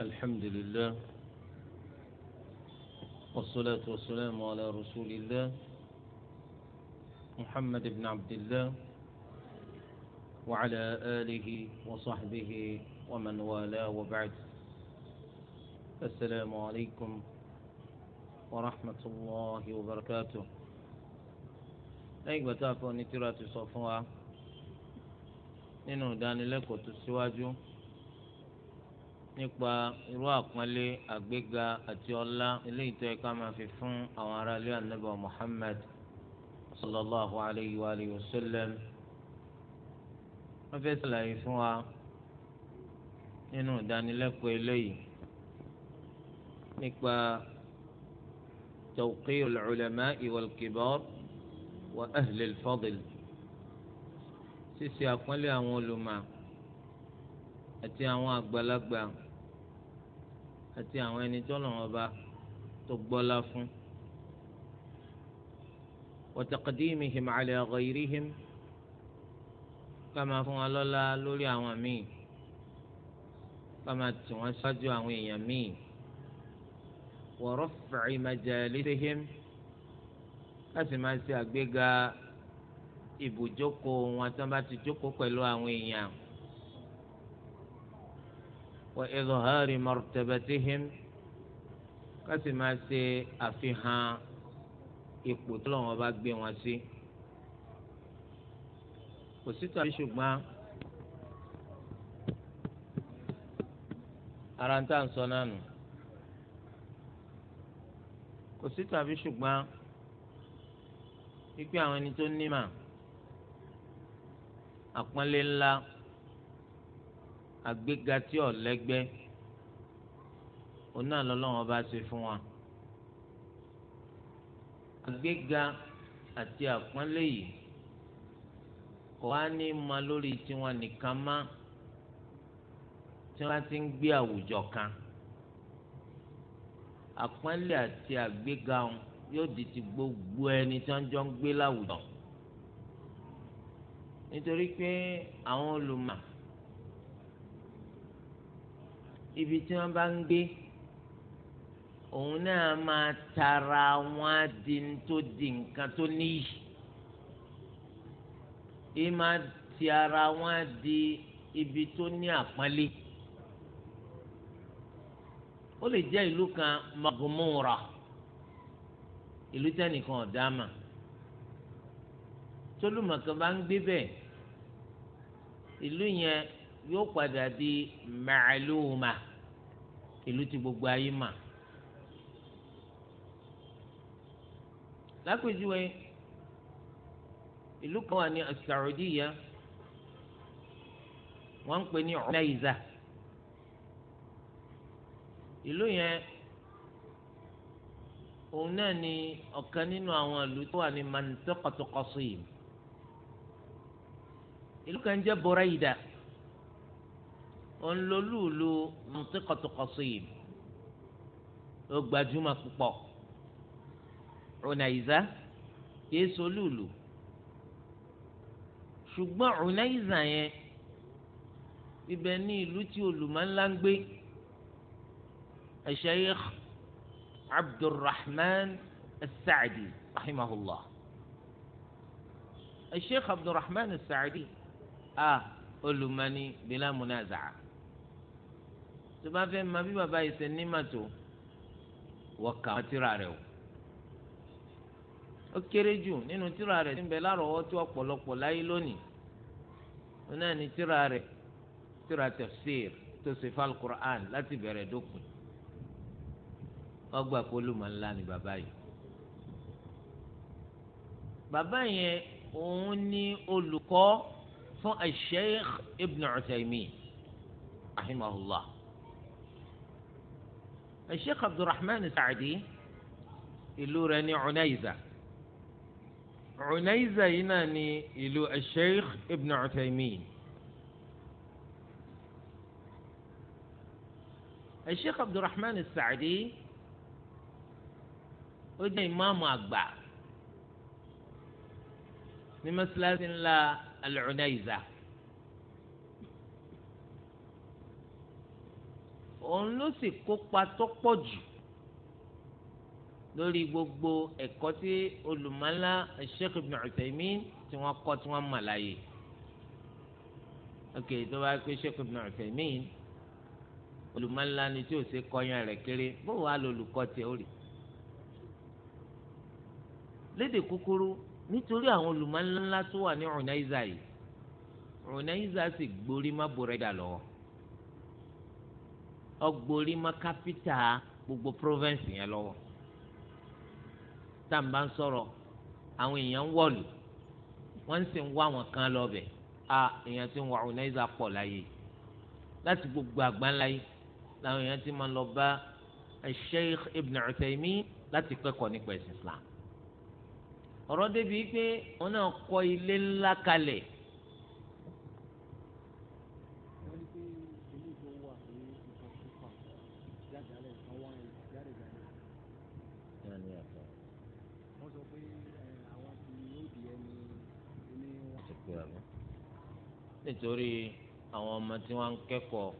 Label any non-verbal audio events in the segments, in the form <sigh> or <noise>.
الحمد لله والصلاة والسلام على رسول الله محمد بن عبد الله وعلى آله وصحبه ومن والاه وبعد السلام عليكم ورحمة الله وبركاته lẹ́yìn gbàtà fún صفوة àti داني fún wa nípa irú àpọ́nlé àgbéga àti ọlá eléyìí tó yẹ ká máa fi fún àwọn aráalé ànábì Muhammad sallallahu alayhi wa alihi wa sallam wọ́n fẹ́ sàlàyé fún wa nínú ìdánilẹ́kọ̀ọ́ eléyìí nípa توقير العلماء والكبار وأهل الفضل sísè àpọ́nlé àwọn olùmọ̀ àti àwọn àgbàlagbà àti àwọn ẹni tọ́lọ̀ wọn bá tó gbọ́lá fún. wa taqdimihim ala ghayrihim ká máa fún wọn lọ́lá lórí àwọn míì ká máa tì wọ́n ṣáájú àwọn èèyàn míì wa raf'i majalisihim ká sì máa ṣe àgbéga ibùjókòó wọn tí wọ́n bá ti jókòó pẹ̀lú àwọn èèyàn. وإظهار مرتبتهم kásì máa ṣe àfihàn ipò tí Ọlọ́run bá gbé wọn sí. kò sí tàbí ṣùgbọ́n ara ń tà ń sọ náà nù. kò sí tàbí ṣùgbọ́n wípé àwọn ẹni tó ní mà àpọ́nlé ńlá àgbéga tí ò lẹ́gbẹ́ oná lọ́lọ́wọ́n bá ṣe fún wa àgbéga àti àpọ́nlé yìí kò wá ní ma lórí tiwọn nìkan má tí wọ́n bá ti ń gbé àwùjọ kan àpọ́nlé àti àgbéga wọn yóò di ti gbogbo ẹni tí wọ́n jọ ń gbé láwùjọ nítorí pé àwọn olùmọ̀ ibi tí wọ́n bá ń gbé òun náà máa tara wọn di tó di nǹkan tó níyì yìí máa ti ara wọn di ibi tó ní àpọ́nlé ó lè jẹ́ ìlú kan magomora ìlú tẹ́nìkan ọ̀dàmà tólùmọ̀kan bá ń gbé bẹ́ẹ̀ ìlú yẹn yóò padà di màálùmá ìlú tí gbogbo ayé mà. lápèjúwe ìlú kan wà ní Saudiya wọ́n ń pè ní Unaiza ìlú yẹn òun náà ni ọ̀kan nínú àwọn ìlú tó wà ní Mantiqatu Qasim ìlú kan jẹ́ Buraida ònlolúùlù mùtíkọ̀tùkọ̀sọ yìí ó gbajúmọ̀ púpọ̀ ọ̀nàìzá kìí solúùlù ṣùgbọ́n ọ̀nàìzá yẹn ibẹ̀ ní ìlú tí olùmọ̀ńlá ń gbé Sheikh Abdulrahman As-Sa'di rahimahullah Sheikh Abdulrahman As-Sa'di a ah, olùmọ̀ni bila munaza'a tó bá fẹ́ ma bí bàbá yìí ṣe nímà tó wọ́n kà wọ́n tíra rẹ̀ o ó kéré jù nínú tíra rẹ̀ tí ń bẹ lárọ̀ọ́wọ́ tó ọ̀pọ̀lọpọ̀ láyé lónìí ó náà ní tíra rẹ̀ tíra tafsir tó ṣe fal Qur'an láti bẹ̀rẹ̀ dókun ọgbà polúmọ̀ ńlá ni bàbá yìí bàbá yẹn òun ní olùkọ́ fún Sheikh Ibn Uthaymeen rahimahullah. الشيخ عبد الرحمن السعدي إلو راني عنيزة عنيزة يناني إلو الشيخ ابن عثيمين الشيخ عبد الرحمن السعدي وجد إمام أكبر من لا العنيزه òun ló sì kópa tó pọ̀ jù lórí gbogbo ẹ̀kọ́ tí olùmọ̀lá Sheikh Ibn Uthaymeen tí wọ́n kọ́ tí wọ́n mọ̀ láyé ok tó bá pé Sheikh Ibn Uthaymeen olùmọ̀lá ni tí ò ṣe kọ́yàn rẹ̀ kéré bó wàá lọ olùkọ́ tiẹ̀ ó rí lédè kúkúrú nítorí àwọn olùmọ̀lá ńlá tó wà ní Unaiza yìí Unaiza sì gborí má borẹ́dà lọ́wọ́ ọgbórí má kápítà gbogbo province yẹn lọ́wọ́ tá à ń bá ń sọ̀rọ̀ àwọn èèyàn ń wọ̀lù wọ́n sì ń wá àwọn kan lọ́bẹ̀ a èèyàn ti ń wà ọ̀nàìza pọ̀ láyé láti gbogbo àgbáńláyé làwọn èèyàn ti máa lọ bá Sheikh Ibn Uthaymeen láti kẹ́kọ̀ọ́ nípa ẹ̀sìn Islam ọ̀rọ̀ débi pé wọn náà kọ́ ilé ńlá kalẹ̀ nítorí àwọn ọmọ tí wọ́n ń kẹ́kọ̀ọ́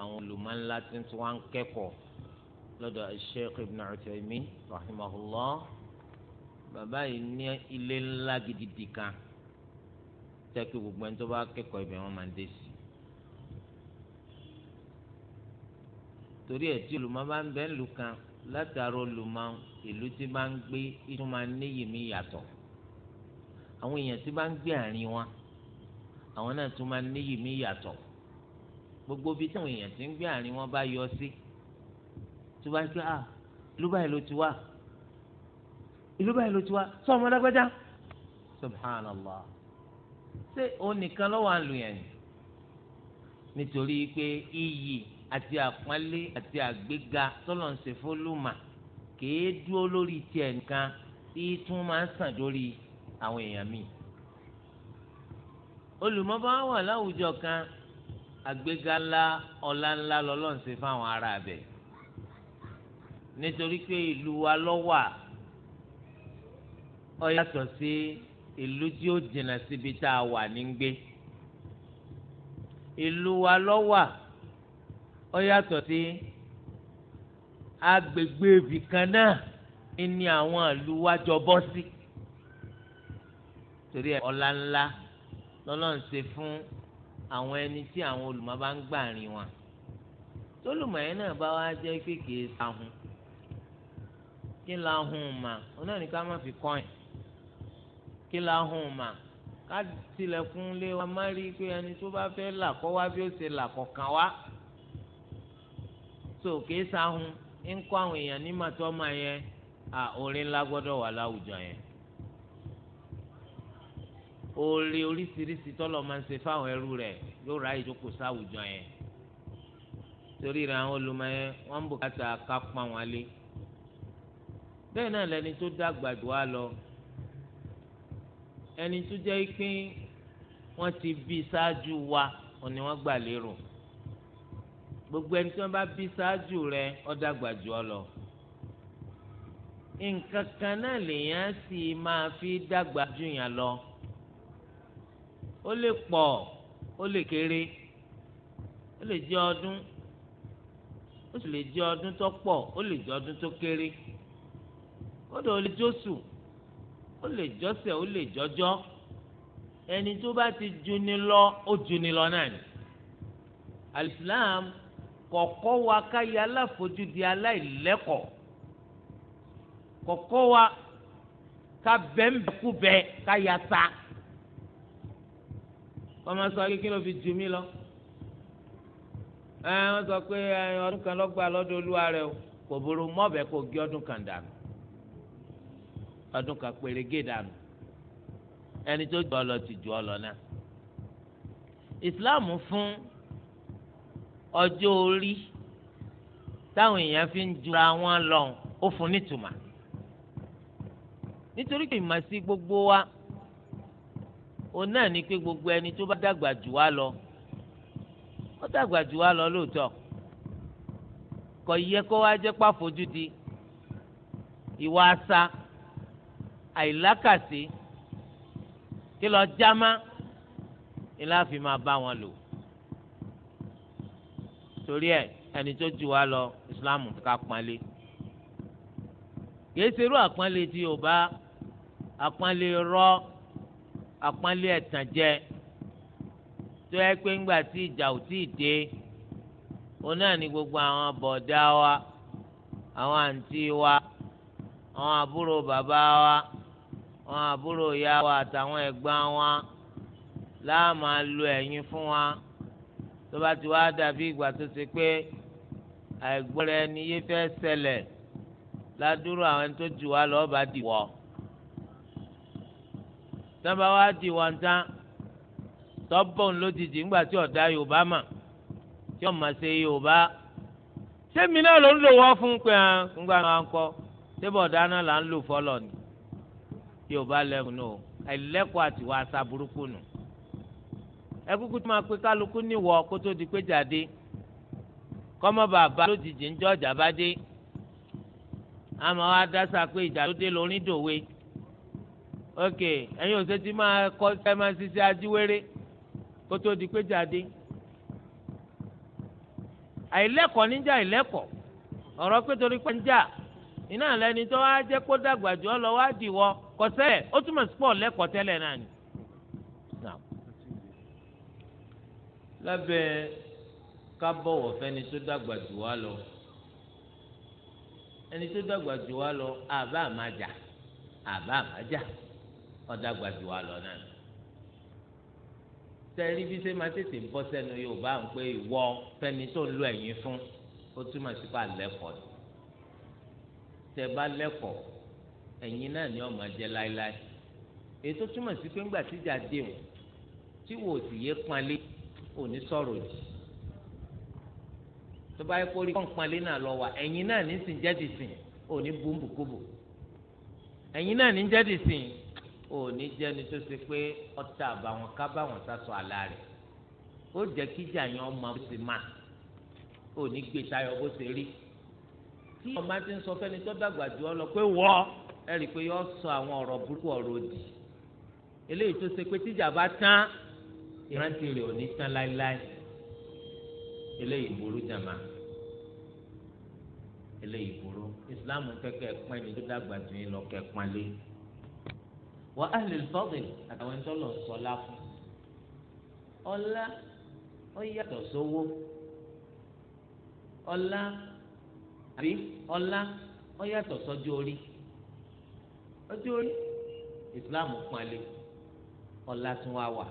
àwọn olùmọ̀ńlá tí wọ́n ń kẹ́kọ̀ọ́ lọ́dọ̀ Sheikh Ibn Uthaymeen rahimahullah bàbá yìí ní ilé ńlá gidigidi kan tẹ́kí gbogbo ẹni tó bá kẹ́kọ̀ọ́ ibẹ̀ wọ́n máa ń dé sí i. torí ẹ̀ tí olùmọ̀ bá ń bẹ́ ń lù kan látara olùmọ̀ ìlú tí bá ń gbé ìtumọ̀ níyì yàtọ̀ àwọn èèyàn tí bá ń gbé àárín wọn àwọn náà tún máa níyì mí yàtọ̀ gbogbo bí táwọn èèyàn ti ń gbé àárín wọn bá yọ sí tó bá gbé à ah, ìlú báyìí ló ti wá ìlú báyìí ló ti wá sọ ọmọ lágbájá subhanallah ṣé òun nìkan lọ́wọ́ àlù yẹn ni nítorí pé iyì àti àpọ́nlé àti àgbéga tọ́lọ̀ ń ṣe fólùmà kèé dúró lórí tiẹ̀ nìkan tí tún máa ń sàn lórí àwọn èèyàn míì olùmọ́bá wà láwùjọ kan àgbéga ńlá ọlá ńlá lọ́lọ́run ṣe fáwọn ará bẹ̀ nítorí pé ìlú wa lọ́wà ó yàtọ̀ sí ìlú tí ó jìnnà síbi tá a wà ní gbé ìlú wa lọ́wà ó yàtọ̀ sí agbègbè ibì kan náà ni àwọn ìlú wa jọ bọ́ sí torí ẹ̀ ọlá ńlá lọ́lọ́run ṣe fún àwọn ẹni tí àwọn olùmọ̀ bá ń gbà rìn wọn tólùmọ̀ yẹn náà bá wá jẹ́ pé kì í sahun kí la hùn mà ọ̀nà ní ká má fi kọ́ ẹ̀ kí la hùn mà ká tilẹ̀kùn lé wa má rí i pé ẹni tó bá fẹ́ là kọ́ wá bí ó ṣe là kọ̀ọ̀kan wá tó kì í ń kọ́ àwọn èèyàn ní màtọ́ máa yẹ à orin wà láwùjọ yẹn oore oríṣiríṣi tọ́lọ̀ máa ń ṣe fáwọn ẹrú rẹ̀ yóò ráyè jókòó sáwùjọ yẹn torí rẹ̀ àwọn olùmọ̀ yẹn wọ́n ń bùkátà ká pọ́n wọn lé bẹ́ẹ̀ náà lẹni tó dàgbà jù wá lọ ẹni tó jẹ́ pé wọ́n ti bí ṣáájú wa òun ni wọ́n gbà lérò gbogbo ẹni tí wọ́n bá bí ṣáájú rẹ̀ ó dàgbà jù ọ lọ nǹkan kan náà lèèyàn sì máa fi dàgbà jù yàn lọ ó lè pọ̀ ó lè kéré ó lè jẹ́ ọdún ó sì lè jẹ́ ọdún tó pọ̀ ó lè jẹ́ ọdún tó kéré kódà ó lè jóṣù ó lè jọ́sẹ̀ ó lè jọ́jọ́ ẹni tó bá ti juni lọ ó juni lọ náà ni alìsílám kọ̀kọ́ wa káyé aláfojúdi aláìlẹ́kọ̀ọ́ kọ̀kọ́ wa ká bẹ́ẹ̀ bẹ́ẹ̀ kú bẹ́ẹ̀ ká yà wọ́n máa sọ akékeré fi jù mí lọ ẹ wọ́n sọ pé ọdún kan lọ́gbà lọ́dọ̀ olúwa rẹ o kò burú mọ́ọ̀bẹ kò gé ọdún kan dànù ọdún kan péré gé dànù ẹni tó jù ọ lọ ti jù ọ lọ náà ìsìláàmù fún ọjọ́ orí táwọn èèyàn fi ń jura wọn lọ ó fún nítumà nítorí kò mà sí gbogbo wa òun náà ni pé gbogbo ẹni tó bá dàgbà jù wá lọ ó dàgbà jù wá lọ lóòótọ́ kò yẹ kó wá jẹ́ pàfojúdi ìwà asa àìlákàsí kí lọ jámá ni láfi máa bá wọn lò torí ẹ ẹni tó jù wá lọ islam ká pọ́nlé kìí ṣerú àpọ́nlé tí yorùbá àpọ́nlé rọ àpọ́nlé ẹ̀tàn jẹ tó yẹ pé ńgbà tí ìjà ò tí ì dé òun náà ni gbogbo àwọn bọ̀dá wa àwọn àǹtí wa àwọn àbúrò bàbá wa àwọn àbúrò ìyá wa àtàwọn ẹ̀gbọ́n wa láà máa lo ẹ̀yin fún wa tó bá ti wá dàbí ìgbà tó ṣe pé àìgbọ́ra ẹni yé fẹ́ ṣẹlẹ̀ ládùúrò àwọn tó jù wá lọ́ọ́ bá dìwọ́ tábà wá di wọn tán tọ́bọ̀n lójijì ńgbà tí ọ̀dà yorùbá mà tí ọ̀ mà ṣe yorùbá sẹ́mi náà ló ń lò wọ́n fún pé hàn ńgbà máa ń kọ́ tébọ̀ dáná là ń lò fọlọ̀ ni yorùbá lẹ́nu náà ẹ̀lẹ́kọ̀ọ́ àti wàá sa burúkú nù ẹkúkú tó máa pé kálukú níwọ̀ kó tó di pé jáde kọ́mọ́ bàbá lójijì ńjọ́ ọ̀jà bá dé àmọ́ wa dá sa pé ìjà ló dé lórí dòwe. ok ẹ̀yin ò sẹ́tì máa kọ́ ẹ máa ṣiṣẹ́ ajíwèrè kó tó di pé jáde àìlẹ́kọ̀ọ́ níjà àìlẹ́kọ̀ọ́ ọ̀rọ̀ pé torí pé ń iná lẹni tó wá jẹ́ kó dàgbà jù lọ wá dìwọ́ ó sí náà ni. lábẹ́ fẹ́ni tó dàgbà jù wá ọ̀dàgbà jù wá lọ náà tẹ́lí bí ṣe máa tètè bọ́ sẹ́nu yorùbá ń pé ìwọ fẹ́ni tó ń lo ẹ̀yìn fún ó túmọ̀ sí pa lẹ́kọ̀ọ́ tẹ́ bá lẹ́kọ̀ọ́ ẹ̀yìn náà ni ọmọ jẹ́ láéláé èyí tó túmọ̀ sí pé ńgbà tíjà dé o tí wò ó sì yé panlé ò sọ̀rọ̀ jù tó bá yẹ kó rí pọ́npanlé náà lọ wà ẹ̀yìn náà ní sìn jẹ́ dìsìn ò ní bùnbùkúbù ẹ̀yìn náà ní jẹ́ dìsìn òní jẹ́ni tó ṣe pé ọ̀tá àbàwọn ká báwọn sásọ àlá rẹ̀ ó jẹ́ kíjà yẹn ọmọ bó ṣe máa òní gbé tayọ bó ṣe rí tí ọmọ ti ń sọ fẹ́ni tó dàgbà jù ọ lọ pé wọ́ ẹ rí i pé yọ sọ àwọn ọ̀rọ̀ burúkú ọ̀rọ̀ òdì eléyìí tó ṣe pé tíjà bá tán ìrántí rẹ̀ ò ní tán láéláé eléyìí burú jàmá eléyìí burú Islam fẹ́ kẹ́ ẹ pẹ́ni tó dàgbà jù yín lọ kẹ́ ẹ wa ahli al-fadl àtàwọn ẹni tó lọ sọlá fún ọlá ó yàtọ̀ sówó ọlá àbí ọlá ó yàtọ̀ sọ́jọ́ orí ọjọ́ orí ìsìláàmù pọnlé ọlá tún wá wà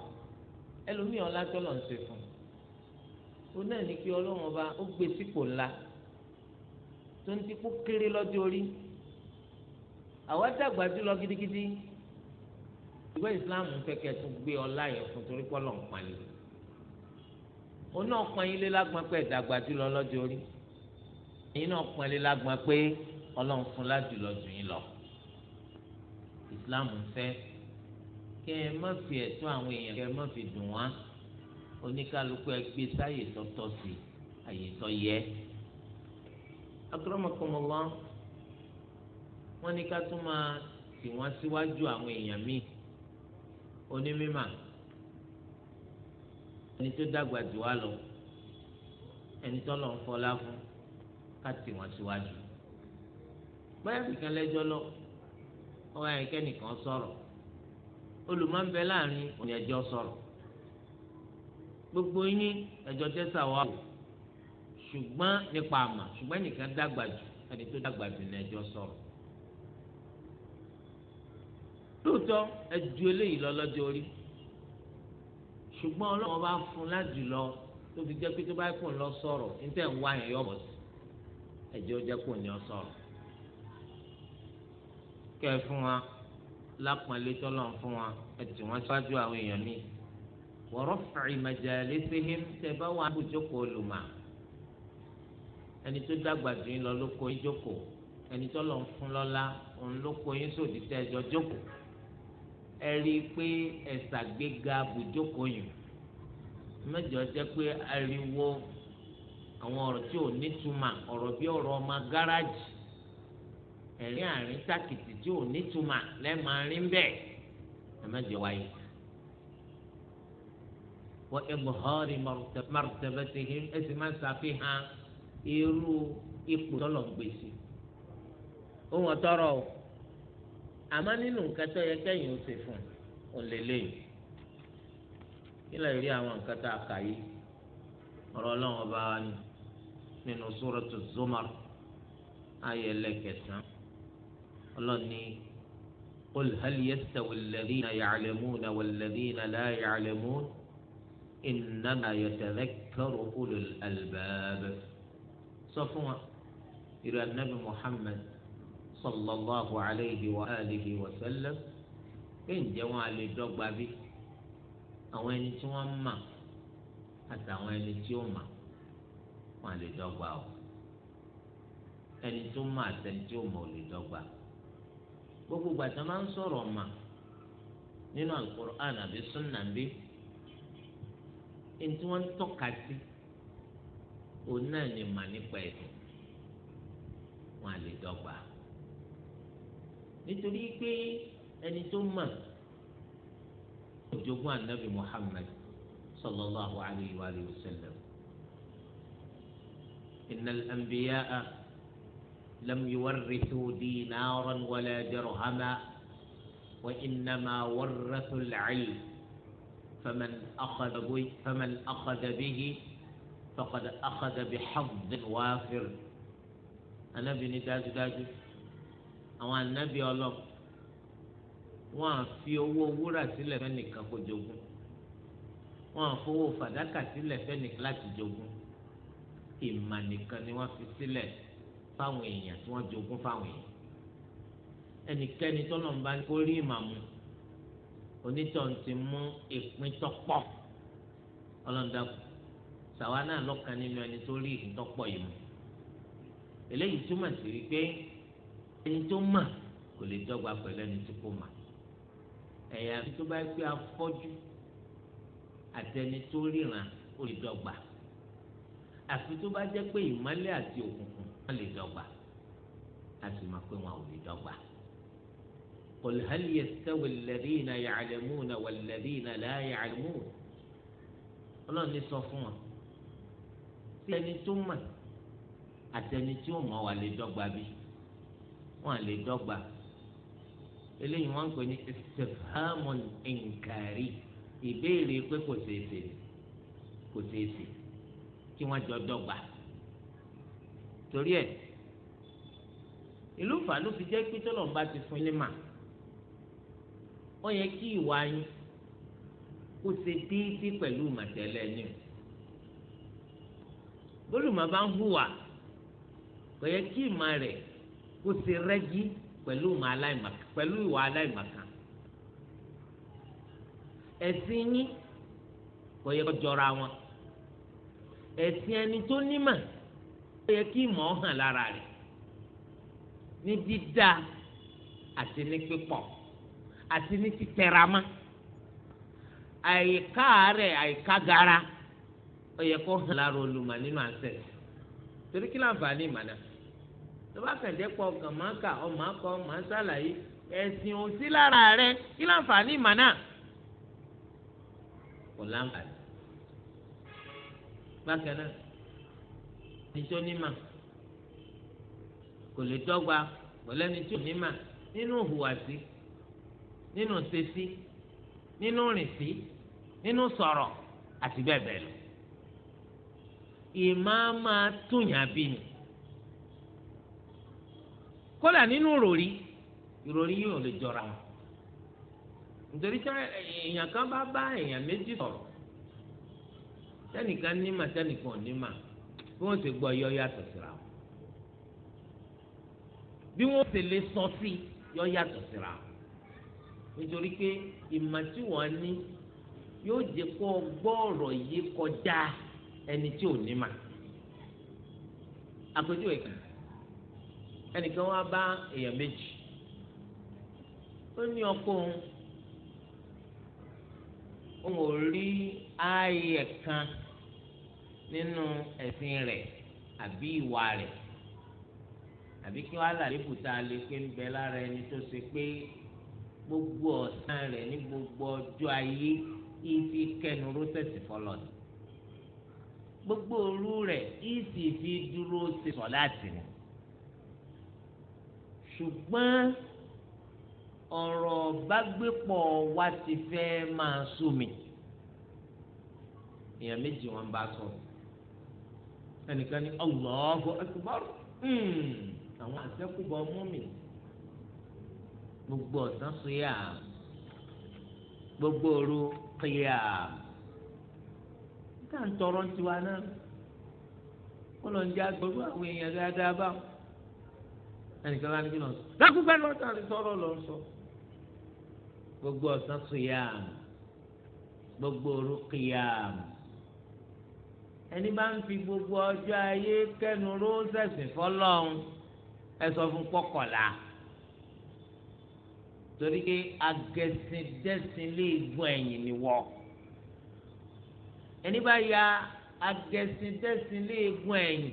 ẹlòmíì ọlá tó lọ ń ṣe fún un náà ní kí ọlọ́run ọba ó gbé sípò ńlá tó ń tipó kéré lọ́jọ́ orí àwa dàgbà jùlọ gidigidi ìwé ìsìláàmù kẹ̀kẹ́ tún gbé ọlá yẹn fún torí pọ́lọ̀ ń pọn yìí òun náà pọn yín lé lágbọn pé ìdàgbà jùlọ lọ́jọ́ orí ẹ̀yin náà pọn lé lágbọn pé ọlọ́run fún lájùlọ jù yín lọ ìsìláàmù fẹ́ kẹ́ ẹ má fi ẹ̀tọ́ àwọn èèyàn kẹ́ ẹ má fi dùn wá oníkálukú ẹ gbé sáyè tọ́tọ́ sí àyè tọ́ yẹ akọ́rọ́mọkọ́mọ́ wọn ní ká tún máa tì wọ́n síwájú àwọn èèyàn míì onímímà ẹni tó dàgbà jù wá lọ ẹni tó lọ ń fọlá fún ká tì wọ́n síwájú báyà nìkan lẹ́jọ́ lọ ọwọ ẹnikẹ́ nìkan sọ̀rọ̀ olùmọ̀nbẹ láàrin òní ẹjọ́ sọ̀rọ̀ gbogbo yín ẹjọ́ tẹ́sà wà o ṣùgbọ́n nípa àmà ṣùgbọ́n nìkan dàgbà jù ẹni tó dàgbà jù ní ẹjọ́ sọ̀rọ̀ lóòótọ́ ẹ ju eléyìí lọ lọ́jọ́ orí ṣùgbọ́n ọlọ́run bá fún láti lọ tó fi jẹ́ pé tó bá kù ń lọ sọ̀rọ̀ níta ń wá yẹn yọ̀bọ̀ sí ẹ̀jẹ̀ ó jẹ́ kù ní ọ sọ̀rọ̀ kẹ́ ẹ fún wa lápọ̀nlé tọ́lọ́run fún wa ẹ tì wọ́n ṣáájú àwọn èèyàn ní wọ́rọ́ fàì màjàlẹ́ sẹ́hìn tẹ́ bá wà níbo jókòó lùmà ẹni tó dàgbà jù yín lọ ló kó yín jókòó ẹni tọ́lọ́run fún lọ́lá òun ló yín sòdì tẹ́ ẹjọ́ jókòó ẹ rí i pé ẹ ṣàgbéga bùjókòó yìí mẹjọ jẹ pé ariwo àwọn ọ̀rọ̀ tí ò nítumọ̀ ọ̀rọ̀ bí ọ̀rọ̀ ọmọ gáràjì ẹ̀rín àárín tàkìtì tí ò nítumọ̀ lẹ́ẹ̀ma rín bẹ́ẹ̀ ẹ mẹjọ wáyé. wọ́n ìmọ̀hárì mọ̀rùtẹ̀bẹ̀tẹ̀ ẹ sì máa ń ṣàfihàn irú ipò tọ́lọ̀ gbèsè. ó wọ́n tọrọ o àmọ́ nínú nǹkan tó yẹ kẹ́yìn ó ṣe fún un lélẹ́yìn kí lè rí àwọn nǹkan tá a kà yìí ọ̀rọ̀ ọlọ́run ọba wa ni nínú Suratu Zumar ayé ẹlẹ́kẹsàn ọlọ́run ní qul hal yastawi alladhina ya'lamuna walladhina la ya'lamun innama yatadhakkaru ulul albab sọ fún wa ìrẹ̀ sallallahu alayhi wa alihi wa sallam pé ǹjẹ́ wọn a lè dọ́gba bí àwọn ẹni tí wọ́n mà àtàwọn ẹni tí ó mà wọn a lè dọ́gba o ẹni tó mà àtẹni tí ó mà ò lè dọ́gba gbogbo gbàtà máa ń sọ̀rọ̀ mà nínú alukur'an àbí sunna bí ẹni tí wọ́n ń tọ́ka sí òun náà ni mà nípa ẹ̀sìn wọn a dọ́gba o. nítorí pé ẹni tó mà ọjọgbọn anabi muhammed sallallahu alayhi wa sallam inna al-anbiya'a lam yuwarrithu dinaran wala dirhama wa innama ma al-'ilm faman akhadha bihi faman akhadha bihi faqad akadabi bi hadd wafir anabi ni dájúdájú. Daju. àwọn ànábì Ọlọ́run wọn à fi owó wúrà sílẹ̀ fẹ́nìkan kó jogún wọn à fàdákà sílẹ̀ fẹ́nìkan láti jogún ìmọ̀ nìkan ni wọ́n fi sílẹ̀ fáwọn èèyàn tí wọ́n jogún fáwọn èèyàn ẹnikẹ́ni tọ́lọ̀ ń bá kó rí ìmàmù onítọ̀hún ti mú ìpín tọ́pọ̀ ọlọ́dàkù sàwa náà lọ́kàn nínú ẹni tó rí ìpín tọ́pọ̀ yìí mu eléyìí túmọ̀ sí wípé ẹni tó mà kò lè dọ́gba pẹ̀lú ẹni tó kò mà ẹ̀yà tó bá pé afọ́jú àtẹni tó ríran ó lè dọ́gba àfi tó bá jẹ́ pé ìmọ́lẹ̀ àti òkùnkùn wọ́n lè dọ́gba a sì máa pé wọn ò lè dọ́gba. قل هل يستوي الذين يعلمون والذين لا يعلمون ọlọ́run ní sọ fún wọn sí ẹni tó mọ̀ wọn lè dọ́gba eléyìí wọn ń pè ní istifhamun inkari ìbéèrè pé kò ṣeé ṣe kò ṣeé ṣe kí wọn jọ dọ́gba torí ẹ ìlú fà ló fi jẹ́ pé tọ́lọ́mùbá ti fún ilé mà ó yẹ kí ìwà yín kó ṣe déédéé pẹ̀lú màtẹ́lẹ̀ ni o bólúmọ̀ bá ń hùwà kò yẹ kí ìmọ̀ rẹ̀ kó ṣe rẹ́gí pẹ̀lú ìwà aláìmọ̀kan ẹ̀sìn yín kò yẹ kó jọra wọn ẹ̀sìn ẹni tó nímọ̀ ó yẹ kí ìmọ̀ hàn lára rẹ̀ ní dídá àti ní pípọ̀ àti ní títẹramọ́ àyíká rẹ̀ àyíká gara ó yẹ kó hàn lára olùmọ̀ nínú àṣẹ torí kí láǹfààní ìmọ̀ náà tó bá kàn jẹ́ pọ̀ kàn máa kà ọ máa kọ máa ṣàlàyé ẹ̀sìn ò sí lára rẹ kí láǹfààní ìmọ̀ náà kò láǹfààní. bákan náà ẹni tó ní mà kò lè dọ́gba pẹ̀lú ẹni tó ní mà nínú ìhùwàsí nínú ṣesí nínú rìnsí nínú sọ̀rọ̀ àti bẹ́ẹ̀ bẹ́ẹ̀ lọ. ìmọ̀ túnyàn bí ni kódà nínú ìròrí ìròrí yìí ò lè jọra wọn nítorí tí èèyàn kan bá bá èèyàn méjì sọ̀rọ̀ tẹnìkan ní mà tẹnìkan ò ní mà bí wọ́n ti gbọ́ yọ yàtọ̀ síra wọn bí wọ́n ti lè sọ sí yọ yàtọ̀ síra wọn nítorí pé ìmọ̀ tí wọ́n ní yóò jẹ́ kó gbọ́ yìí kọjá ẹni tí ò ní àpèjúwe kan ẹnìkan wá bá èèyàn méjì ó ní ọkọ òun òun ò rí ààyè kan nínú ẹ̀sìn rẹ̀ àbí ìwà rẹ̀ àbí kí wàá làlébù tá a lè pé ń bẹ lára ẹni tó ṣe pé gbogbo ọ̀sán rẹ̀ ní gbogbo ọjọ́ ayé ìfi kẹnu rósẹ̀sì fọlọ́ ni gbogbo òru rẹ̀ ìsì fi dúró ṣe sọ̀ láti ni ṣùgbọ́n ọ̀rọ̀ bágbépọ̀ wa ti fẹ́ máa sómi èèyàn méjì wọn bá sọ ẹnìkan ní Allahu Akbar hmm, àwọn àṣẹkùbọ̀ mú mi gbogbo ọ̀sán sóyà gbogbo òru kìyà níta ń tọrọ tiwa náà kó ló ń jẹ́ àgbọ̀rú àwọn èèyàn dáadáa báwọn ẹnìkan bá ní kí lọ sọ lákùúgbà lọ́tà rẹ sọ̀rọ̀ lọ sọ gbogbo ọ̀sán sùyàm gbogbo òru kìyàm ẹni bá ń fi gbogbo ọjọ́ ayé kẹnu rósẹ̀sì fọlọ́run ẹ sọ fún pọ́kọ̀lá torí pé agẹ̀sìndẹ́sìn lè gbọ́ ẹ̀yìn ni wọ́ ẹni bá ya agẹ̀sìndẹ́sìn lè gbọ́ ẹ̀yìn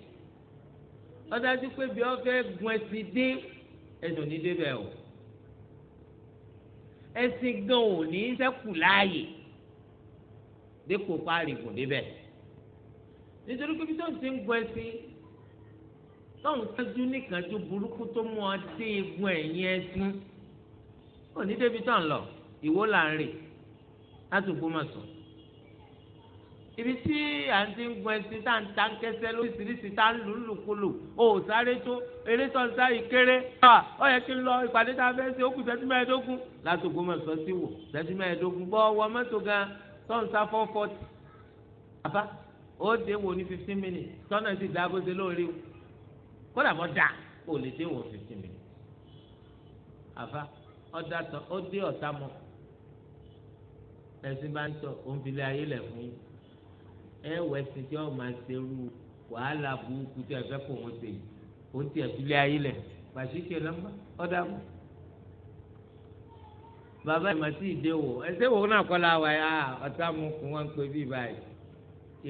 ọdájú pé bí wọ́n fẹ́ gun ẹsìn dé ẹ̀dùn ní débẹ̀ o ẹsìn gan ò ní sẹ́kù láàyè dépò páàrí gùn débẹ̀ nítorí pé bí tó ń ti ń gun ẹsìn tóun kájú níkànjú burúkú tó mú ọ dé egun ẹ̀yìn ẹsìn ò ní débi tó ń lọ ìwó là ń rè látòkú mà sùn ibi tí à ń ti ń gun ẹṣin tá à ń ta ń kẹsẹ lóríṣiríṣi tá à ń lù ú lùkulù ò sáré tó eré tó ń sáré kéré ọ yẹ kí n lọ ìpàdé tá a fẹ́ ṣe ó kù sẹ́tí mẹ́ẹ̀ẹ́dógún látòkò mọ̀ sọ sí wò sẹ́tí mẹ́ẹ̀ẹ́dógún bọ́ ọwọ́ mọ́tò gan tó ń sá four forty àbá ó dé wò ní fifteen minutes tọ́nà sì dá bó ṣe lóore o kódà mọ́ dà ó lè dé wò fifteen minutes àbá ó dé ọ̀tá mọ́ ẹ̀sìn bá ń tọ̀ òun fi lé ẹ wẹ ẹsìn tí wọn máa ṣerú wàhálà burúkú tí a fẹ́ kó wọn ṣe yìí ó ti ẹ̀fílẹ̀ ayé lẹ̀ pàṣípẹ̀ lọ́mọ ọ̀dà mọ́. bàbá ìmọ̀ sí ìdè wò ẹsẹ̀ wò náà kọ́ la wà yá ah, ọ̀tá mu kún wọn pé bí báyìí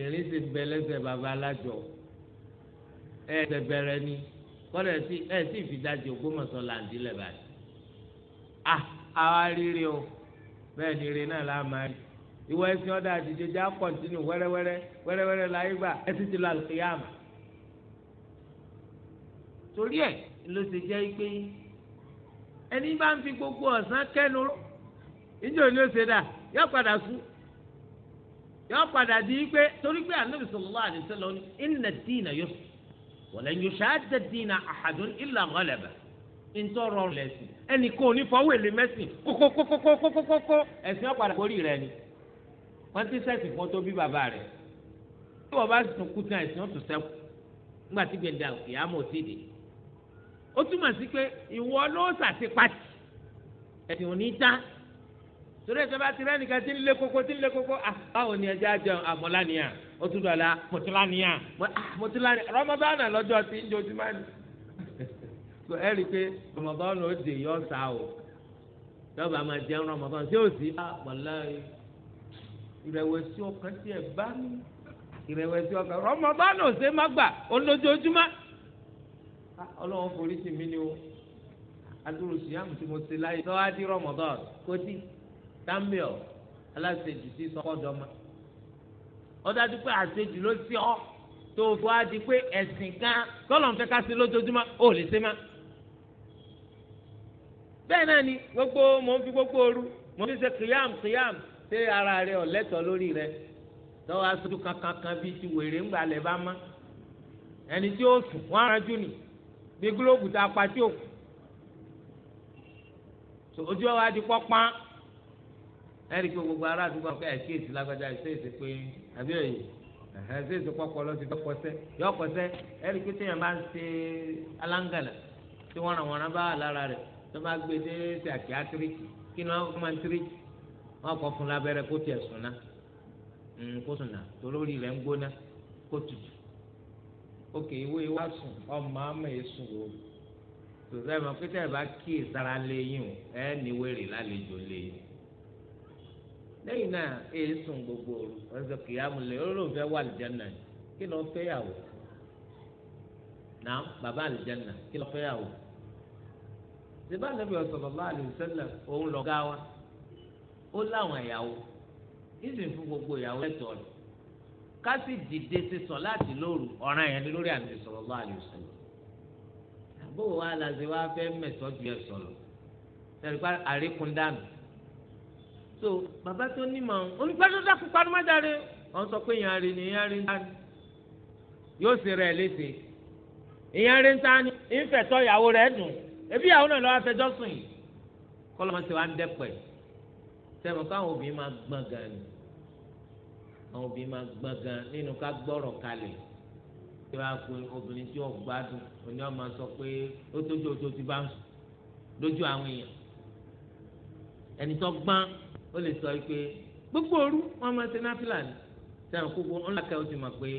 ìrìn sì bẹ lẹ́sẹ̀ bàbá alájọ ẹ̀ bẹ̀rẹ̀ ni kọ́dọ̀ ẹ̀ sì fìdájì Ògbómọ̀ṣọ́ làǹdí lẹ̀ báyìí. a ah, àwa rírì o bẹ́ẹ̀ ni rírì náà lá máa rí ìwọ ẹsìn ọdọ àdìjọ já kọntínú wẹ́rẹ́wẹ́rẹ́ wẹ́rẹ́wẹ́rẹ́ láyé gbà ẹsì ti lọ àlùkìyàmà torí ẹ ló ṣe jẹ́ pé ẹni bá ń fi gbogbo ọ̀sán kẹ́nu ìjọ ni ó ṣe dà yọ padà sùn yọ padà di pé torí pé ànábì sallallahu alaihi wasallam ní inna ad-dina yusr wa lan yushadda ad-dina ahadun illa ghalaba ntọrọ lẹsìn ẹnì kan ní fọwọ́ èlé mẹ́sìn kókókókókókókó ẹ̀sìn ọ̀padà kórìí wọ́n ti sẹ́sì fún tó bí bàbá rẹ̀ tí wọ́n bá tún kú tán ẹ̀sìn ọ̀tún sẹ́kù nígbà tí gbẹ̀dà ìyámọ̀ ti dè ó túmọ̀ sí pé ìwọ ló sàti pàtì ẹ̀sìn òní tá torí ẹ̀sìn bá ti rẹ́ nìkan tí ń lé koko tí ń lé koko ah, báwo ni ẹja jẹun àmọ́lánìyà ah, ó tún dọ̀la mọ̀tìlánìyà mọ̀tìlánìyà ah, rọ́mọbáànà lọ́jọ́ tí ń jojúmọ́ ni ẹ rí i pé rọ́mọbáànà ó dè yọ ọ̀sà o yọba máa jẹun rọ́mọbáànà tí ó sì á wàláyé ìrẹ̀wẹ̀sì ọkàn sí ẹ̀ bá mi ìrẹ̀wẹ̀sì ọkàn rọmọbánà ṣe má gbà olójoojúmọ́ ọlọ́wọ́n forí sí mi ni o adúrò síyàmù tí mo ṣe láyé lọ́wọ́ adí rọmọbánà kọ́tí tambiọ̀ aláṣejù sí sọ́kọ́dọ́mà ọ̀dájú pé àṣejù ló sí ọ́ tó o fọ́ adi pé ẹ̀sìn kan tọ́lọ̀ ń fẹ́ ká sí lójoojúmọ́ ò lè ṣe má bẹ́ẹ̀ náà ni gbogbo mò ń fi gbogbo ooru mò ń fi ṣe kìyàm kìyàm ṣé ara rẹ ọ̀lẹ́tọ̀ lórí rẹ tọ́wọ́ aṣojú kankan kan bíi ti wèrè ńgbà lẹ̀ bá má ẹni tí ó sùn wọ́n aranjú nì bí gílóòbù tá a pa tí ojú adi pọ́ pán ẹ̀rí pé gbogbo ara àdúgbò ọ̀kẹ́ ẹ̀ kíyèsí lágbájá pé àbí yọ pé téèyàn bá ń aláǹgàlà tí ràn rán bá wà lára tó bá gbé dé àkíyá kí wọn kọ fún lábẹ́rẹ́ kó tiẹ̀ sùn ná hmm, kó sùn ná torórí rẹ̀ ń gbóná kó tutù òkè ìwé wa sùn ọmọ àmọ́ èsùn o tòtò ẹ̀ mọ̀ pété ẹ̀ bá kí ìsara léyìn o ẹ̀ níwèrè lálejò léyìn lẹ́yìn náà èsùn gbogbo òru ọ̀sẹ̀ kìyàmù lè olóòfẹ́ wà lìjánà kí ló fẹ́ yàwó náà bàbá àlìjánà kí ló fẹ́ yàwó sèbá nàbì sallallahu alaihi wasallam òun lọ́gá wa ó láwọn ìyàwó ìsìn fún gbogbo ìyàwó lẹ́tọ̀ọ́ rẹ̀ ká sì dìde sí sọ láti lóru ọ̀ràn yẹn ni lórí Ànábì sallallahu alaihi wasallam àbó wa làzẹ wa fẹ́ mẹ̀sọ́ ju ẹ̀ sọ̀rọ̀ sẹ́ni pa àríkún dànù so bàbá tó ní màá onígbàdó dákú panumájáde wọ́n sọ pé ìyàn rè ni ìyàn rè ń tani yóò sì rẹ̀ léṣe ìyàn rè ń tani ìfẹ̀tọ́ ìyàwó rẹ̀ dùn ebi ìyàwó náà lọ́wọ́ afẹjọ́sùn yìí kọ́lọ́mọ́sí wa ń dẹ́pẹ̀ sẹ́mu káwọn obìnrin máa gbọ́n gan ni àwọn obìnrin máa gbọ́n gan nínú ká gbọ́rọ̀ kalẹ̀ tí wàá pe obìnrin tí ó gbádùn òní ọmọ sọ pé ó tójú ojú ti bá ń sùn lójú àwọn èèyàn ẹni tó gbọ́n ó lè sọ pé gbogbo òru wọn máa ṣe náfìlà ni sẹ́mu gbogbo ńlá kẹ́ ó ti mọ̀ pé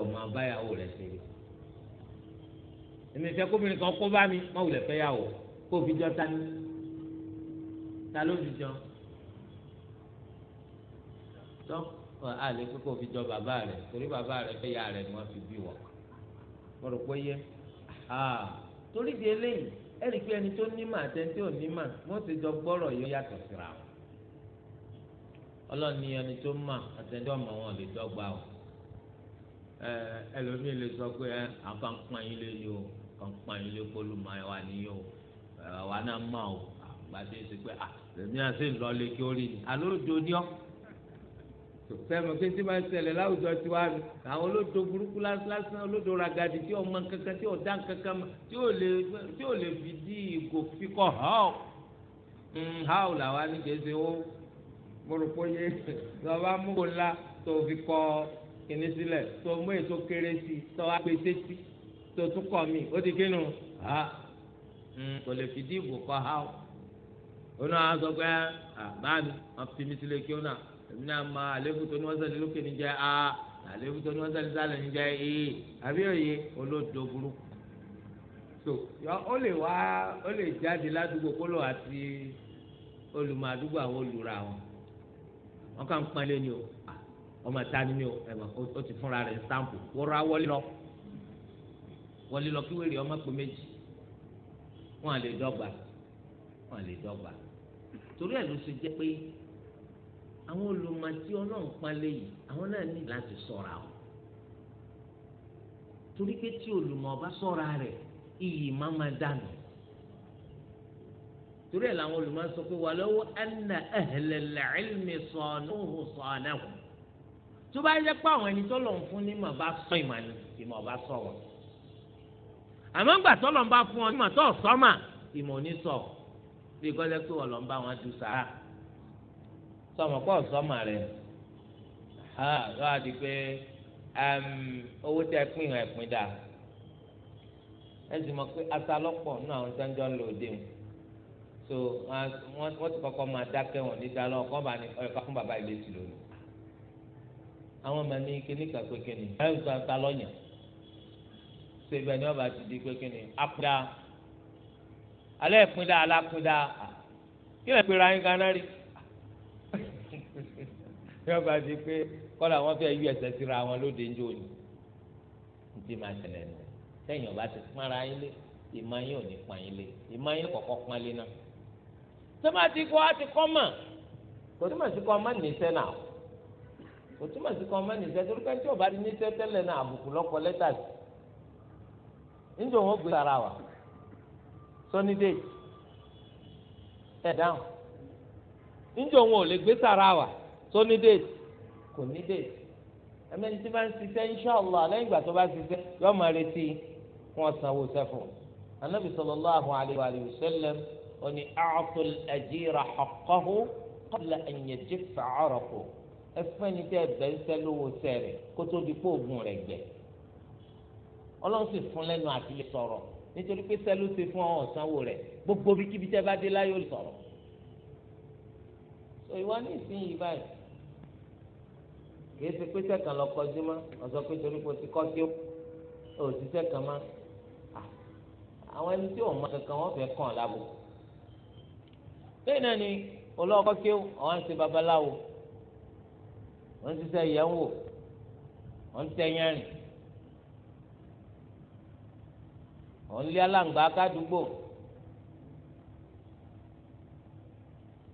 ọmọ abáyàwó rẹ̀ ṣe rí èmi fẹ́ kóbìnrin kan kó bá mi mọ̀ wùlẹ̀ fẹ́ yà wọ̀ kó fi jọ́ta ní ta ló fi jọ tọ́ àlè pé kò fi jọ bàbá rẹ̀ torí bàbá rẹ̀ fẹ́ ya rẹ̀ ni wọ́n fi bí wọ̀ mo rò pé yẹ torí di eléyìí ẹ̀rí pé ẹni tó nímọ̀ àtẹni tí ò nímọ̀ wọ́n ti jọ gbọ́rọ̀ yóò yàtọ̀ síra wọn ọlọ́ọ̀ni ẹni tó mọ̀ àtẹni tó mọ̀ wọn lè dọ́gba o ẹlòmíì lè sọ pé àkànpọ̀ yín lè yí o àkànpọ̀ yín lè polúmọ̀ ẹ̀ wà níyì o ẹ̀ náà mọ̀ o gbàdé ṣe pé ah lèmi àti ìlọlẹ kí ó rí ni alóòjó ni ọ sẹ́mi pé tí máa ń ṣẹlẹ̀ láwùjọ tí wàá mi àwọn olódo burúkú lásán olódo ragadi tí ọmọ kankan tí ọ̀dá kankan tí ò lè tí ò lè fi dí ìgò fikọ̀ hàn hàn làwọn anìkèsè ó mọ̀rọ̀pọ̀ yé lọ́ba múkò ńlá tó fi kọ́ kíní sílẹ̀ tó mú èso kéré sí tó wá pé sétí tó tún kọ́ mi ó ti kínú ha hmm, kò lè fi dí ìgò kọ́ hàn òun náà sọ pé àbáàmì wọn fi mi sílẹ̀ kí ó náà èmi náà mọ àléébù tó ní wọ́n sẹ́ni lókè ní jẹ́ a àléébù tó ní wọ́n sẹ́ni sálẹ̀ ní jẹ́ e àbí òye olódo burúkú so ó lè wá ó lè jáde ládùúgbò kó lọ àti olùmọ̀àdúgbò àwọn olùra wọn wọn kàn ń pọ́nlé ni o ọmọ tani ni o ó ti fúnra rẹ̀ sáǹpù wọ́n ra wọlé lọ wọlé lọ kí wèrè ọmọ pé méjì wọn à lè dọ́gba wọn à lè dọ́gba torí ẹ̀ ló ṣe jẹ́ pé àwọn olùmọ̀tí ọlọ́run palẹ̀ yìí àwọn náà ní láti sọ̀ra o torí pé tí olùmọ̀ bá sọ̀ra rẹ̀ iyì máa ma dànù torí ẹ̀ làwọn olùmọ̀ sọ pé wà lọ́wọ́ ẹnna ẹ̀hẹ̀lẹ̀lẹ̀ ẹ̀lmi sọ̀nùhùn sọ̀nàhùn tó bá yẹ pé àwọn ẹni tó lọ́n fún ní mà bá sọ ìmọ̀ ni ìmọ̀ bá sọ̀rọ̀ àmọ́ ńgbà tó lọ́n bá fún ọ ní tó sọ́mà ìmọ̀ ní sọ̀rọ̀ bí gbọ́dọ̀ pé wọ́n lọ ń bá wọn ju sàrà sọmọ kọ́ sọmọ rẹ̀ ha lọ́wọ́ àti pé owó tẹ pín ìwọ̀n ẹ̀pín dà ẹ sì mọ̀ pé asalọ́pọ̀ nínú àwọn sẹ́ńjọ́ ń lò dé mu so wọ́n ti kọ́kọ́ máa dákẹ́ wọn ní dalọ́ kọ́ bá ní ọ̀yọ́ká fún bàbá ilé ti lónìí àwọn ọmọ ní kíní kan pé kíní ẹ̀ ń sọ asalọ́yàn ṣe ibẹ̀ ni wọ́n bá ti di pé apá alẹ́ ìpín dáa alápín dáa kí lè pera yín kaná rí yóò bá di pé kọ́lá wọn fẹ́ yú ẹsẹ̀ síra wọn lóde ń jóni ní ti máa ṣẹlẹ̀ nù sẹ́yìn ọba ti pọ́nra yín lé ìmọ̀ yín ò ní pọ́n yín lé ìmọ̀ yín kọ̀kọ́ pọ́n lé náà sọ́màtì ti kọ́ mà kò túmọ̀ sí kọ́ ọmọ nìṣẹ́ náà kò túmọ̀ sí kọ́ ọmọ nìṣẹ́ torí pé tí ọba ti níṣẹ́ tẹ́lẹ̀ náà àbùkù lọ́kọ lẹ́tà sí níjọ́ wọn gbé ara wa sọ́ni déètì ẹ̀ down níjọ wọn ò lè gbé sàrà wà sọ́ni déètì kò ní déètì ẹ̀mẹ́ni tí bá ń ṣiṣẹ́ inṣọ́ọ̀lá lẹ́yìn ìgbà tó bá ṣiṣẹ́ yọ máa retí wọn sanwó sẹ́fún anabi sallallahu alayhi wa sallam oní a'tul ajira haqqahu qabla an yajiffa 'araqu ẹfẹ́ni tẹ́ bẹ́ẹ̀ ń sẹ́lówó sẹ́rẹ̀ kótó di kóògùn rẹ̀ gbẹ̀ ọlọ́run sì fún lẹ́nu àti nítorí pé sẹ́lú ṣe fún ọ ọ̀sánwó rẹ̀ gbogbo bí kíbi tẹ́ bá dé láyé ò sọ̀rọ̀ so ìwọ ní ìsinyìí báyìí kìí ṣe pé sẹ́kàn lọ kọjú mọ́ ọ̀sọ́ pé torí kò ti kọ́ tí ó ti sẹ́kàn mọ́ àwọn ẹni tí ò mọ kankan wọ́n fẹ́ kàn lábò bẹ́ẹ̀ náà ni olóòkọ́ kí àwọn ń ṣe babaláwo wọ́n ń ṣiṣẹ́ ìyẹn wò wọ́n ń tẹ́yẹ́rìn òun lé aláǹgbá kádùúgbò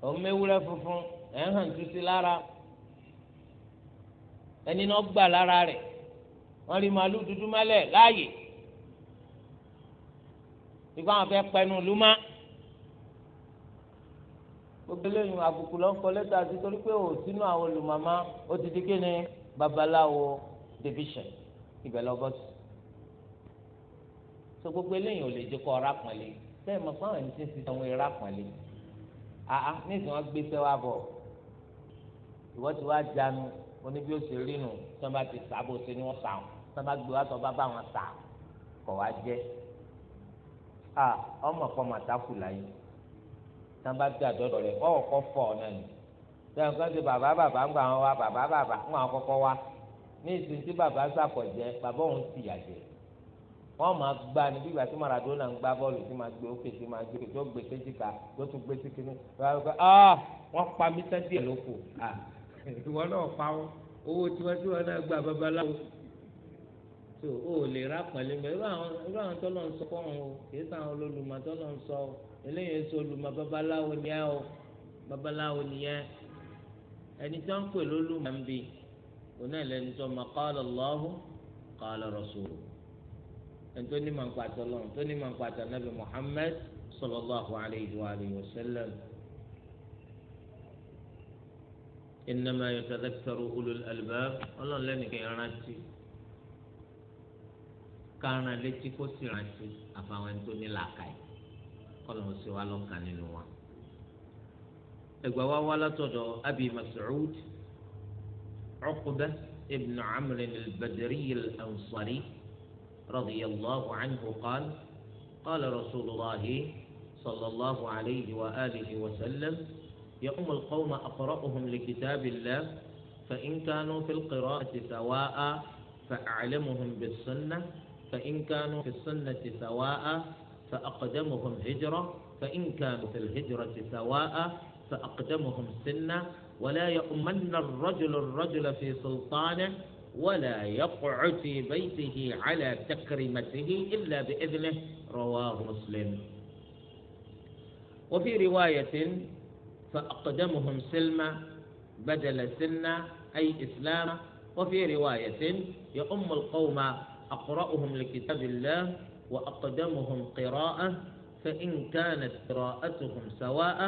òun méwúrẹ́ funfun ẹ̀ ń hàn tútù lára ẹni náà gbà lára rẹ̀ wọ́n rí màálù dúdú mọ́lẹ̀ láàyè ìgbà wọn fẹ́ pẹnu lùmá gbogbo eléyìí àbùkù ló ń kọ lẹ́tà sí torí pé ò sínú àwọn olùmọ̀mọ́ ó ti di kí ni babaláwo division ibẹ̀ lọ́bọ̀sì so gbogbo eléyìí ò lè jẹ́ kọ́ ọ̀rá pọ̀nlé bẹ́ẹ̀ mọ̀ fún àwọn ẹni tí ń sisẹ́ wọn ìrá pọ̀nlé àá níbi wọn gbé sẹ́wà bọ̀ ìwọ́ ti wá jánu oní bí ó ṣe rí nù tí wọ́n bá ti sá bó ṣe ni wọ́n sá wọn tí wọ́n bá gbé wá sọ bá bá wọn sá kọ̀ wá jẹ́ à ọmọ kọ́ màtákù láyé tí wọ́n bá gbé àdọ́dọ̀ rẹ̀ kọ́ ọ̀kọ́ fọ̀ náà ni sẹ́yìn kan ṣe bàbá bàbá ń gbà wọn wá bàbá bàbá ń gbà wọn kọ́kọ́ wá ní ìsìn bàbá sàkọ̀ jẹ́ bàbá òun sì yà jẹ́ wọ́n máa gbá ni bí ìgbà tí Maradona ń gbá bọ́ọ̀lù tí máa gbé òkè tí máa gbé òkè tó gbé séjìká tó tún gbé síkínú ah, wọ́n pa mí tán díẹ̀ ló kù ah. <laughs> ìwọ náà pa wọn owó tí wọ́n tí wọ́n náà gba babaláwo tó o lè ra pẹ̀lú mi irú àwọn tó lọ ń sọ fọ́ọ̀hún o kì í sàn olólùmọ̀ tó lọ ń sọ o eléyìí èso olùmọ̀ babaláwo ni ẹ o babaláwo ni ẹ ẹni tó ń pè lólùmọ̀ ń òun náà lẹni tó ma qala Allahu ẹnitó ní màá ń pàtó lọ́wọ́ tó ní màá ń pàtó nàbì Muhammad sallallahu alayhi wa alihi wa sallam. innama yatadhakkaru ulul albab ọlọ́run lẹ́nìkan ìrántí kárán létí kó sì rántí àfàwọn ẹni tó ní làákàyè kọ́lọ́run sì wá lọ́kàn nínú wọn. ẹgbàá wa wá látọ̀dọ̀ abi Mas'ud Uqba ibn Amr al-Badri al-Ansari. رضي الله عنه قال قال رسول الله صلى الله عليه وآله وسلم يؤم القوم أقرأهم لكتاب الله فإن كانوا في القراءة سواء فأعلمهم بالسنة فإن كانوا في السنة سواء فأقدمهم هجرة فإن كانوا في الهجرة سواء فأقدمهم سنة ولا يؤمن الرجل الرجل في سلطانه ولا يقعد في بيته على تكرمته إلا بإذنه رواه مسلم وفي رواية فأقدمهم سلمة بدل سنة أي إسلام وفي رواية يؤم القوم أقرأهم لكتاب الله وأقدمهم قراءة فإن كانت قراءتهم سواء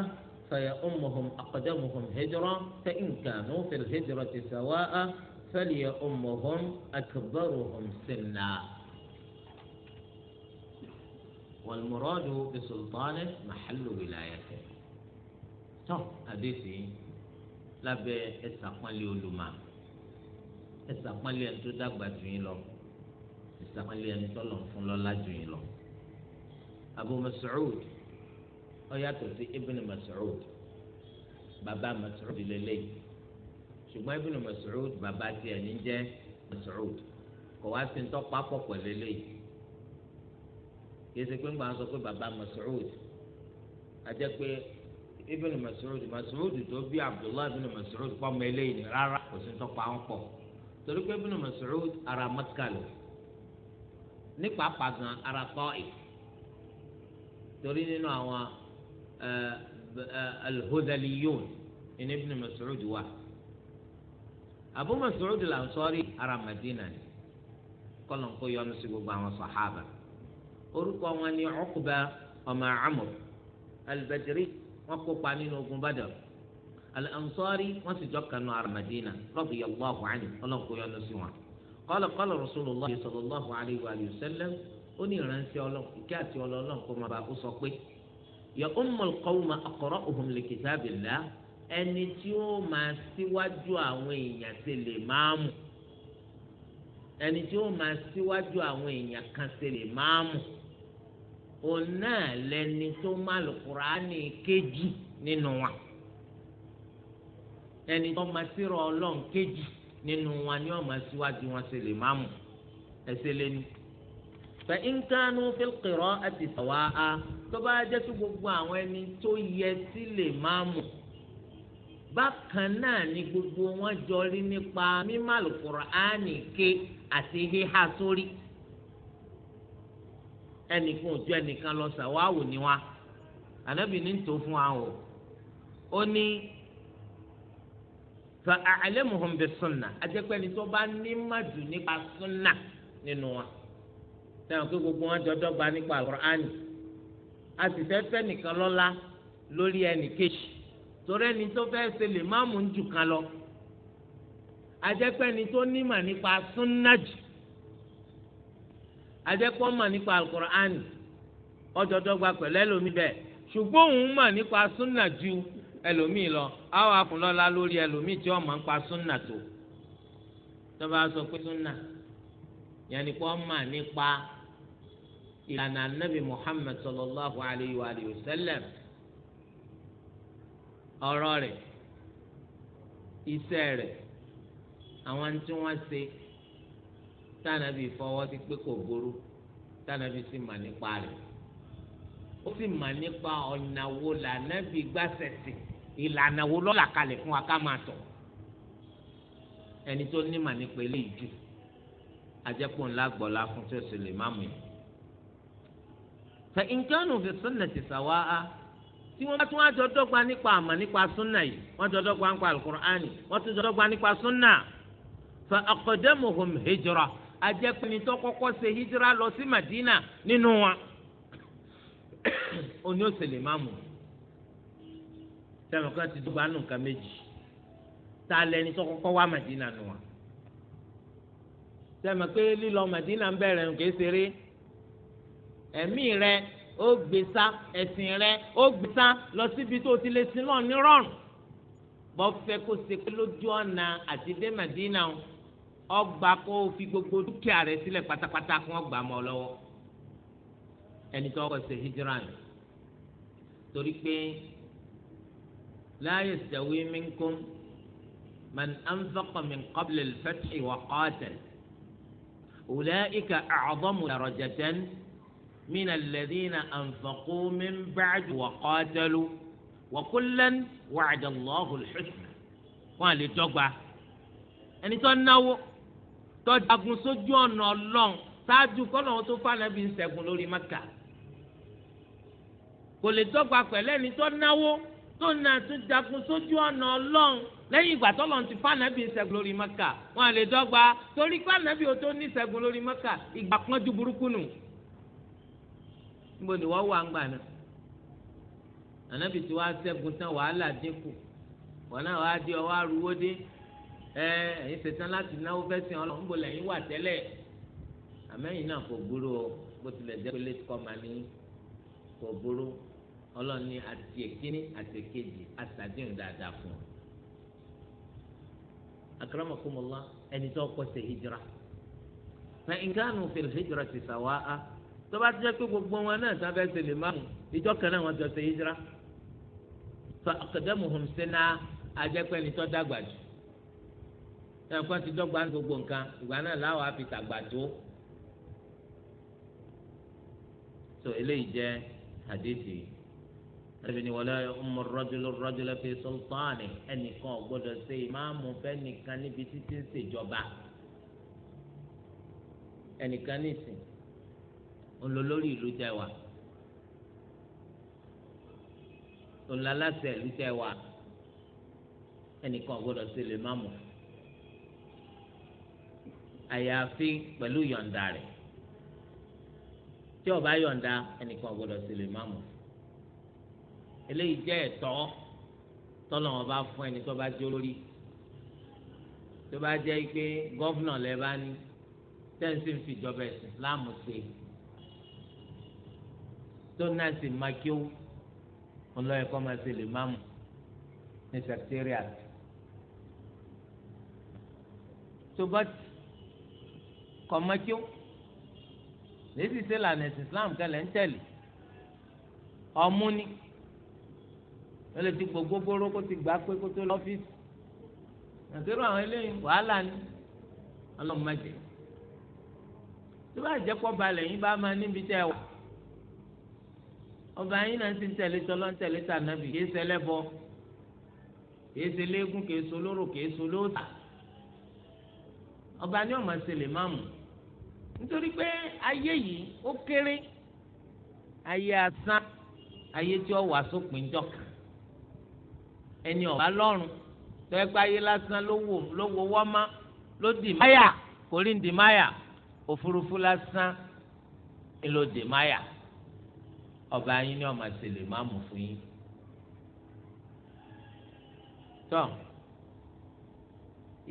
فيؤمهم أقدمهم هجرة فإن كانوا في الهجرة سواء fẹ́lẹ̀ ọmọhún akbaruhum sinna. والمراد بسلطانه محل ولايته tó àdéhùn yìí lábẹ́ ẹ̀sàpọ́nlé olùmọ̀ ẹ̀sàpọ́nlé ẹni tó dàgbà jù yín lọ ẹ̀sàpọ́nlé ẹni tó lọ fún lọ́lá jù yín lọ. Abu Mas'ud sí Ibn Mas'ud bàbá Mas'ud lélẹ́yìí ṣùgbọ́n Ibn Mas'ud bàbá tiẹ̀ ní jẹ́ Mas'ud kò wá sí ntọ́ papọ̀ pẹ̀lú eléyìí yẹsẹ pé ńgbà sọ pé bàbá Mas'ud ajẹ́ pé Ibn Mas'ud Mas'ud tó bí Abdullahi Ibn Mas'ud pọ́nmọ eléyìí rárá kò sí ntọ́ pàwọn pọ̀ torí pé Ibn Mas'ud ara mọ́tíkàlù nípa pàgàn ara Ta'if torí nínú àwọn al ní Ibn Mas'ud wà. Abu Mas'ud al-Ansari ará Madina ni kọ́lọ̀ kó yọ́nú sí gbogbo àwọn sàhábà orúkọ wọn ni Uqba ọmọ Amr al-Badri wọn kópa nínú ogun Badr al-Ansari wọn sì jọ kanu ará Madina radiyallahu anhu kọ́lọ̀ kó yọ́nú sí wọn qala qala Rasulullah sallallahu alayhi wa sallam ó ní ìránṣẹ́ ọlọ́run ìkẹ́ àti ọlọ́run kó kó sọ pé ya ummul qawma aqra'uhum li kitabillah ẹni tí ó máa síwájú àwọn èèyàn ṣe lè máa mú ẹni tí ó máa síwájú àwọn èèyàn kan ṣe lè máa mú òun náà lẹni tó má lùkùránì kéjì nínú wa ẹni tó máa sírọ ọlọ́run kéjì nínú wa ni ó máa síwájú wọn ṣe lè máa mú ẹsẹ̀ lẹ́nu. فإن كانوا في القراءة سواء tó bá jẹ́ tó gbogbo àwọn ẹni tó yẹ sí lè máa mú bákan náà ni gbogbo wọn jọ rí nípa mímọ̀ Al-Kùránì ké àti híhá sórí ẹnìkan ò ju ẹnìkan lọ sàwáwò ni wa ànábì ní tó fún wa o ó ní fa a'lamuhum bis-sunnah ajẹ́pẹ́ni tó bá ní màdù nípa súnà nínú wa sẹ́wọ̀n pé gbogbo wọn dọ́dọ́gba nípa Al-Kùránì a sì fẹ́ fẹ́ nìkan lọ́lá lórí ẹnì torí ẹni tó fẹ́ ṣe lè má mú jù kan lọ ajẹ́pẹ́ ẹni tó nímọ̀ nípa súnnájì ajẹ́pẹ́ ọmọ nípa alukur'ani ọjọ́ dọ́gba pẹ̀lú ẹlòmíì bẹ́ẹ̀ ṣùgbọ́n òun mọ̀ nípa súnnà ju ẹlòmíì lọ àwọn afúnlọ́lá lórí ẹlòmíì tí ọmọ nípa sunna tó tọ́ba sọ pé sunna yẹn ni pé ọmọ nípa ìlànà anabi Muhammad sallallahu alayhi wa sallam. ọ̀rọ̀ rẹ̀ iṣẹ́ rẹ̀ àwọn tí wọ́n ṣe tànàbí fọwọ́ sí pé kò burú tànàbí sì mà nípa rẹ̀ ó sì mà nípa ọ̀nà wo lànàbí gbàsẹ̀sì ìlànà wo lọ́la kalẹ̀ fún wa ká máa tọ̀ ẹni tó ní mà nípa eléyìí jù ajẹ́pọ̀ ńlá gbọ́lá fún tí ó sì lè má mú yìí. fa in kanu fi sunnati sawa'a. tí wọ́n bá tún wá jọ dọ́gba nípa àmà nípa súnà yìí wọ́n jọ dọ́gba nípa alukur'ani wọ́n tún jọ dọ́gba nípa súnà fa aqdamuhum hijra ajẹ́pẹ́ni tó kọ́kọ́ ṣe hijra lọ sí madina nínú wa oní òsèlè máa mú sẹ́mi kan ti dọ́gba nù nǹkan méjì ta lẹni tó kọ́kọ́ wá madina nù wa sẹ́mi pé lílọ madina ń bẹ̀rẹ̀ nǹkan ṣeré ẹ̀mí rẹ̀ ó gbé sá ẹ̀sìn rẹ ó gbé sá lọ síbi tó ti lè sin lọ ní rọrùn bọ́ fẹ́ kó ṣe pé lójú ọ̀nà àti dé Màdínà ọgbà kó o fi gbogbo dúkìá rẹ sílẹ̀ pátápátá kó wọ́n gbà mọ́ lọ́wọ́ ẹni tó kọ́ ṣe hijira ni torí pé la yastawi minkum man anfaqa min qabli al-fathi wa qatal ulaika a'zamu darajatan. من الذين أنفقوا من بعد وقاتلوا وكلا وعد الله الحسنى wọ́n lè dọ́gba ẹni tó náwó tó jagun sójú ọ̀nà ọlọ́run ṣáájú kọ́nà tó fànàbí ń ṣẹ́gun lórí mẹ́kà kò lè dọ́gba pẹ̀lú ẹni tó náwó tó nà tún jagun sójú ọ̀nà ọlọ́run lẹ́yìn ìgbà tọ́lọ́run ti fànàbí ń ṣẹ́gun lórí mẹ́kà wọ́n lè dọ́gba torí fànàbí ò tó ní ṣẹ́gun lórí mẹ́kà ìgbà pọ́njú burúkú nù. níbo ni wọ́n wà ń gbà náà ànábì tí wàá ṣẹ́gun tán wàhálà dínkù wọn náà wàá di ọwọ́ arúgbó dé ẹ ẹ̀yin ṣetán láti náwó fẹ́ sìn ọlọ́run níbo lẹ́yìn wà tẹ́lẹ̀ àmẹ́yìn náà kò gbúrò bó tilẹ̀ jẹ́ pé létí kọ́ máa ní kò gbúrò ọlọ́run ní àti èkíní àti èkejì àtàdéhùn dáadáa fún ẹni tó bá ti jẹ́ pé gbogbo wọn náà sábẹ́ ṣe lè máa mú ìjọ kan náà wọ́n jọ ṣe hijira fa aqdamuhum sinna ajẹ́pẹ́ ni tó dàgbà jù ẹ̀kọ́ ti dọ́gba ní gbogbo nǹkan ìgbà náà láwọn á fi tàgbà tó tó eléyìí jẹ́ hadithi ẹbí ni wala ummu ar-rajulu fi sultani ẹnìkan ò ṣe ìmáàmù fẹ́nìkan níbi títí ń ṣèjọba ẹnìkan nìsín ńlọ lórí ìlú tẹ wà ńlọ aláṣẹ ìlú tẹ wà ẹnìkan gbọ́dọ̀ sí lè má mọ àyàfi pẹ̀lú yọ̀ǹda rẹ̀ tí ó bá yọ̀ǹda ẹnìkan gbọ́dọ̀ sí lè má mọ eléyìí jẹ́ ẹ̀tọ́ tọlọ wọn bá fún ẹni tó bá jó lórí tó bá jẹ́ pé gọvnọ lẹ bá ní tẹǹsì fìjọba ẹsìn láàmú sí i tó náà sì máa kí ó ọlọ́yẹ̀ kọ́ máa ṣe lè má mú ní secretariat tó bá kọ́ máa kí ó lèsì ṣe lànà ẹ̀sìn Islam kẹlẹ̀ ń tẹ̀lé ọmú ni ó lè ti gbogbo gbóró kó ti gbà pé kó tó lọ́fíìsì àtẹrù àwọn eléyìí wàhálà ni ọlọ́mọdé tó bá jẹ́ kó balẹ̀ yín bá máa níbi tẹ́ ẹ wà. ọba yín náà ti ń tẹ̀lé sọlọ́ ń tẹ̀lé sànàbì kìí ṣẹlẹ́bọ kìí ṣe léegun kìí ṣe olóró kìí ṣe olóòtà ọba ni ọmọ ṣe lè máàmù nítorí pé ayé yìí ó kéré ayé asán ayé tí ó wà sópin jọkà ẹni ọba lọ́rùn tẹ́gbà ayé lásán ló wò wọ́mọ́ ló dì máyà kò rí ń dì máyà òfurufú lásán ló dì ọba yín ni ọmọ àṣẹlẹ máa mú fún yín. tọ́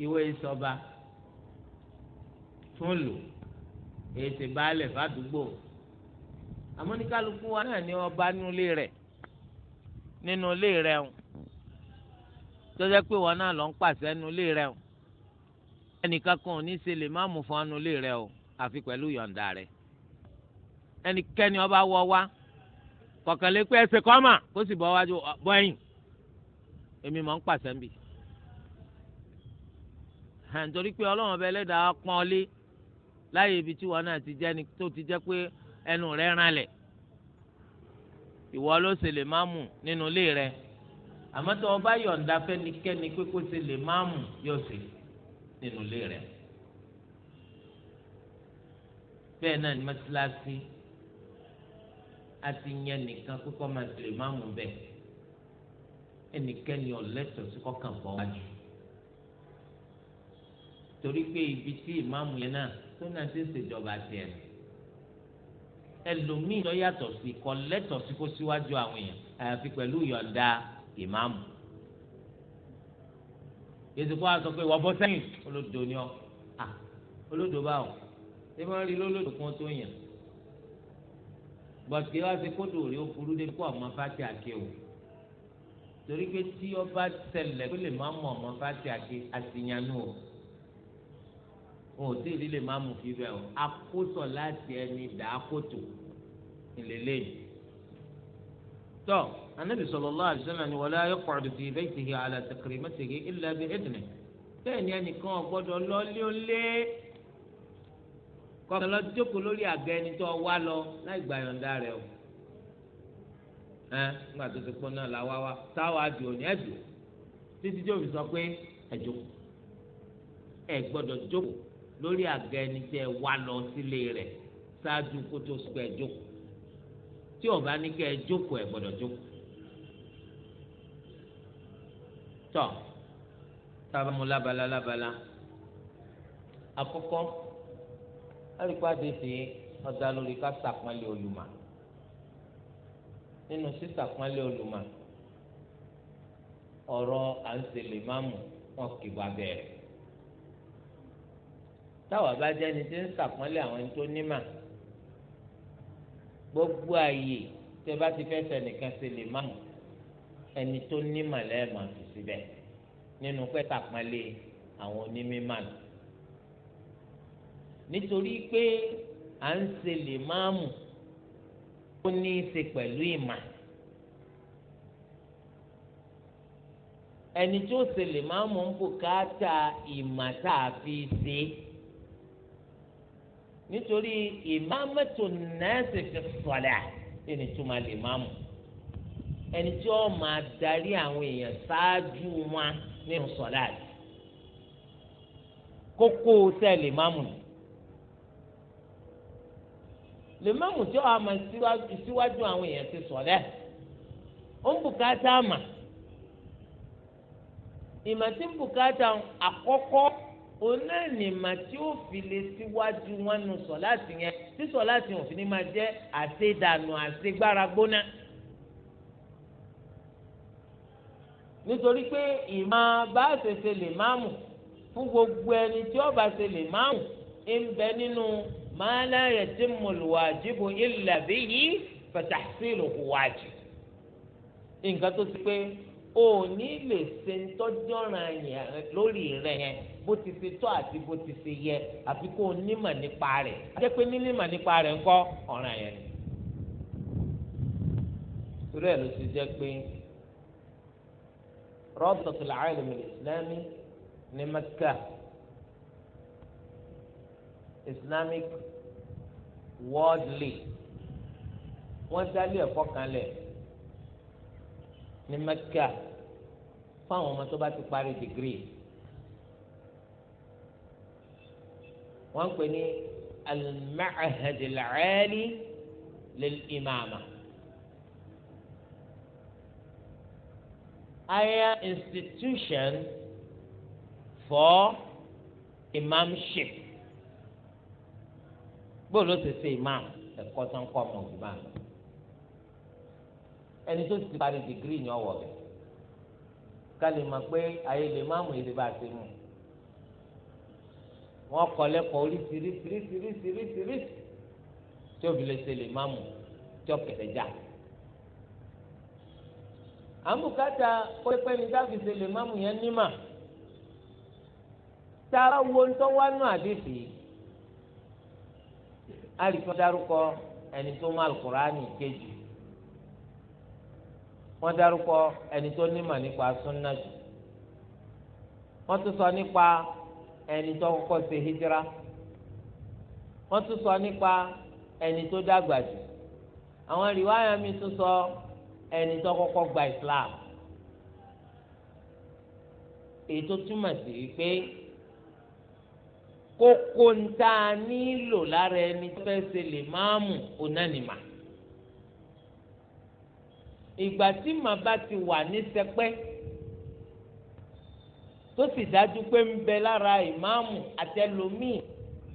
ìwé ìsọba tún lò ètè baálẹ̀ fàdúgbò àmọ́ ní kálukú wa náà ni ọba nínú ilé rẹ̀ nínú ilé rẹ̀ ń tọ́jà pé wọn náà lọ ń pàṣẹ nínú ilé rẹ̀ ń ẹnìkan kan ò ní ṣe lè má mú fún nínú ilé rẹ̀ o àfi pẹ̀lú yọ̀ǹda rẹ̀ ẹnikẹ́ni ọba wọ wá kọ̀kànlé pé ẹsẹ̀ kọ́mà kó sì bọ́ wájú bọ́ ẹ̀yìn èmi mọ̀ ń pàṣẹ ń bì. nítorí pé ọlọ́run ọba ẹlẹ́dàá pọ́n lé láyé ibi tí wọn náà ti jẹ́ ni tó ti jẹ́ pé ẹnu rẹ̀ ránlẹ̀ ìwọ ló ṣe lè má mú nínú ilé rẹ̀ àmọ́ tó o bá yọ̀ǹda fẹ́nikẹ́ni pé kó ṣe lè má mú yóò ṣe nínú ilé rẹ̀ bẹ́ẹ̀ náà ni mọ́tíláṣí àti yẹn nìkan kó kọ́ máa tẹ̀lé máa mú bẹ́ẹ̀ ẹnikẹ́ni ọ̀lẹ́tọ̀ sí kọ́kàn bọ́ wájú torí pé ibi tí ìmáàmù yẹn náà tó náà ti ṣèjọba tiẹ̀ nù ẹlòmíì lọ yàtọ̀ sí kọ́ lẹ́tọ̀ sí kó síwájú àwọn èèyàn àyàfi pẹ̀lú ìyọ̀ǹda ìmáàmù yéésù kó pé wọ́n bọ́ sẹ́yìn olódò ni ọ́ olódò báwo ṣé wọ́n rí lólódò kan tó yàn bọ̀dé wá sí kódò rí ó burú dé kó ọmọ fati àké o torí pé tí ọba tẹ́lẹ̀ kó lè má mọ ọmọ fati àké àtìyànú o wọn ò tí ì rí lè má mú fi bẹ́ẹ̀ o akótọ̀ láti ẹni dà akótò ìlélẹ́ tọ́ anabi sallallahu alaihi wasallam ni wala yaq'udu fi baytihi ala takrimatihi illa bi idnihi bẹ́ẹ̀ ni ẹnìkan ò gbọ́dọ̀ kọ́kàn lọ jókòó lórí àga ẹni tó wá lọ láì gbà yọ̀ǹda rẹ̀ o ẹ nígbà tó ti pọ́n náà la wá wá táwa dùn òní ẹ̀dùn títí tí òfin sọ pé ẹ̀jọ̀ ẹ gbọ́dọ̀ jókòó lórí àga ẹni tẹ́ wá lọ sílé rẹ̀ ṣáájú kó tó sọ ẹ̀jọ̀ tí ó bá ní kẹ́ ẹ jókòó ẹ gbọ́dọ̀ jókòó tọ́ tábàmù lábala lábala àkọ́kọ́ alùpùpù àdèsè ọ̀dà lórí ká sàpọ́nlé olùmọ̀ nínú sísàpọ́nlé olùmọ̀ ọ̀rọ̀ à ń sèlè máàmù wọn kì wá bẹ̀rẹ̀ táwa bá jẹ́ ni tí ń sàpọ́nlé àwọn ẹni tó nímà gbogbo ààyè tẹ bá ti fẹ́ fẹ́ nìkan sèlè máàmù ẹni tó nímà lẹ́ẹ̀ máa fi nínú pẹ́ sàpọ́nlé àwọn onímọ̀ náà nítorí pé à ń ṣe lè máa mú ó ní í ṣe pẹ̀lú ìmà ẹni tó ṣe lè máa mú ń bùkátà ìmà tá a fi ṣe nítorí ìmáàmẹ́tò nẹ́ẹ̀sì fi sọ̀lẹ̀ ẹni tó máa lè máa mú ẹni tí máa darí àwọn èèyàn ṣáájú wọn nínú sọ̀lẹ̀ àti kókó tẹ̀lé máa mú ni lè mọ́mù tí wàá máa síwájú àwọn èèyàn ti sọ̀lẹ́ ó ń bùkátà àmà ìmọ̀ tí ń bùkátà àkọ́kọ́ òun náà ní ìmọ̀ tí ó fi lè síwájú wọn nu sọ̀láàtì yẹn tí sọ̀láàtì wọn fi ní máa jẹ́ àṣedànù àṣegbára gbóná. nítorí pé ìmọ̀ bá ṣẹṣẹ lè máàmù fún gbogbo ẹni tí ó ṣe lè máàmù ń bẹ nínú ma la yatimmu al-wajibu illa bihi fatahsiluhu wajib nǹkan tó ti pé o ní lè ṣe tọ́jọ́ràn yẹn lórí rẹ̀ yẹn bó ti ṣe tọ́ àti bó ti ṣe yẹ àfi kó o nímọ̀ nípa rẹ̀ jẹ́ pé nínímọ̀ nípa rẹ̀ ńkọ́ ọ̀ràn yẹn ni. torí ló ti jẹ́ pé Rabtatul Alam al-Islami ní Mẹ́kà. Islamic World League wọ́n dálé ẹ̀kọ́ kan lẹ̀ ní Mẹ́kà fáwọn ọmọ tó bá ti parí dìgírì wọ́n ń pè ní al-ma'had al lil-imama. higher institution for imamship bóòlù ó sì ṣe imam ẹ̀kọ́ tó ń kọ́ ọmọ òbí máa lọ ẹni tó ti parí dìgírì ní ọwọ́ rẹ̀ ká lè mọ̀ pé ayé lè má mú èdè bá ṣe mú wọn kọ́ lẹ́kọ̀ọ́ oríṣiríṣiríṣiríṣiríṣi tí òbí lè ṣe lè má mú tí ọ̀kẹ́rẹ́ já àmúkátà pépé ní dábì ṣe lè má mú yẹn nímà tá a bá wo àlìfọ́ dárúkọ ẹni tó mọ alukurani kejì wọ́n dárúkọ ẹni tó nímọ̀ nípa súnà jù wọ́n tún sọ nípa ẹni tó kọ́kọ́ ṣe hijira wọ́n tún sọ nípa ẹni tó dàgbà jù àwọn rìwáyà mi tún sọ ẹni tó kọ́kọ́ gba Islam èyí tó túmọ̀ sí wípé kókó ń tá a nílò lára ẹni tó fẹ́ ṣe lè máa mú onánìmá. ìgbà tí màá bá ti wà ní sẹpẹ́ tó sì dájú pé ń bẹ lára ìmáàmù àtẹlómìn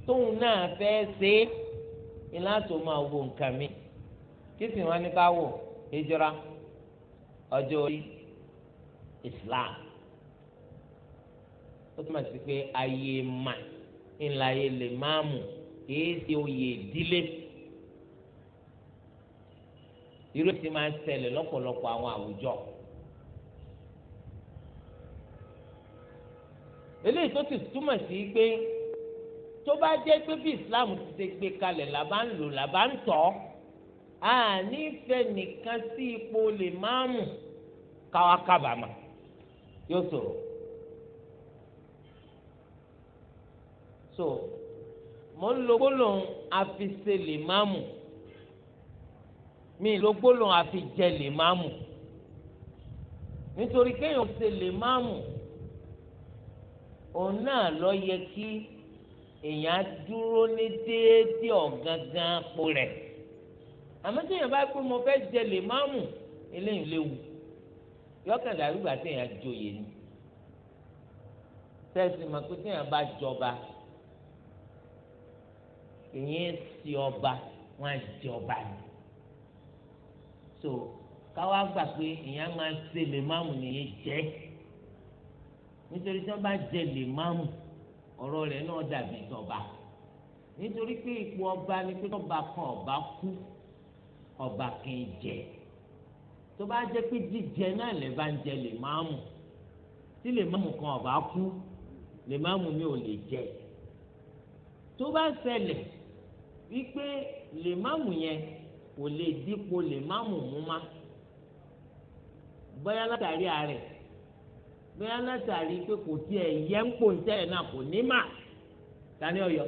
tóun náà fẹ́ ṣe é iná tó máa wo nǹkan mi kí sì wọn ní ká wò hijra ọjọ́ orí Islam ó túmọ̀ sí pé ayé máa ńlá yẹn lè máa mú kìí ṣe oyè ìdílé irú ti máa ń ṣẹlẹ̀ lọ́pọ̀lọpọ̀ àwọn àwùjọ. eléyìí tó ti túmọ̀ sí pé tó bá jẹ́ pé bí Islam ti ṣe gbé kalẹ̀ là bá ń lò là bá ń tọ́ a nífẹ̀ẹ́ nìkan sí ipò lè máa mú káwa kábàámà yóò sọ̀rọ̀. so mo ń lo gbólóhùn àfisè lè má mú mi lo gbólóhùn àfijẹ lè má mú nítorí kéèyàn ṣe lè má mú òun náà lọ yẹ kí èèyàn dúró ní déédéé ọ̀gángan po rẹ̀ àmọ́ tí èèyàn bá pé mo fẹ́ jẹ lè eléyìí léwu yọkàndà tí èèyàn joyè ni tẹ́sí mọ̀ pé tí èèyàn bá jọba ìyẹn ti ọba wọn á ti ọba ni so káwá gbà pé ìyẹn á máa ṣe lè máàmù nìyẹn jẹ nítorí tí wọn bá jẹ lè máàmù ọ̀rọ̀ rẹ̀ náà dàbí tọba nítorí pé ipò ọba ni pé tọba kan ọba kú ọba kì í jẹ tó bá jẹ pé jíjẹ náà lè bá ń jẹ lè máàmù tí lè máàmù kan ọba kú lè máàmù mi ò lè jẹ tó bá ṣẹlẹ̀ wípé lèmáàmù yẹn kò lè dípò lèmáàmù mú má bóyá látàrí ààrẹ bóyá látàrí pé kò tiẹ̀ yẹ ń pò ń tẹ̀lé náà kò ní mà tani ọ̀yọ́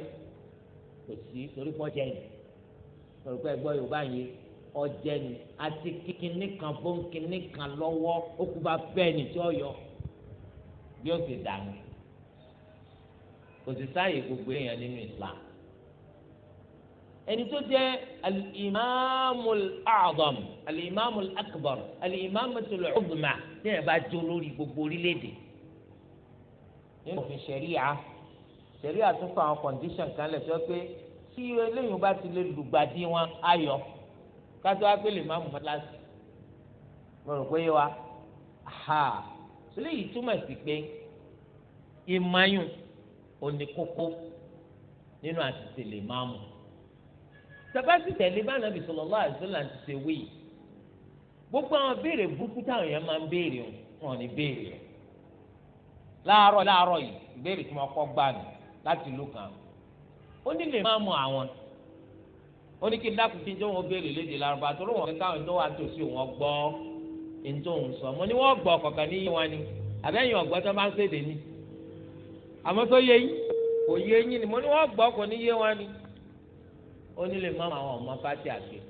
kò sí torí pọ́ jẹ́ ni torí pé ẹgbọ́ yorùbá yìí ọjẹ́ ni àti kíkiní kan bóńkiní kan lọ́wọ́ ó kú bá bẹ́ẹ̀ ni tí ọ̀yọ́ bí ó ti dànù kò sì sáàyè gbogbo èèyàn nínú Islam ẹni tó jẹ́ alimamul a'zam alimamul akbar alimamatul uzma ní ẹ̀ bá jó lórí gbogbo orílẹ̀-èdè nínú òfin ṣẹ̀ríà ṣẹ̀ríà tún fa àwọn kọ̀ǹdíṣàn kan lẹ̀ sọ pé tí eléyìí bá ti lè lùgbàdì wọn ayọ̀ kátó wá pé lè má mú mọ́tíláṣí mo rò pé wa ha eléyìí túmọ̀ sí pé ìmáyùn ò ní kókó nínú àtìsílẹ̀ mú sabasi tẹ̀lé bá nàbì sallallahu alaihi wasallam ti ṣe wí gbogbo àwọn béèrè burúkú táwọn yẹn máa ń béèrè wọn ò ní béèrè o láàárọ̀ láàárọ̀ yìí ìbéèrè tí wọ́n kọ́ gbà mí láti ìlú kan ó ní lè máa mọ àwọn ó ní kí n dákun kí wọn béèrè léde lárúbá tó lóun ọ̀gá káwọn tó wà tòsí wọn gbọ́ ẹni tó ń sọ mo ní wọ́n gbọ́ kọ̀ọ̀kan ní wọn ni àbẹ́yìn ọ̀gbọ́n tó máa ń ṣèdè ni àmọ́ tó yẹ yín kò yẹ yín ni mo ní wọ́n gbọ́ kò ní yé wọn ni ó nílé má àwọn ọmọ fati àgbẹ̀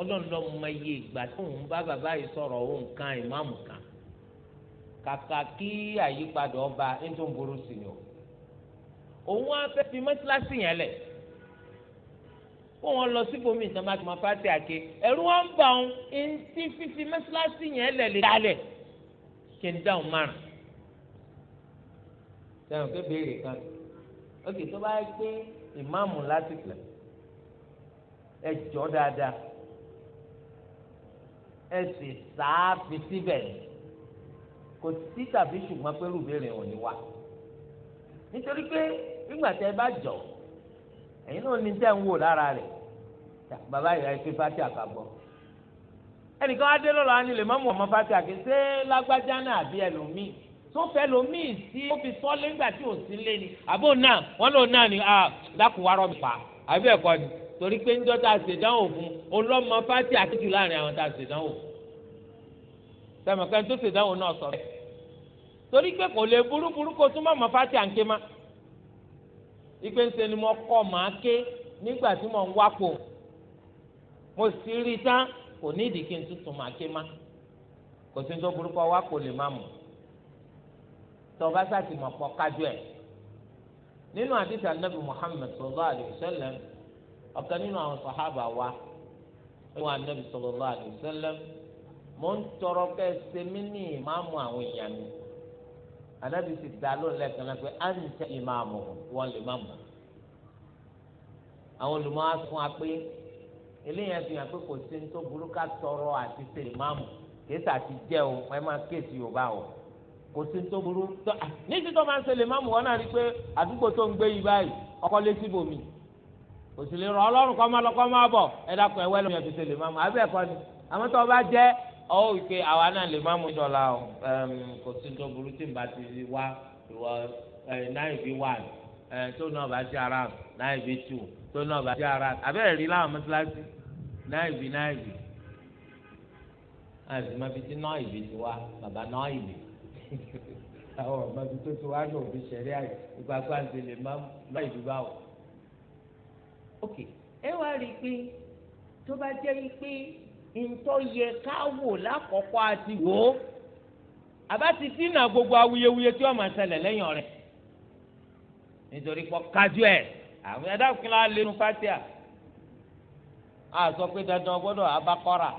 ọlọ́run lọ́mọ iye ìgbà tó ń bá bàbá yìí sọ̀rọ̀ òun kan ìmáàmù kan kàkà kí àyípadà ọba ń tó ń burú sí ni o òun á fẹ́ fi mọ́tíláṣí yẹn lẹ̀ kó wọn lọ síbòmí ìjọba tó máa fàtí àké ẹ̀rú wọn bá wọn ntí fífi mọ́tíláṣí yẹn lẹ̀ lè dálẹ̀ kí n dáhùn márùn. sẹ́wọ̀n kébèrè kan ó kì í tó bá gbé ìmáàmù láti pẹ̀ ẹ jọ dáadáa ẹ sì sáàfi síbẹ̀ kò sí tàbí ṣùgbọ́n pé rúbèrè ò ní wá nítorí pé nígbà tẹ ẹ bá jọ ẹ̀yin náà ní tẹ́ ń wò lára rẹ̀ bàbá ìyá ẹgbẹ́ fati àkàgbọ́ ẹnìkan á dé lọ́la á nílẹ̀ mọ́mú ọmọ fati àkè lágbájá náà àbí ẹlòmíì tó fẹ́ lòmíì tí ó fi sọ́lé ńgbà tí ò sí lé ni àbó náà wọ́n lò náà ni dákùwárọ̀ pa àbí ẹ̀kọ́ ni torí pé ń dọ́ta ṣèdánwò fún ọlọ́mọ pátì àtijọ́ láàrin àwọn tá a ṣèdánwò sẹ́mọ̀kẹ́ tó ṣèdánwò náà sọ̀rọ̀ torí pé kò lè burúburú kó tún mọ̀mọ́ pátì à ń ké má ipe ńṣe ni mo kọ́ màá ké nígbà tí mo ń wápò mo sì rí i tán kò ní ìdí kí n tuntun màá ké má kò sí ní tó tọba sáàtì mọ̀ pọ̀ kájú ẹ̀ nínú àdìsí anabi muhammed sallallahu alayhi wa sallam ọ̀kan nínú àwọn sàhábà wa ẹ̀wọ̀n anabi sallallahu alayhi wa sallam mọ̀ ń tọrọ kẹ́ ẹ ṣe mí ní ìmáàmù àwọn èèyàn mi anabi sì dá lóun lẹ́ẹ̀kan náà pé à ń tẹ ìmáàmù wọn lè má mọ̀ àwọn olùmọ̀ fún wa pé eléyàn fi hàn pé kò sí ní tó burú ká àti ṣe ìmáàmù kí ẹ sà ti jẹ́ o ẹ máa kéèsì yorùbá o kò sí tó burú tó ní ti tó máa ń ṣẹlẹ̀ máa mú wọn náà rí i pé àdúgbò tó ń gbé yìí báyìí ọkọ lé síbò mi kò sì lè rọ ọlọ́run kọ́ máa lọ kọ́ máa bọ̀ ẹ dákun ẹ wẹ́ lómi ẹ̀fí ṣẹlẹ̀ máa mú abẹ́ ẹ̀kọ́ ni àmọ́ tó bá jẹ́ ọwọ́ ìpè àwa náà lè máa mú ìdọ̀la kò sí tó burú tí n bá ti wá ìwọ nine v one tó náà bá ti ara nine v two tó náà bá ti ara abẹ́rẹ́ rí láwọn mọ́tíláṣí nine v nine v àti má náà ìbí ti wá bàbá náà ìbí àwọn ọmọ ibi tó ti wá ní òbí sẹ̀rí àyè ìgbà gbàǹdè lè má má ìlú bá wọ̀. ok ẹ wá rí i pé tó bá jẹ́ pé ntọ́ yẹ ká wò lákọ̀ọ́kọ́ àti wò ó àbá ti dínà gbogbo awuyewuye tí wọ́n máa ṣẹlẹ̀ lẹ́yìn ọ̀rẹ́ nítorí pọ̀ kájú ẹ̀ àwọn ẹ̀dá òkìlá lẹ́nu fátíà a sọ pé dandan gbọ́dọ̀ abakọ́ra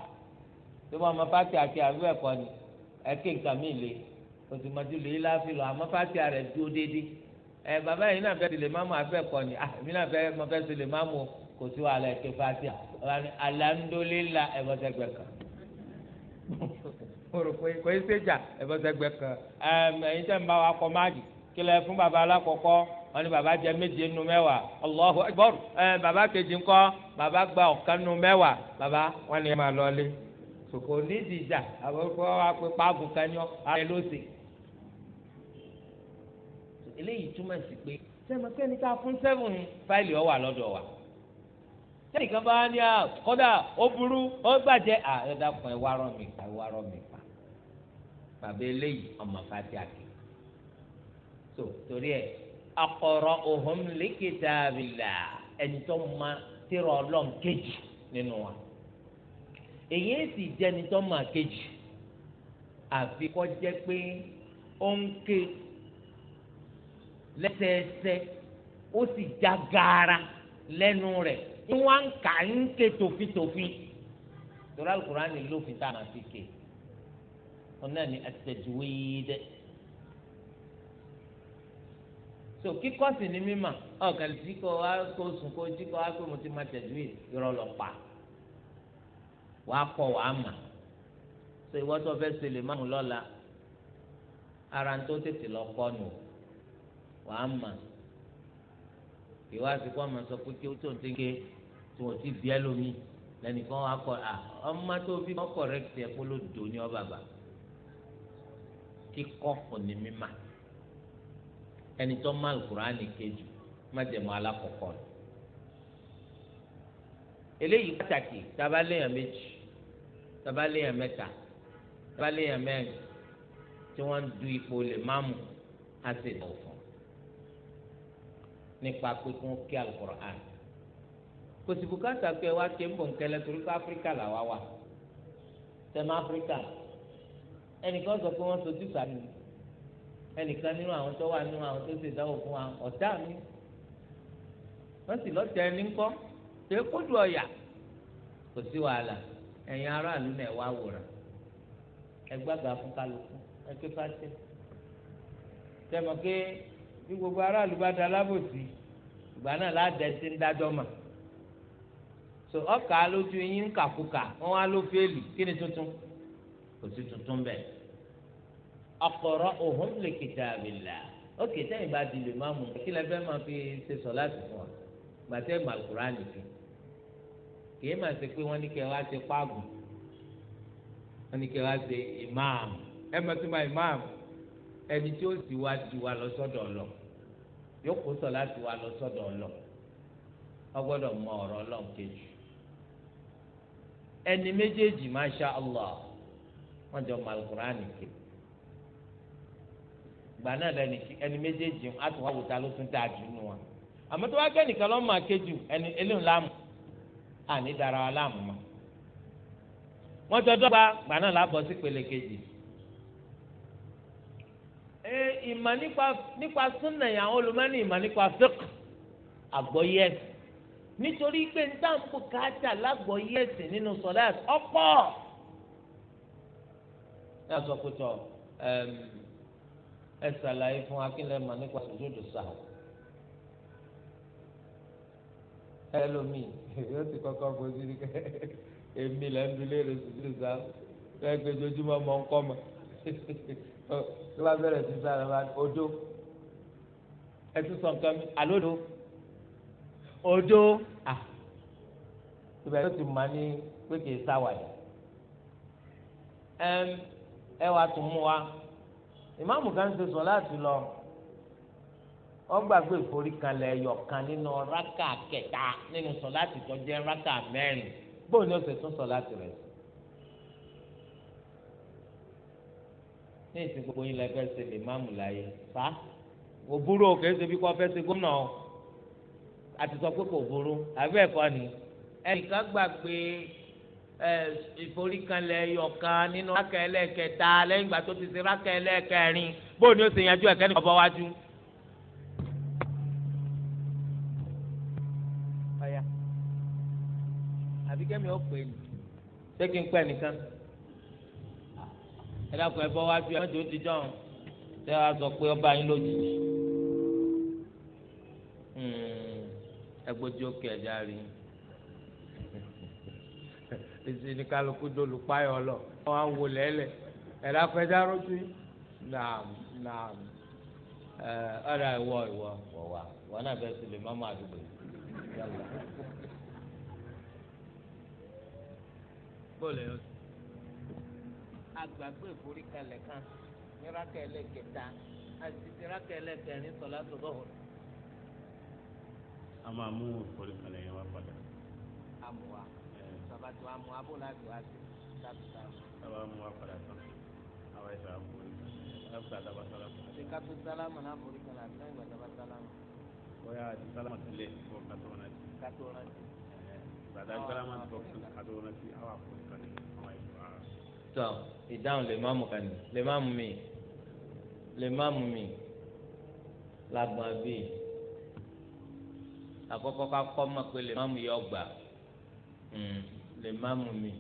tí wọ́n máa fátíà kí àlú ẹ̀kọ́ ni ẹ̀kẹ́ nǹkan mi lè òtùmọ̀tì lè láfi lọ àmọ́ fásitì rẹ̀ dúró déédéé ẹ bàbá yìí náà fẹ́ ti lè má mu àfẹ́ kọ́ ni àmì ah, náà fẹ́ mo fẹ́ ti lè má mu kò sí wàhálà èké fásitì alhamdulillah ẹ̀bọ̀sẹ̀gbẹ̀ kan mo rò pé kò í séjà ẹ̀bọ̀sẹ̀gbẹ̀ kan ẹ̀yin tẹ́ ń bá wa kọ́ máàgì kí lẹ fún bàbá alákọ̀ọ́kọ́ wọn ni bàbá jẹ méje nu mẹ́wàá Allahu Akbar ẹ bàbá kejì ńkọ́ bàbá gba ọ̀kan nu mẹ́wàá bàbá wọn ni ẹ máa lọ lé sòkò nídìí ìjà àbúrò wa pé pààgùn kan yọ ààrẹ ló eléyìí túmọ̀ sí pé sẹ́mi sẹ́ni tá a fún sẹ́fù ni fáìlì ọ̀ wà lọ́dọ̀ wa sẹ́ni kan bá ní à kọ́dà ó burú ó gbàjẹ́ à ẹ dákun ẹ wá rán mi pa ẹ wá rán mi pa bàbá eléyìí ọmọ fati àkè tó torí ẹ akọrọ ohun lèkìtà bìlà ẹni tó ma tẹrọ ọlọ́run kejì nínú wa èyí sì jẹni tó ma kejì àfi kọ́ pé ó ń ké lẹ́sẹẹsẹ ó sì já gaara lẹ́nu rẹ̀ ìwọ̀n ń kà ń ké tòfin tòfin torí alukurani lófin tá a máa fi ké ọ̀nà ni at-tajwid so kíkọ́ sí ni mímọ̀ ọ̀gàn tí kò wá kó sùn kó jí kó wá pé mo ti máa tajwid irọ́ lọ pa wàá kọ́ wàá mà so ìwọ́n tó fẹ́ ṣe lè má mú lọ́la ara ń tó tètè lọ kọ́ nù o wàá mà ìwádìí kọ́ máa sọ pé kí ó tó ń tẹ́ké tí wọ́n ti bí ẹ lómi lẹ́nu kan wàá kọ́ à ọmọ tó fi wọ́n kọ̀rẹ́kìtì ẹ̀ kó ló dò ní ọba bà kíkọ́ kò ní mímà ẹni tó má Al-Kùránì kejì má jẹ̀mú alákọ̀ọ́kọ́ rẹ̀ eléyìí pàtàkì tabaléyàn méjì tabaléyàn mẹ́ta tabaléyàn mẹ́rin tí wọ́n ń du ipò lè má mú á sì lọ fún nípa pé kí wọ́n kí alukur'an kò sì bùkátà pé wá ké ń bọ̀ nkẹlẹ torí pé áfíríkà là wá wà tẹmẹ áfíríkà ẹnìkan sọ pé wọ́n sojú sàmì ẹnìkan nínú àwọn tó wà nínú àwọn tó ṣe ìdáwó fún wa ọ̀tá mi wọ́n sì lọ́tẹ̀ ẹni ńkọ́ ṣé kódù ọ̀yà kò sí wàhálà ẹ̀yin aráàlú náà wá wòrán ẹgbàgbà fún kálukú ẹgbẹ́ pàṣẹ tẹmọ pé ní gbogbo aráàlú bá da alábòsí ìgbà náà ládẹ́sí ń dájọ́ mà so ọkà lójú yín ń kàkúkà wọn wá ló fẹ́ẹ̀lì kí ni tuntun kò sí tuntun bẹ́ẹ̀ ọ̀pọ̀rọ̀ òhun lè kìtà àbìlà ókè sẹ́yìn bá di lè má mú kí lẹ́fẹ́ máa fi ṣe sọ láti fún wa gbàtẹ́ màlúkúrá nìkan kìí máa ṣe pé wọ́n ní kẹ́ wá ṣe páàgùn wọ́n ní kẹ́ wá ṣe ìmáàmù ẹ mọ̀ tó máa ìmáàmù ẹni tí ó sì wá di wa lọ sọ́dọ̀ ọlọ́ọ̀. yóò kó sọ láti wá lọ sọ́dọ̀ ọlọ ọgbọ́dọ̀ mọ ọ̀rọ̀ Ọlọ́run kejì ẹni méjèèjì masha allah wọn jọ malukurani ké gbà náà lẹni ẹni méjèèjì àtúwá wòtá ló tún dáa jù nù wọn àmọ́ tó wá kẹ nìkan lọ máa kéjù ẹni eléwọn láàmú àní dara wa láàmú ma wọn jọ dọ́gba gbà náà lábọ sí pele kejì. ìmọ̀ nípa nípa súnà àwọn olùmọ́ni ìmọ̀ nípa fiqh àgbọ̀yé ẹ̀sìn nítorí pé ń tàn kó káàtà lágbọ̀yé ẹ̀sìn nínú sọ̀láàt ọ̀pọ̀ ní àsọkùtọ̀ ẹ ṣàlàyé fún akínlẹ̀ mọ̀ nípa sùjúdù sàá ẹlòmíì <laughs> yóò ti kọ́kọ́ fojú ní kẹ́ <laughs> èmi lẹ́nu lé rẹ̀ sùjúdù sàá lẹ́gbẹ̀ẹ́ ojoojúmọ́ mọ́ ń kọ́ mọ́. <laughs> tó bá bẹ̀rẹ̀ sí sáré bá odó ẹtú sọ nǹkan mi àlódò odó à ibẹ̀ tó ti mà ní pé kì í sáwàyà ẹ wàá tún mú wa ìmáàmù kan ti sọ láti lọ ọgbàgbé ìforíkalẹ̀ ẹyọkan nínú rákà kẹta nínú sọ láti tọ́jú rákà mẹ́rin bóun ni ó sì tún sọ láti rẹ̀ sí. ní ìsìn gbogbo yín lẹ́fẹ́ ṣe lè má mú láyé fa kò burú o kìí ṣe bí kò fẹ́ ṣe gómìnà o àti sọ pé kò burú àbí ẹ̀kọ́ ni ẹnìkan gbàgbé ìforíkanlẹ̀ yọ̀kan nínú rákà ẹlẹ́kẹta lẹ́yìn ìgbà tó ti ṣe rákà ẹlẹ́kẹrin bóun ni ó ṣe yanjú ẹ̀kẹ́ nìkan bọ́ wájú. àbí kẹ́mi ó pè é ṣé kí n pẹ́ nìkan ẹ dákun ẹ bọ́ wá sí ọjọ́ ti dán tẹ́ wá sọ pé ọba yín lójijì hmm, ẹgbẹ́jọ́ kẹ̀ ẹ̀dá rí èsì ní kálukú dolu páyọ̀ lọ wọ́n á wò lẹ́lẹ̀ ẹ dákun ẹ dáró sí naam naam ẹ ọ̀dà ìwọ ìwọ wọ̀wà wọn náà bẹ́ẹ̀ sì lè má yàrá. bọ́ọ̀lù ẹ̀yọ́ agbàgbé ìforíkalẹ̀ kan ní rákẹ́lẹ̀ kẹta àti rákẹ́lẹ̀ kẹrin sọ̀lá tó bọ̀. a máa mú ìforíkalẹ̀ yẹn wá padà. a mú wa sàbàtì wa mú abó láti wá sí tàbí tàbí. sábà mú wa padà tán àwa ìfẹ́ àforíkalẹ̀ ẹ̀fọ́ àdàbà sálámù. àti kátó sálámù náà ìforíkalẹ̀ àti lẹ́yìn ìgbàdàbà sálámù. bóyá àti sálámù tilẹ̀ kó kátó rántí. kátó rántí. ìgbàdàbà sálámù tó kátó rántí àwọn àforíkalẹ̀ tọ ìdáhùn lè má mú kàní lè má mú mi lè má mú mi lágbọn bíi àkọ́kọ́ ká kọ mọ pé lè má mú yọ gbà hmm, lè má mú mi.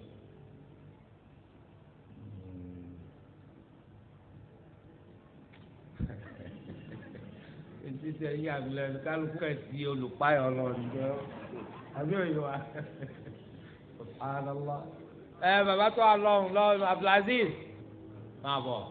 títí ẹ̀yìn àbílẹ̀ kálukú ẹ̀ ti olùpáyọ̀ lọ nìjọ́ àbí òyìnbó wa ẹ bàbá tó wà lọ́hùn lọ́hùn Abdulaziz máa bọ̀.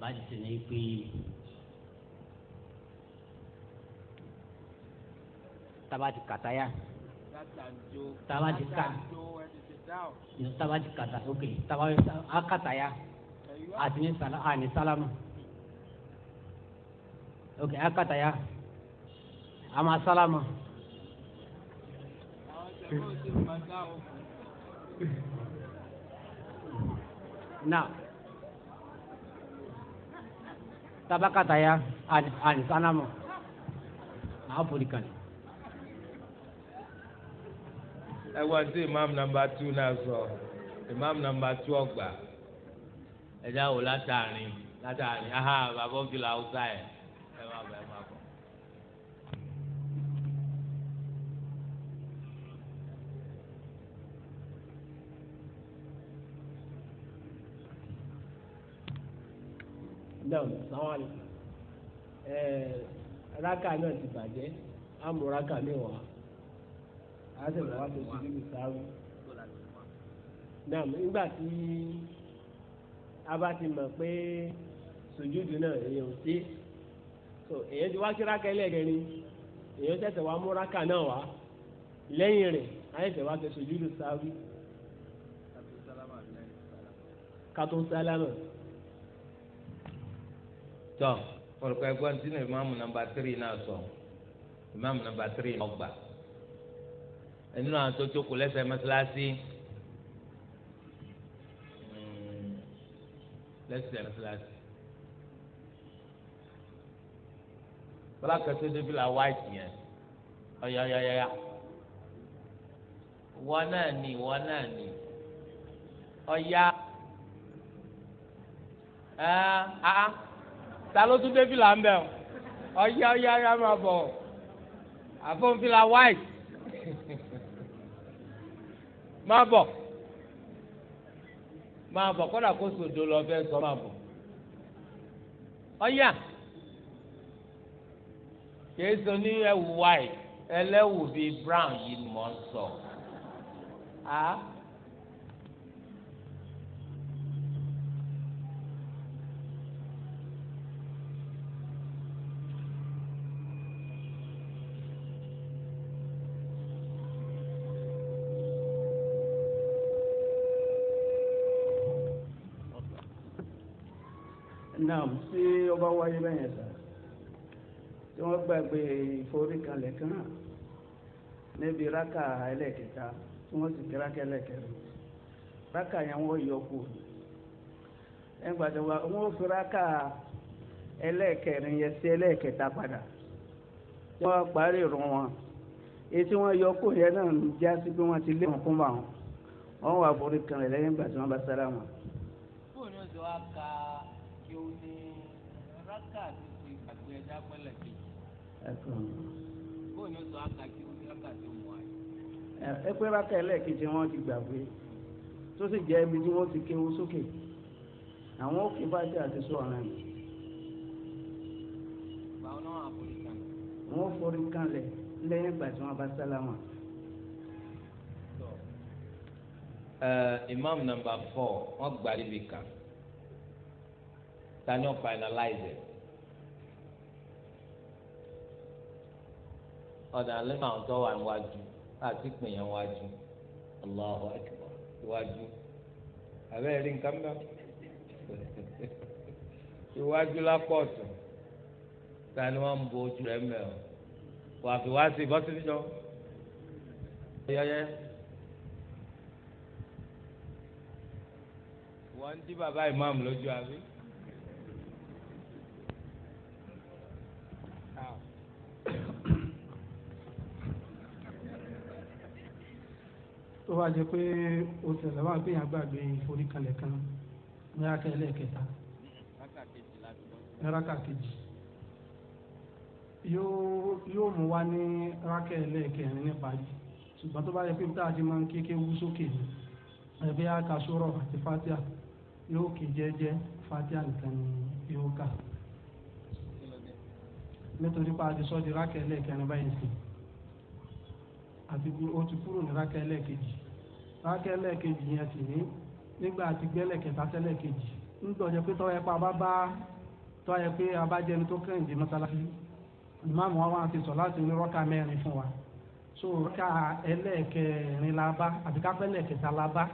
báyìí sì ni pé tábà ti taba ti ka taba ti kata ok taba a kata ya a ti ni sala a ni salamu ok a kata ya a ma salamu. na taba ya a ni a foli ẹ wá sí imam nọmba tú náà sọ imam nọmba tú ọgbà ẹ dáwọ látàrin látàrin aha bàbá ògìlà haúsá yẹn ẹ má bọ ẹ má bọ. náà sáwọn àlè ẹ rákà náà ti bàjẹ́ àmúrákà mi wà àtẹ̀wé wa tó sùjú lù sáwì. nàmú nígbà tí a bá ti mọ̀ pé sùjúdù náà èèyàn ò sí so èèyàn ti wá sí rákà ẹlẹ́gẹ̀rin èèyàn tẹ̀sẹ̀ wá mú rákà náà wá lẹ́yìn rẹ̀ àyẹ̀sẹ̀ wá tó sùjú lù sáwì. kátó sálámà. tọ́ ọ̀rọ̀ ẹgbẹ́ tí ní ìmáàmù nàmbà tírì náà sọ ìmáàmù nàmbà tírì náà gbà ẹni náà tó jókòó lẹ́sẹ̀ mọ́sálásí hmm. lẹ́sẹ̀ mọ́sálásí. bọ́lá kẹsí débi la wáìtì yẹn ọ̀yọ̀yọ̀yọ̀yà wọ́n náà ní wọ́n náà ní ọ̀yà ẹ̀ ẹ̀ ah, ah. ta ló tún débi la ń bẹ̀ ọ̀yà ọ̀yà ọ̀yà máa bọ̀ àfọ̀nfin la wáìtì. máa bọ̀ máa bọ̀ kọ́dà kó sòdò lọ fẹ́ sọ máa bọ̀ ọ̀yà white ẹlẹ́wù bíi brown yìí mọ̀ ń náà ṣé ọba wáyé bẹ́yẹn sá tí wọ́n gbàgbé ìforíkalẹ̀ kan níbi rákà ẹlẹ́kẹta tí wọ́n sì kíra kẹlẹ́kẹrin rákà yẹn wọ́n yọ kù ẹgbà tí wọ́n fi rákà ẹlẹ́kẹrin yẹn sí ẹlẹ́kẹta padà tí wọ́n parí rún wọn èyí tí wọ́n yọ kù yẹn náà já sí pé wọ́n ti lé wọn kún bá wọn wọ́n wà foríkalẹ̀ lẹ́yìn ìgbà tí wọ́n bá sálámà. bóyá ni o ti wá ka kí o ní Raka ti ṣe àgbẹ̀ ẹ̀dá pẹ́lẹ̀ kejì. bóyá sọ àkà kí ó ní rákà tó mú ayé. ẹ pé rákà ẹlẹ́ẹ̀kejì wọn ti gbàgbé tó sì jẹ́ ibi tí wọ́n ti kéwú sókè àwọn òkè bá jẹ́ àti sọ ọ̀ràn yìí. báwọn náà àforí kanlẹ̀. wọ́n forí kanlẹ̀ lẹ́yìn ìgbà tí wọ́n bá sálámà. Uh, imam number four wọ́n gbà níbi kan tani O finalize ọ̀dà lẹ́nu àwọn tó wà níwájú àti pènyàn wájú Allahu Akbar iwájú àbẹ́ rí nǹkan bá iwájú lápọ̀tù tani wọ́n ń bo ojú rẹ̀ mẹ́rin wà fi wá sí bọ́sí níjọ́ yẹ́yẹ́ wọ́n ń dí bàbá ìmáàmù lójú àbí. bá jẹ́ pé o tẹ̀lé wá pé yàn gbàgbé ìforíkalẹ̀ kan ní akẹ́lẹ́ kẹta ní raka kejì yóò mú wá ní raka ẹlẹ́kẹrin ní parí ṣùgbọ́n tó bá yẹ pé tá a ti máa ń kéke wú sókè ní ẹgbẹ́ akasọ́rọ̀ àti fatia yóò kì jẹ́jẹ́ fatia nìkan ni yóò kà nítorí pé a ti sọ di raka ẹlẹ́kẹrin báyìí sí àti ó ti kúrò ní raka ẹlẹ́kejì. rákẹ́lẹ̀ kejì yẹn sì ní nígbà tí gbẹ́lẹ̀ kẹta tẹ́lẹ̀ kejì pé tọ́wọ́ ẹ̀pá bá bá tọ́wọ́ ẹ̀ pé abájẹni tó kẹ́yìn dé mọ́sálásí ìmáàmù wa wọn ti sọ láti ní rọ́kà mẹ́rin fún wa so rọ́kà ẹlẹ́ẹ̀kẹrin la bá àti kápẹ́ ẹlẹ́ẹ̀kẹta la bá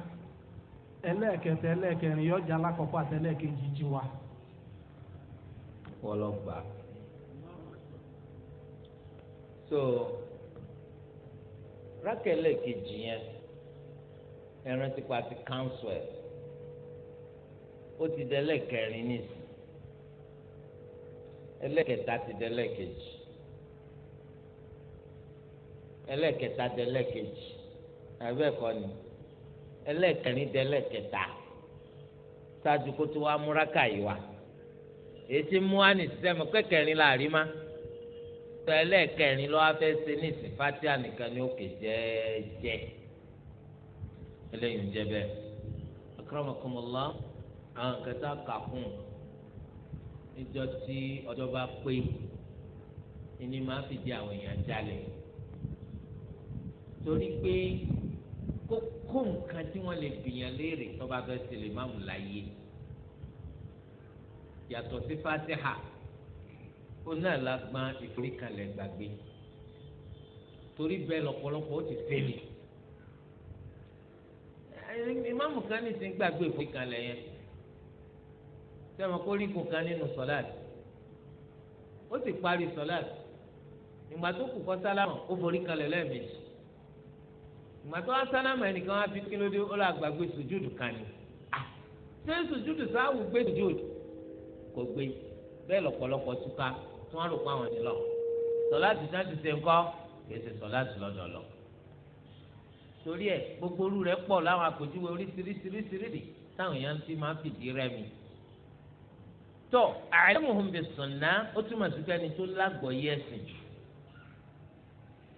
ẹlẹ́ẹ̀kẹta ẹlẹ́ẹ̀kẹrin yọjà àti ti wa. so yẹn. ẹran ti pa ti kánsù ẹ ó ti dẹlẹ kẹrin nísì ẹlẹ́kẹta ti dẹlẹ kejì ẹlẹ́kẹta dẹlẹ kejì ẹbẹ kọ ni ẹlẹ́kẹrin dẹlẹ kẹta ṣáàjú kó tó wá múraká yìí wá èyí tí mú wá nìsísẹ́ mi kẹ́kẹ̀rin láàrin lọ́wọ́ fẹ́ ṣe ní ìsìn nìkan ni ó kè jẹ́ẹ́jẹ́ eléyìí ń jẹ bẹ́ẹ̀ akramakumullah àwọn kẹta kà fún níjọ tí ọjọ́ bá pé ẹni máa fi di àwọn èèyàn jalè torí pé kókó nǹkan tí wọ́n lè bìyàn léèrè tó bá fẹ́ ṣe lè má mú láyé yàtọ̀ sí fásihà ó náà lágbá ìforíkalẹ̀ gbàgbé torí bẹ́ẹ̀ lọ́pọ̀lọpọ̀ ó ti fẹ́lẹ̀ ìmáàmù kan ní ti ń gbàgbé ìforí kalẹ̀ yẹn sẹ́wọ̀n kó rí gùn kan nínú sọ́láàtì ó sì parí sọ́láàtì ìgbà tó kù kọ́ sálámà ó forí kalẹ̀ lẹ́ẹ̀mejì ìgbà tó wá sálámà ẹnìkan wá fi kí ló dé ó là gbàgbé sùjúdù kan ni ṣé sùjúdù sáwù gbé sùjúdù kò gbé bẹ́ẹ̀ lọ́pọ̀lọpọ̀ túká tí wọ́n rò pé àwọn ènìyàn sọ́láàtì sáà ti ṣe ńkọ́ kì í ṣe sọ́láàtì lọ́dọọlọ́ọ̀ torí ẹ gbogbo orú rẹ pọ̀ láwọn àpèjúwe oríṣiríṣiríṣiríṣi táwọn èèyàn ti máa ń fìdí rẹmi tó àìlèmùhùn bẹ sùnà ó túmọ̀ sí pẹ́ni tó lágbọ̀ọ́yé ẹ̀sìn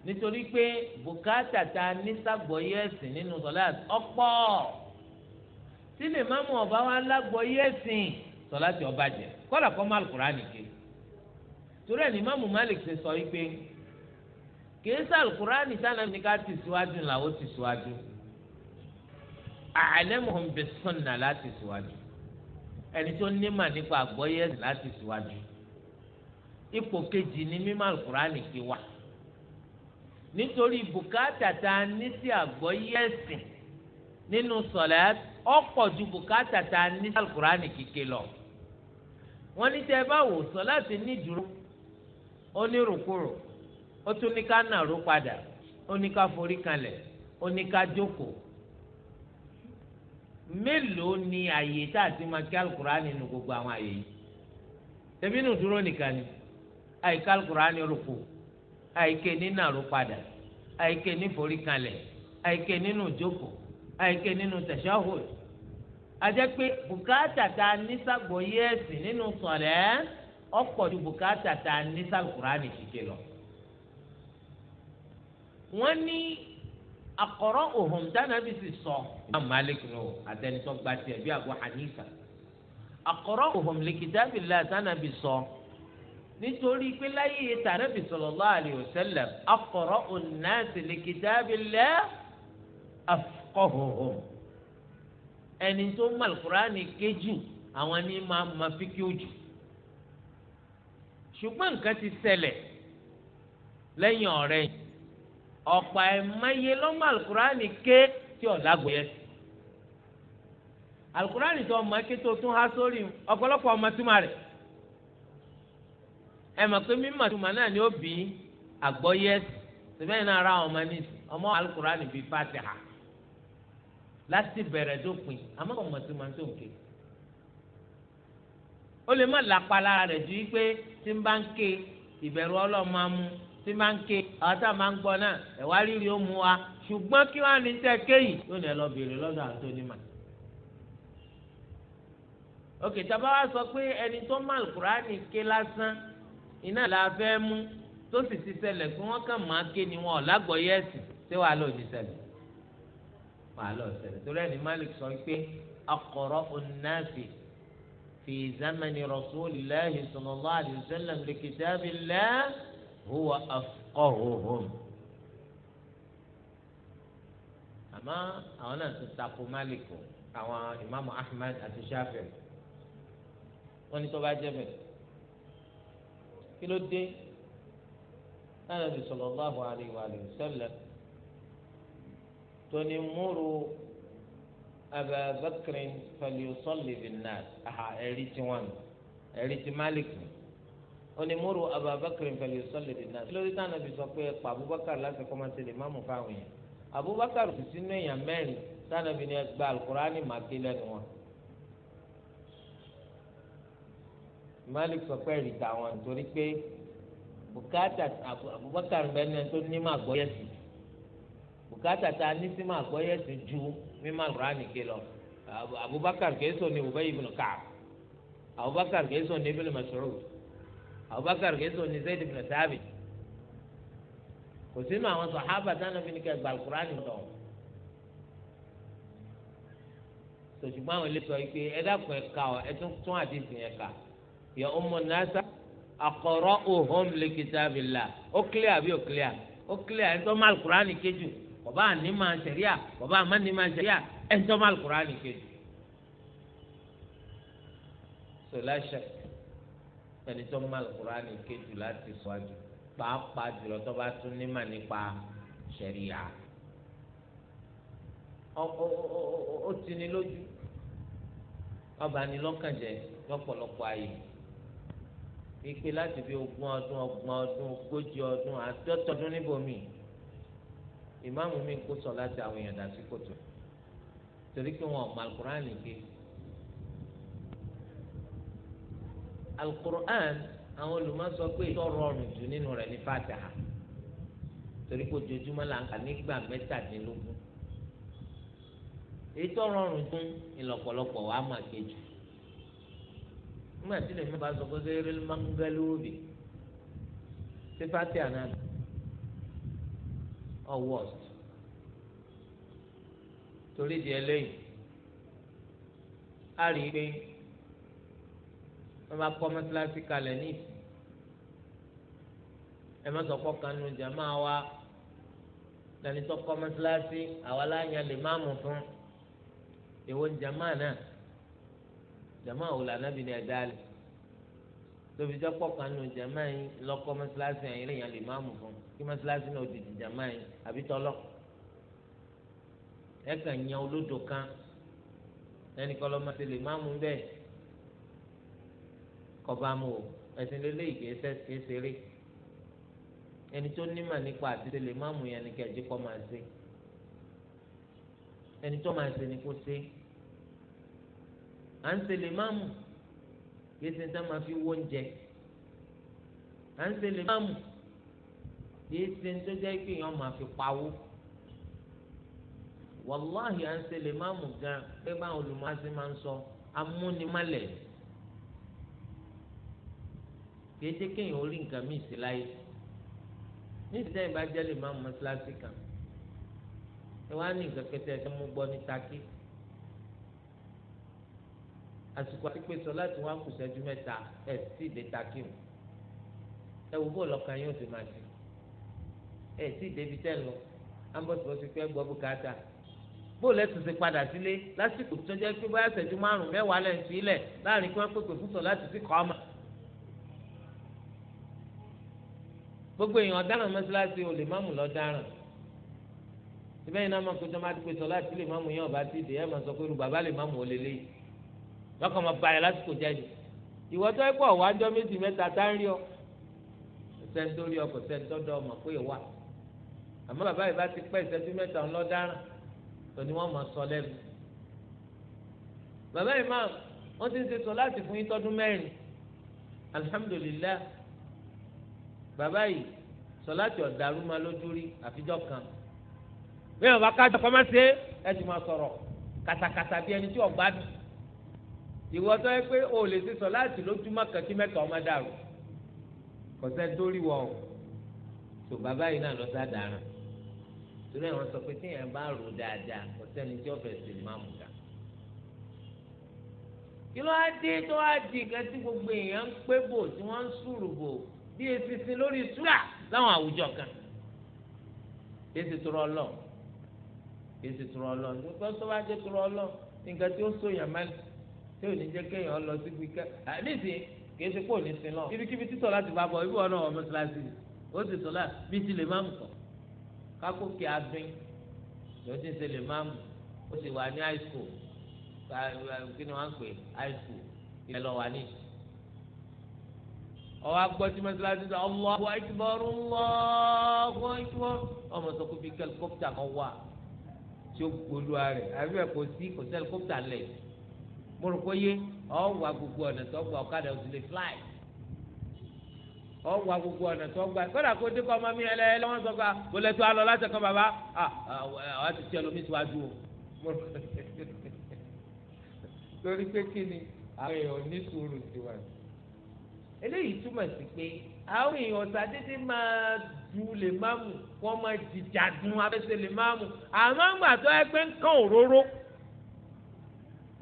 nítorí pé bùkátà ta nísàgbọ̀ọ́yé ẹ̀sìn nínú sọláàtì ọ̀pọ̀ tí lè má mú ọba wa lágbọ̀ọ́yé ẹ̀sìn sọláàtì ọba jẹ kọ́lá kọ́ má lùkùrá nìke torí ẹ̀ ní má mú Malik ṣe sọ yìí pé kìí sàlùkùránì sànàmì ní ká ti síwájú làwọn ti síwájú àlẹ́mọ̀ọ́n bẹ sọ̀nà láti síwájú ẹni tó nímà nípa àgbọ́yé láti síwájú ipò kejì ni mímọ̀ àlùkùránì kí wà nítorí bùkátà tá a ní sí àgbọ́yé ẹ̀sìn nínú sọ̀lẹ́ ọ̀pọ̀ ju bùkátà tá a ní sí àlùkùránì kíké lọ wọ́n ní tẹ́ ẹ bá wò sọ láti ní ìdúró ó ní rùkúrù. ó tún ní ká nàró padà ó ní ká forí kanlẹ̀ ó ní ká jókòó mélòó ni àyè tá ti máa kí alukura nínú gbogbo àwọn àyè yìí tẹbí nù ni àyíká alukura ni rúkú àyíké ní nàró padà àyíké ní forí kanlẹ̀ àyíké nínú jókòó àyíké nínú ajẹ́ pé bùkátà a yẹ́ẹ̀sì nínú sọ̀rẹ́ ọ̀pọ̀ ju bùkátà ní lọ. wọ́n ní akọ̀rọ̀ òhùn dánábì si sọ. imam malik ló àtẹnitọ́ gba tiẹ̀ bí abu hanifa akọ̀rọ̀ òhùn lèkìtàbí la dánábì sọ nítorí pé láyé tànábì sallallahu alayhi wa sallam akọ̀rọ̀ ònàṣì lèkìtàbí ẹni tó mọ kéjù àwọn ni ma fi jù ṣùgbọ́n nǹkan ti ọ̀pọ̀ àìmọye lọ́mọ alukurani ké tí ọ̀la gbẹ̀yẹ. alukurani tó ọmọ ké tó tún há sórí ọ̀pọ̀lọpọ̀ ọmọ túmọ̀ rẹ̀. ẹ mọ̀ pé mímọ̀ túmọ̀ náà ni ó bí àgbọ́yé síbẹ̀ náà ra ọmọ ní ọmọ alukurani bíi fatiha láti bẹ̀rẹ̀ ọmọ túmọ̀ tó ń ké. ó lè má làpá lára rẹ̀ ju wípé tí ń bá ń ké ìbẹ̀rù ọlọ́ọ̀ máa mú tí máa ń ké àwọn tá a máa ń gbọ́ náà ẹ̀wá rírì ó mu wa ṣùgbọ́n kí wọ́n á ní tẹ́ kéyìí yóò ní ẹ lọ bèrè lọ́dọ̀ àwọn tó ní mà. òkè tábà wá sọ pé ẹni tó má alukurani ké lásán iná la fẹ́ mú tó sì ti ṣẹlẹ̀ pé wọ́n kàn máa ké ni wọn ò lágbọ̀ọ́yé ẹ̀sìn tí wàá lọ ní ṣẹlẹ̀ wàá lọ ṣẹlẹ̀ torí ẹni Malik sọ pé akọ̀rọ̀ onáfì fi zamani rasulillahi sallallahu alaihi huwa afqahuhum àmọ́ àwọn náà ti takò Malik àwọn ìmáàmù Ahmad àti Shafi wọ́n ní tó bá jẹ́ bẹ́ẹ̀ kí ló dé Ànábì sallallahu alaihi wa alihi wasallam tó ní múru Aba Bakrin falyusalli bin nas àhà ẹ̀rí tí wọ́n ẹ̀rí tí onímọ̀rò abubakar nfẹ̀lẹ̀ sọ́lẹ̀ dìnnà lórí táwọn ẹbí sọ pé pa abubakar láti kọ́ máa tẹ̀lé máàmù fáwọn èèyàn abubakar sì sínú èèyàn mẹ́rin táwọn ẹbí ni ẹ gba alukurani máa ké lẹ́nu wọn. malik sọ pé ẹ̀rì tàwọn nítorí pé bùkátà abubakar bẹ́ẹ̀ ni tó ní máa gbọ́ yẹ̀sì bùkátà tá a ní sí máa gbọ́ yẹ̀sì ju mímọ́ alukurani ké lọ abubakar kìí sọ ní Ubay ibn Ka'b abubakar kìí sọ ní Ibn Mas'ud abubakar kẹsàn ní zayd ibn thabit kò sínú àwọn sọ̀hábà dáná fi ní kẹ́ gba alukurani tọ̀ sòṣùgbọ́n àwọn ilé sọ pé ẹ dákun ẹ ká ọ ẹ tún tún àdìsí yẹn ká yẹ ọmọ nasa akọrọ ohun li kitabillah ó clear àbí ó clear ó clear ẹ tọ́ mọ alukurani kejì bàbá àní máa ṣẹ̀ríà bàbá àmà ní máa ṣẹ̀ríà ẹ tọ́ mọ alukurani kejì. sọlá ṣẹ̀kẹ́ ẹni tó má alukurani kéjù láti sọ́jú pàápàá jùlọ tó bá tún nímà nípa ṣẹ̀ríà ó ti ní lójú ọba ni lọ́kànjẹ́ lọ́pọ̀lọpọ̀ ayé ìpè láti fi ogún ọdún ọgbọ̀n ọdún ogójì ọdún àádọ́tọ̀dún níbòmí ìmáàmù mi kó sọ láti àwọn èèyàn dà sí kòtò torí pé wọn ò mọ alukurani kéjù alukur'an àwọn olùmọ̀sọ pé ìtọ́rọ ọrùn jù nínú rẹ̀ ní fàtàhà torí pé ojoojúmọ́ là ń kà nígbà mẹ́tàdínlógún ìtọ́rọ ọrùn jù ìlọ̀pọ̀lọpọ̀ wàá mà kejì nígbà tí lèmi bá sọ pé sẹ́yẹ́rẹ́ ló máa ń gbẹ́ lóòbí sí fàtàhà náà ọ̀ wọ́ọ̀sì torí di ẹlẹ́yìn a rí i pé wọn bá kọ́ mọ́sálásí kalẹ̀ ní ìsìn ẹ má sọ̀kọ́ kanu jàmá wa lẹni tó kọ́ mọ́sálásí àwa láàyàn lè má mú fún èwo jàmá náà jàmá wò lànàbì ni ẹ dálé tóbi jẹ́ pọ̀ kanu jàmá yín lọ́kọ́ mọ́sálásí ẹ̀yìn lèyàn lè má mú fún kí mọ́sálásí náà dìdì jàmá yín àbí tọ́lọ́ ẹ kàn yan olódò kan ẹnì kan lọ́mọ ti má mú bẹ́ẹ̀ kọba mu o ẹ̀sìn lélẹ̀ ìgbésẹ̀ kéṣeré ẹni tó nímọ̀ nípa àtìsẹ́ lè má mú yẹn ní kẹjí kọ́ máa ṣe ẹni tó máa ṣe ni kó ṣe à ń ṣe lè má mú kéṣe ní sá máa fi wó oúnjẹ à ń ṣe lè má mú kéṣe tó jẹ́ pé èèyàn máa fi pawó wàláhì à ń ṣe lè má mú gan pé báwọn olùmọ̀ máa ń sọ amúnimálẹ̀ kéde kéèyàn ó rí nǹkan míì sí láyé ní ìdílé yìí bá jẹ́ lè máa mọ síláṣí kan ẹ wá ní nǹkan kẹtẹ ẹ mú gbọ́ ní takí àsìkò àtìpé sọ láti wá kù sẹ́jú mẹ́ta ẹ sì dé takí o ẹ wò bó lọ́kàn yóò ti máa di ẹ sì débi tẹ́ lọ ambọ̀sibọ̀sì pé gbọ́ bùkátà bó lẹ́sùn ti padà sílé lásìkò tó jẹ́ pé báyà sẹ́jú márùn-ún mẹ́wàá lẹ́yìn sílẹ̀ láàrin kí wọ́n pèpè fún sọ láti sí kọ́ ọ́ mọ́. gbogbo èèyàn ọ̀daràn mọ́ṣáláṣí olè máàmù lọ́daràn síbẹ̀ yìí náà máa kójọ máa ti pèsè ọ̀la tí lè máàmù yẹn ọ̀bá ti dè ẹ̀ máa sọ pé irú bàbá lè máàmù olèlè lọ́kàn máa bàyà lásìkò jáde ìwọ tó ẹ pọ̀ wá jọ méjì mẹ́ta tá ń rí ọ sẹ́ńtórí ọkọ̀ sẹ́ńtọ́dọ̀ ọmọ pé wà àmọ́ bàbá yìí bá ti pẹ́ ìṣẹ́jú mẹ́ta ńlọ́daràn tó ni wọ́n máa sọ lẹ́nu bàbá yìí máa wọ́n ti ń ṣe sọ láti fún yín tọ́dún mẹ́rin alihamudulilayi bàbá yìí sọláàtì ọ̀dàrú máa lójú rí àfijọ́ kan bí wọn bá kájọ kọ́ máa ṣe ẹ ti máa sọ̀rọ̀ kàtàkàtà bí ẹni tí ọ̀gbá dùn ìwọ tó yẹ pé o lè ṣe sọláàtì lójú má kàn kí mẹ́ta ọmọ dàrú kò sẹ́ni tó rí wọ o tó bàbá yìí náà lọ sá dàrán torí àwọn sọ pé tíyẹn bá rò dáadáa kò sẹ́ni tí ọ̀fẹ́ sì máa mú dà kí ló á dé tó á di ìkẹ́sí gbogbo èèyàn ń pé bò tí wọ́n ń sùrù bò bí eṣinṣin lórí ìṣúra láwọn àwùjọ kan èsì tọrọ lọ èsì tọrọ lọ nígbà tó bá jẹ tọrọ lọ nǹkan tí ó sòyàn má tí ò ní jẹ kéèyàn lọ síbi ká àdéhìí kìí ṣe pé ò ní sin lọ ibikíbi títọ̀ láti bá bọ̀ ibùdó náà wọ́n mọ́ṣáláṣí ó sì tọ́lá bí ti lè má mú kọ́ kákókè adùn ló ti ṣe lè má mú ó sì wà ní high school kí ni wọ́n ń pè high school ilẹ̀ lọ wà ní ìsìn ọwọ́ agbọ́tí mọ́sálásí sọ Allahu akbar Allahu akbar ọmọ sọ kóbi kẹlikọ́pítà kan wà tí ó gbólúwa rẹ̀ àbí ẹ̀ kò sí kò sí ẹlikọ́pítà lẹ̀ mo rò pé yé ọwọ́ agbogbo ọ̀nà tó gba ọ̀kadà òsì lè fly ọwọ́ agbogbo ọ̀nà tó gba kódà kó dé kọ́ ọmọ mi ẹlẹ́ ẹlẹ́ wọ́n sọ pé ah, kò lẹ́tọ́ alọ́ láti ẹ̀kọ́ bàbá àwọn ah, ah, ti tiẹ̀ lómi síwájú o <laughs> torí pé kí ni àwọn èèyàn ní eléyìí túmọ̀ sí pé àwọn èèyàn ọ̀sà dédé máa du lè má mú wọ́n máa jìjà dun abẹ́sẹ̀ lè má mú àmọ́ ńgbà tó ẹgbẹ́ ń kàn òróró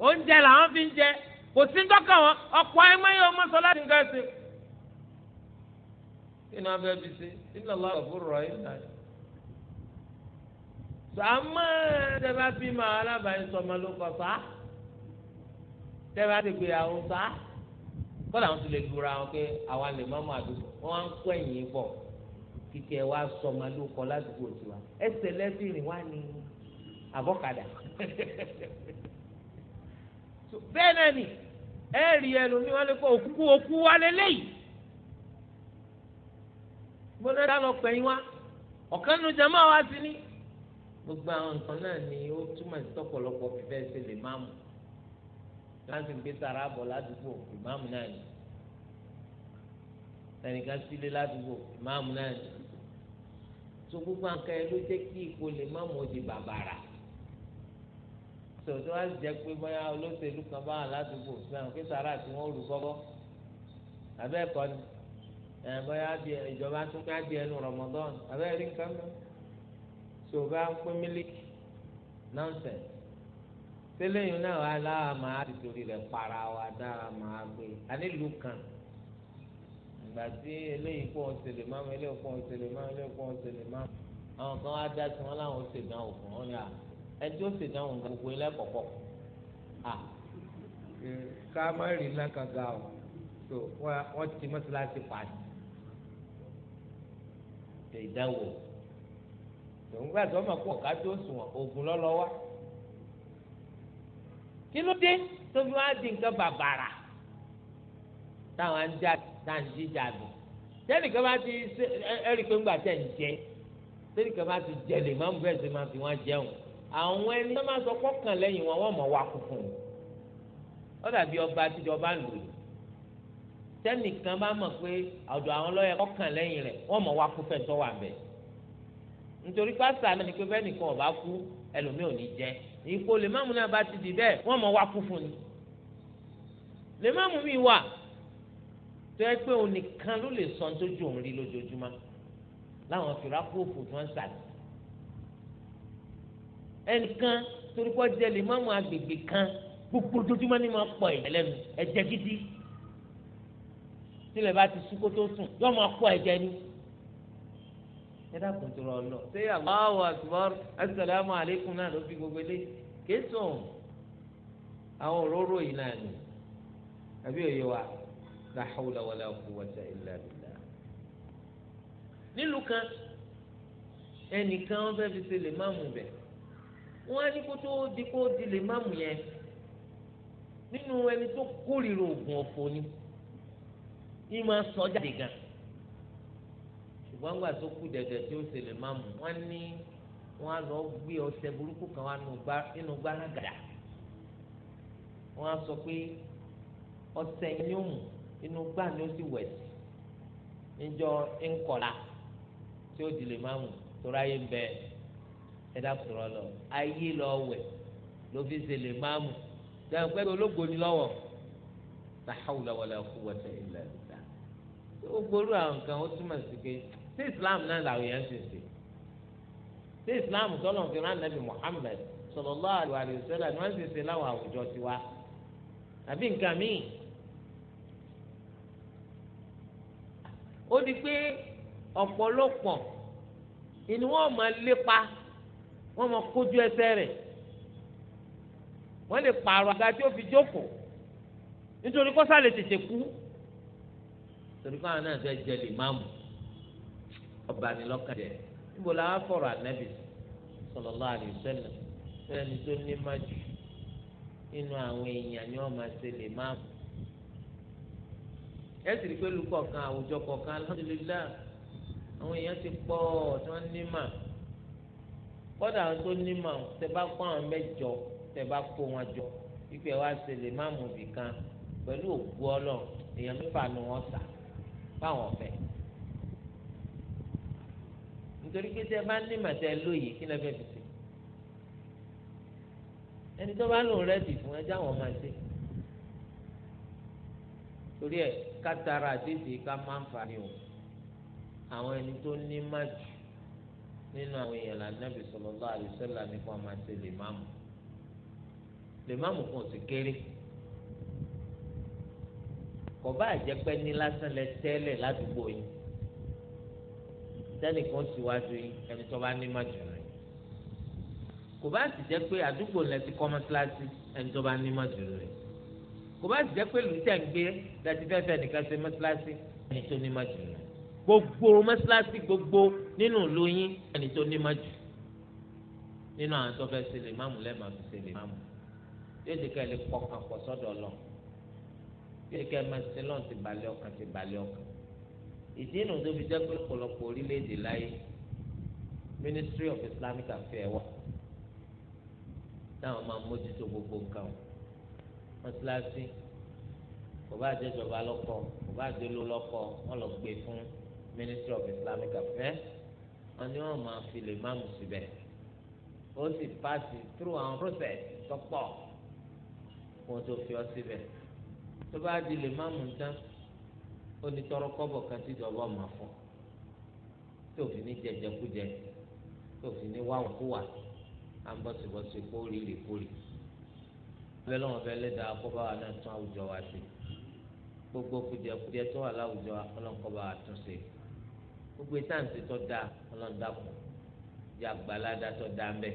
oúnjẹ làwọn fi ń jẹ kò sí ń dọ́kàn wọn ọ̀pọ̀ ẹ̀mọ́ yóò mọ sọ láti nǹkan ṣe. kí ni wọn fẹ́ fi ṣe inna Allah ghafurur rahim náà. sàmọ́ tẹ́lá bímọ alábàáyé sọmọ ló kọ sá tẹ́lá ti gbéyàwó sá kọ́lá wọn tún lè dúra wọn pé àwa lè má mọ àdúgbò wọn wá ń kó ẹ̀yìn bọ̀ kíkẹ́ wa sọ ọmọ lóko ládùúgbò tiwa ẹsẹ̀ lẹ́bìrì wá ní àbọ̀kadà <laughs> bẹ́ẹ̀ náà ni ẹ rí ẹlòmíì wọn lè kó òkú òkú wa lélẹ́yìí gbọ́dọ̀ dáná pẹ̀yìn wa ọ̀kan nu jama wa sí ni gbogbo àwọn nǹkan náà ni ó túmọ̀ sí tọ́pọ̀lọpọ̀ fífẹ́ ṣe lè má mú láti ń gbé sara bọ̀ ládùúgbò ìmáàmù náà ni ẹnìkan sílé ládùúgbò ìmáàmù náà ni tó gbogbo àǹkà yẹn ló jẹ́ kí ipò lè má mọ̀ di bàbàrà tòótọ́ wá jẹ́ pé bóyá olóṣèlú kan bá wà ládùúgbò fẹ́ràn pé sara àti wọn rù kọ́kọ́ abẹ́ ẹ̀kọ́ ni ẹ̀ bóyá ìjọba tún ká di ẹnu rọmọdọ́n abẹ́ rí nǹkan mọ́ sòbá ń pín mílíkì nọ́ọ̀sẹ̀sì sẹlẹyìn náà aláwa máa ti torí rẹ para wa dára máa gbé anílù kan ìgbà tí eléyìí pọ̀ ṣẹlẹ̀ máa mọ eléyìí pọ̀ ṣẹlẹ̀ máa eléyìí pọ̀ ṣẹlẹ̀ máa àwọn kan wá dá sí wọn láwọn ó ṣèdánwò fún wọn yà ẹjọ́ ṣèdánwò nǹkan gbogbo ilé kọ̀kọ́ à ká má rí lákàgà o tó wọ́n ti mọ́ṣáláṣí pàdé ṣèdánwò tòun gbàdúrà mọ̀ tó sùn oògùn lọ́lọ́wọ́ kí ló dé tó fi wá di nǹkan bàbàrà táwọn ń jà táwọn ń jíjà dùn tẹnìkan bá ti ẹrí pé ńgbà tẹ̀ ń jẹ tẹnìkan bá ti jẹ lè má mú bẹ́ẹ̀ sì máa fi wọ́n jẹun àwọn ẹni tó máa sọ kọ́kàn lẹ́yìn wọn wọ́n mọ̀ wá funfun ó dàbí ọba àtijọba lò yìí tẹnìkan bá mọ̀ pé ọ̀dọ̀ àwọn lọ́yẹ kọ́kàn lẹ́yìn rẹ̀ wọ́n mọ̀ wá funfun tó wà bẹ̀ nítorí pásítà náà ni pé bẹ́ẹ̀ nìkan ọba kú ẹlòmíì ò ní jẹ́ ìkó lèmọ́mù náà bá ti dì bẹ́ẹ̀ wọ́n mọ̀ wá fúnfun ni lèmọ́mù mi wà tó yẹ pé òun nìkan ló lè sọ tó jò ń rí lójoojúmọ́ láwọn fìràkóòfò tó ń sàlẹ̀ ẹnìkan torí kọ́ jẹ́ lèmọ́mù agbègbè kan gbogbo ojoojúmọ́ ni máa pọ̀ ẹ̀jẹ̀ lẹ́nu ẹ̀jẹ̀ gidi tílẹ̀ bá ti sún kó tó sùn yóò máa pọ̀ ẹ̀jẹ̀ ni ẹ dákun tó rọ lọ ṣé Allahu akbar assalamu alaikum náà ló fi gbogbo ilé kéésùn àwọn òróró yìí náà nì àbí òye wa la hawla wala quwwata illa billah nílùú kan ẹnìkan wọn fẹẹ fi ṣe lè má mú bẹ wọn á ní kó tó di kó di lè má yẹn nínú ẹni tó kórìíra oògùn ọ̀fọ̀ ni ìmọ̀ sọ́jà dìgan ṣùgbọ́n ńgbà tó kù dẹ̀dẹ̀ tí ó ṣe lè má mú wọ́n ní wọ́n á lọ gbé ọṣẹ burúkú kan wá nínú gbáradà wọ́n á sọ pé ọṣẹ yẹn ni ó mú inú gbá ni ó sì wẹ̀ sí níjọ ńkọ̀la tí ó di lè má mú torí ayé ń bẹ ẹ dákùrọ̀ lọ ayé lọ wẹ̀ ló fi ṣe lè má mú dáhùn pé ológo ni lọ́wọ́ la hawla wala quwwata illa billah ó gbóró àwọn kan ó túmọ̀ sí pé sí islam náà làwọn èèyàn ṣe ṣe sí islam tọ́lọ̀ fi rán nàbì muhammed sallallahu alaihi wasallam ni wọ́n ṣe ṣe láwọn àwùjọ tiwa àbí nǹkan míì ó di pé ọ̀pọ̀lọpọ̀ ìní wọ́n máa lépa wọ́n máa kójú ẹsẹ̀ rẹ̀ wọ́n lè pààrọ̀ àga tí ó fi jókòó nítorí kọ́sà lè tètè kú torí káwọn náà fẹ́ jẹ lè máàmù ọba ni lọ́kàn jẹ́ níbo la wá fọ̀rọ̀ ànábì sallallahu alaihi wasallam fẹ́ẹ́ ni tó ní má jù nínú àwọn èèyàn ni wọ́n máa ṣe lè máa mú. ẹ sì rí pẹ̀lú kọ̀ọ̀kan àwùjọ kọ̀ọ̀kan alhamdulillah àwọn èèyàn ti pọ̀ tí wọ́n ní mà kọ́dà àwọn tó ní mà tẹ bá kó àwọn mẹ́jọ tẹ bá kó wọn jọ ìpè wá ṣe lè máa mú bìkan pẹ̀lú òkú ọlọ́run èèyàn mẹ́fà ni wọ́n sà fáwọn ọ̀fẹ́ nítorí pé tẹ bá ní màtẹ lóye kí lẹ fẹ́ fi ṣe ẹni tó bá lòun rẹ sì fún ẹjẹ àwọn máa ṣe torí ẹ kátara àtẹsí ká máa ń fa ni o àwọn ẹni tó ní má jù nínú àwọn èèyàn lànàbì sallallahu alaihi wasallam nípa máa ṣe lè máàmù lè máàmù kan sì kéré kò bá àjẹpẹ́ ní lásán lẹ tẹ́lẹ̀ ládùúgbò yìí tẹnìkan síwájú yín ẹni tó bá ní màjù rẹ kò bá sì jẹ́ pé àdúgbò lẹ ti kọ́ mọ́sálásí ẹni tó bá ní màjù rẹ kò bá sì jẹ́ pé lùtẹ̀ ń gbé láti fẹ́fẹ́ nìkan ṣe mọ́sálásí ẹni tó ní màjù rẹ gbogbo mọ́sálásí gbogbo nínú ìlú yín ẹni tó ní màjù nínú àwọn tó fẹ́ ṣe lè máàmù lẹ́ẹ̀ma fi ṣe lè máàmù yóò di ká ẹ lè pọkàn pọ̀ sọ́dọ̀ lọ yóò di ká ẹ máa ṣe lọ́n ìdí inú tó fi jẹ́ pé ọ̀pọ̀lọpọ̀ orílẹ̀-èdè láyé Ministry of Islamic Affairs wà táwọn máa mójútó gbogbo nǹkan mọ́sálásí kò bá jẹ́ ìjọba lọ́kọ̀ kò bá jẹ́ ló lọ́kọ̀ wọ́n lọ gbé fún Ministry of Islamic Affairs wọ́n ní wọ́n máa fi lè má mú síbẹ̀ ó sì paasi through àwọn process tọ́pọ̀ kó tó fi ọ síbẹ̀ tó bá di lè má mú tán ó ní tọrọ kọ́bọ̀ kan tí ìjọba ọmọ fún tí òfin ní jẹjẹkújẹ tí òfin ní wáhùn kúwà à ń bọ̀sibọ̀si kórìí lè kórìí bẹ́ẹ̀ lọ́wọ́ bẹ́ẹ̀ lé dáa wa náà tún àwùjọ wa sí gbogbo kùdìẹ̀kùdìẹ̀ tó wà láwùjọ ọlọ́nkọ́ bá wa tún sí gbogbo ìtàǹtì tó dáa ọlọ́ndàkùn jẹ́ àgbàládá tó dáa ń bẹ̀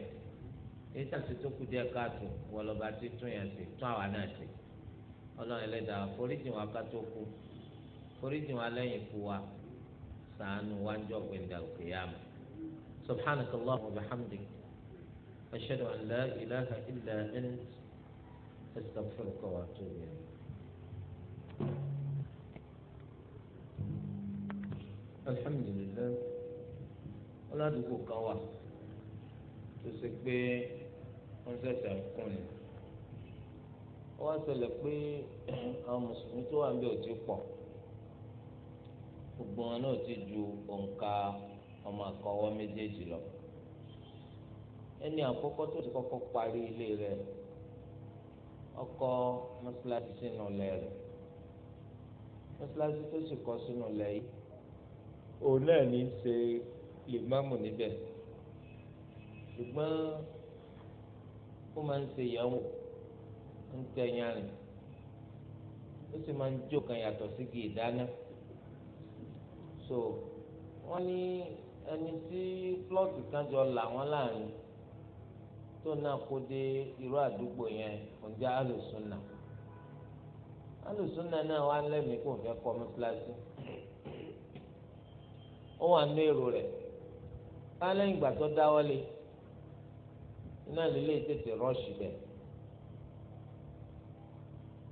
ìtàǹtì tó kùdìẹ̀ káàtó wọlọ́ba ti tún yẹn sí tún àwa náà sí ọlọ́run ẹlẹ́dàá foríjì wa ká tó kú foríjì wa lẹ́yìn ikú wa ṣàánú wa ń jọ gbẹ̀ndà òkèèyàmù subhanaka allah wa bihamdik ashhadu an la ilaha illa ant astaghfiruka wa atubu ilayk. alhamdulilayi ọlọ́dúnkù kan wà tó ṣe pé wọ́n ṣẹ̀ṣẹ̀ ń kún ni wọ́n ṣẹlẹ̀ pé àwọn mùsùlùmí tó wà ń bẹ̀ ò ti pọ̀ gbogbo wọn náà ti ju òǹkà ọmọ àkọwọ́ méjèèjì lọ ẹni àkọ́kọ́ tó ti kọ́kọ́ parí ilé rẹ̀ ọkọ mọ́sálásí sínú ilẹ̀ rẹ̀ mọ́sálásí tó sì kọ́ sínú ilẹ̀ yìí òun náà ní í ṣe lèmámù níbẹ̀ ṣùgbọ́n ó máa ń ṣe ìyàwó ń tẹ̀yàn rìn ó sì máa ń jó kan sí kì í dáná so wọ́n ní ẹni tí plọ́ọ̀tì kan jọ là wọ́n láàrin tó náà kó dé irú àdúgbò yẹn ọjà alùsùnà alùsùnà náà wà lẹ́mìí kò fẹ́ kọ́ mọ́sálásí ó wà ní èrò rẹ̀ ká lẹ́yìn ìgbà tó dáwọ́lé iná lílé tètè rọ́ọ̀ṣì bẹ̀.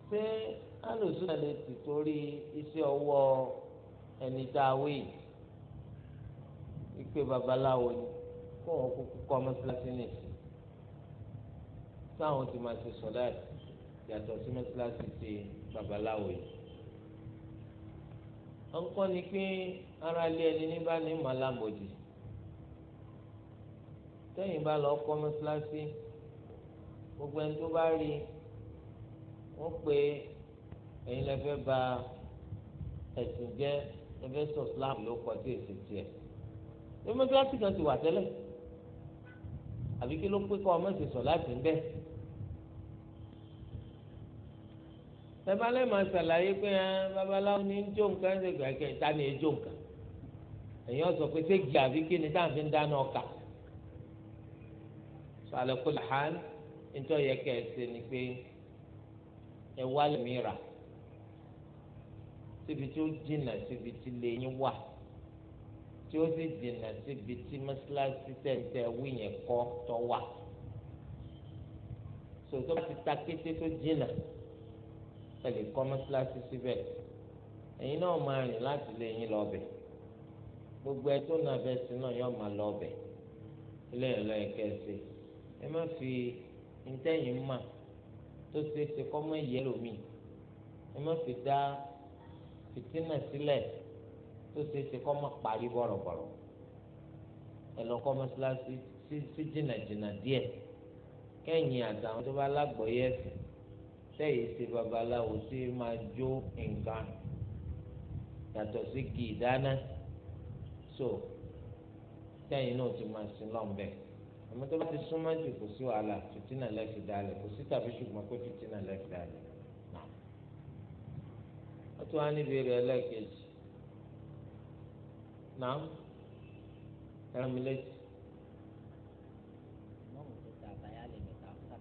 ṣé alùsùnà lè ti torí iṣẹ́ ọwọ́ ọ ẹni tá a wí ìpè babaláwo ni kó wọn kúkú kọ́ mọ́sálásí nìyí táwọn ti máa ṣe sọ̀lá yàtọ̀ sí mọ́sálásí ti babaláwo yìí. ọkọ ni pé ara lé ẹni ní bá ní màlámọ̀dì tẹ́yìn bá lọ kọ́ mọ́sálásí gbogbo ẹni tó bá rí wọ́n pé ẹ̀yin lè ba ẹ̀sìn jẹ́ investor slab ló kọ tí èsì tiẹ̀ democracy kan ti wà tẹ́lẹ̀ àbí kí ló pé kọ́ ọmọ ẹ̀sìn sọ láti ń bẹ́ tẹ̀málẹ́ máa ṣàlàyé pé babaláwo ní jó nǹkan ṣe gbàgbẹ́ ta ni ejó nǹkan èèyàn sọ pé ségi àbí kí ni táwọn fi ń dáná ọkà sọ àlẹ́ kó làhán nítorí yẹ kẹ́ ẹ ṣe ni pé ẹ wá lè mí síbi tí ó jìnnà síbi tí lè yín wà tí ó sì jìnnà síbi tí mọ́ṣáláṣí tẹ̀tẹ̀ wí yẹn kọ́ tọ́ wà sòtò bá ti ta kété tó jìnnà ẹ lè kọ́ mọ́ṣáláṣí síbẹ̀ ẹ̀yin náà máa rìn láti lè yín gbogbo ẹ tó nà bẹ sí náà yóò máa lọ bẹ̀ ilé ìlọ ẹ má fi ntẹ́yìn mà tó ṣe ṣe kọ́ mọ́ ìyẹ́lòmíì ẹ má fi dá fitina sílẹ̀ tó ṣe é ṣe kọ́ mọ́ parí bọ̀rọ̀bọ̀rọ̀ ẹ lọ kọ́ mọ́ṣáláṣí sí jìnnàjìnnà díẹ̀ kẹ́yìn àtàwọn tó bá lágbọ̀ọ́yé ẹ̀sìn sẹ́yìn ṣe babaláwo sí máa jó nǹkan yàtọ̀ sí kì í dáná so sẹ́yìn náà ti máa sin lọ́nbẹ̀ àmọ́ tó bá ti súnmọ́ jù kò sí wàhálà fìtínà lẹ́fì dálẹ̀ kò sí tàbí ṣùgbọ́n pé fìtínà lẹ́fì dálẹ̀. wọ́n tún wá níbi rẹ̀ ẹlẹ́ẹ̀kejì náà ẹ̀rọ̀mí létí.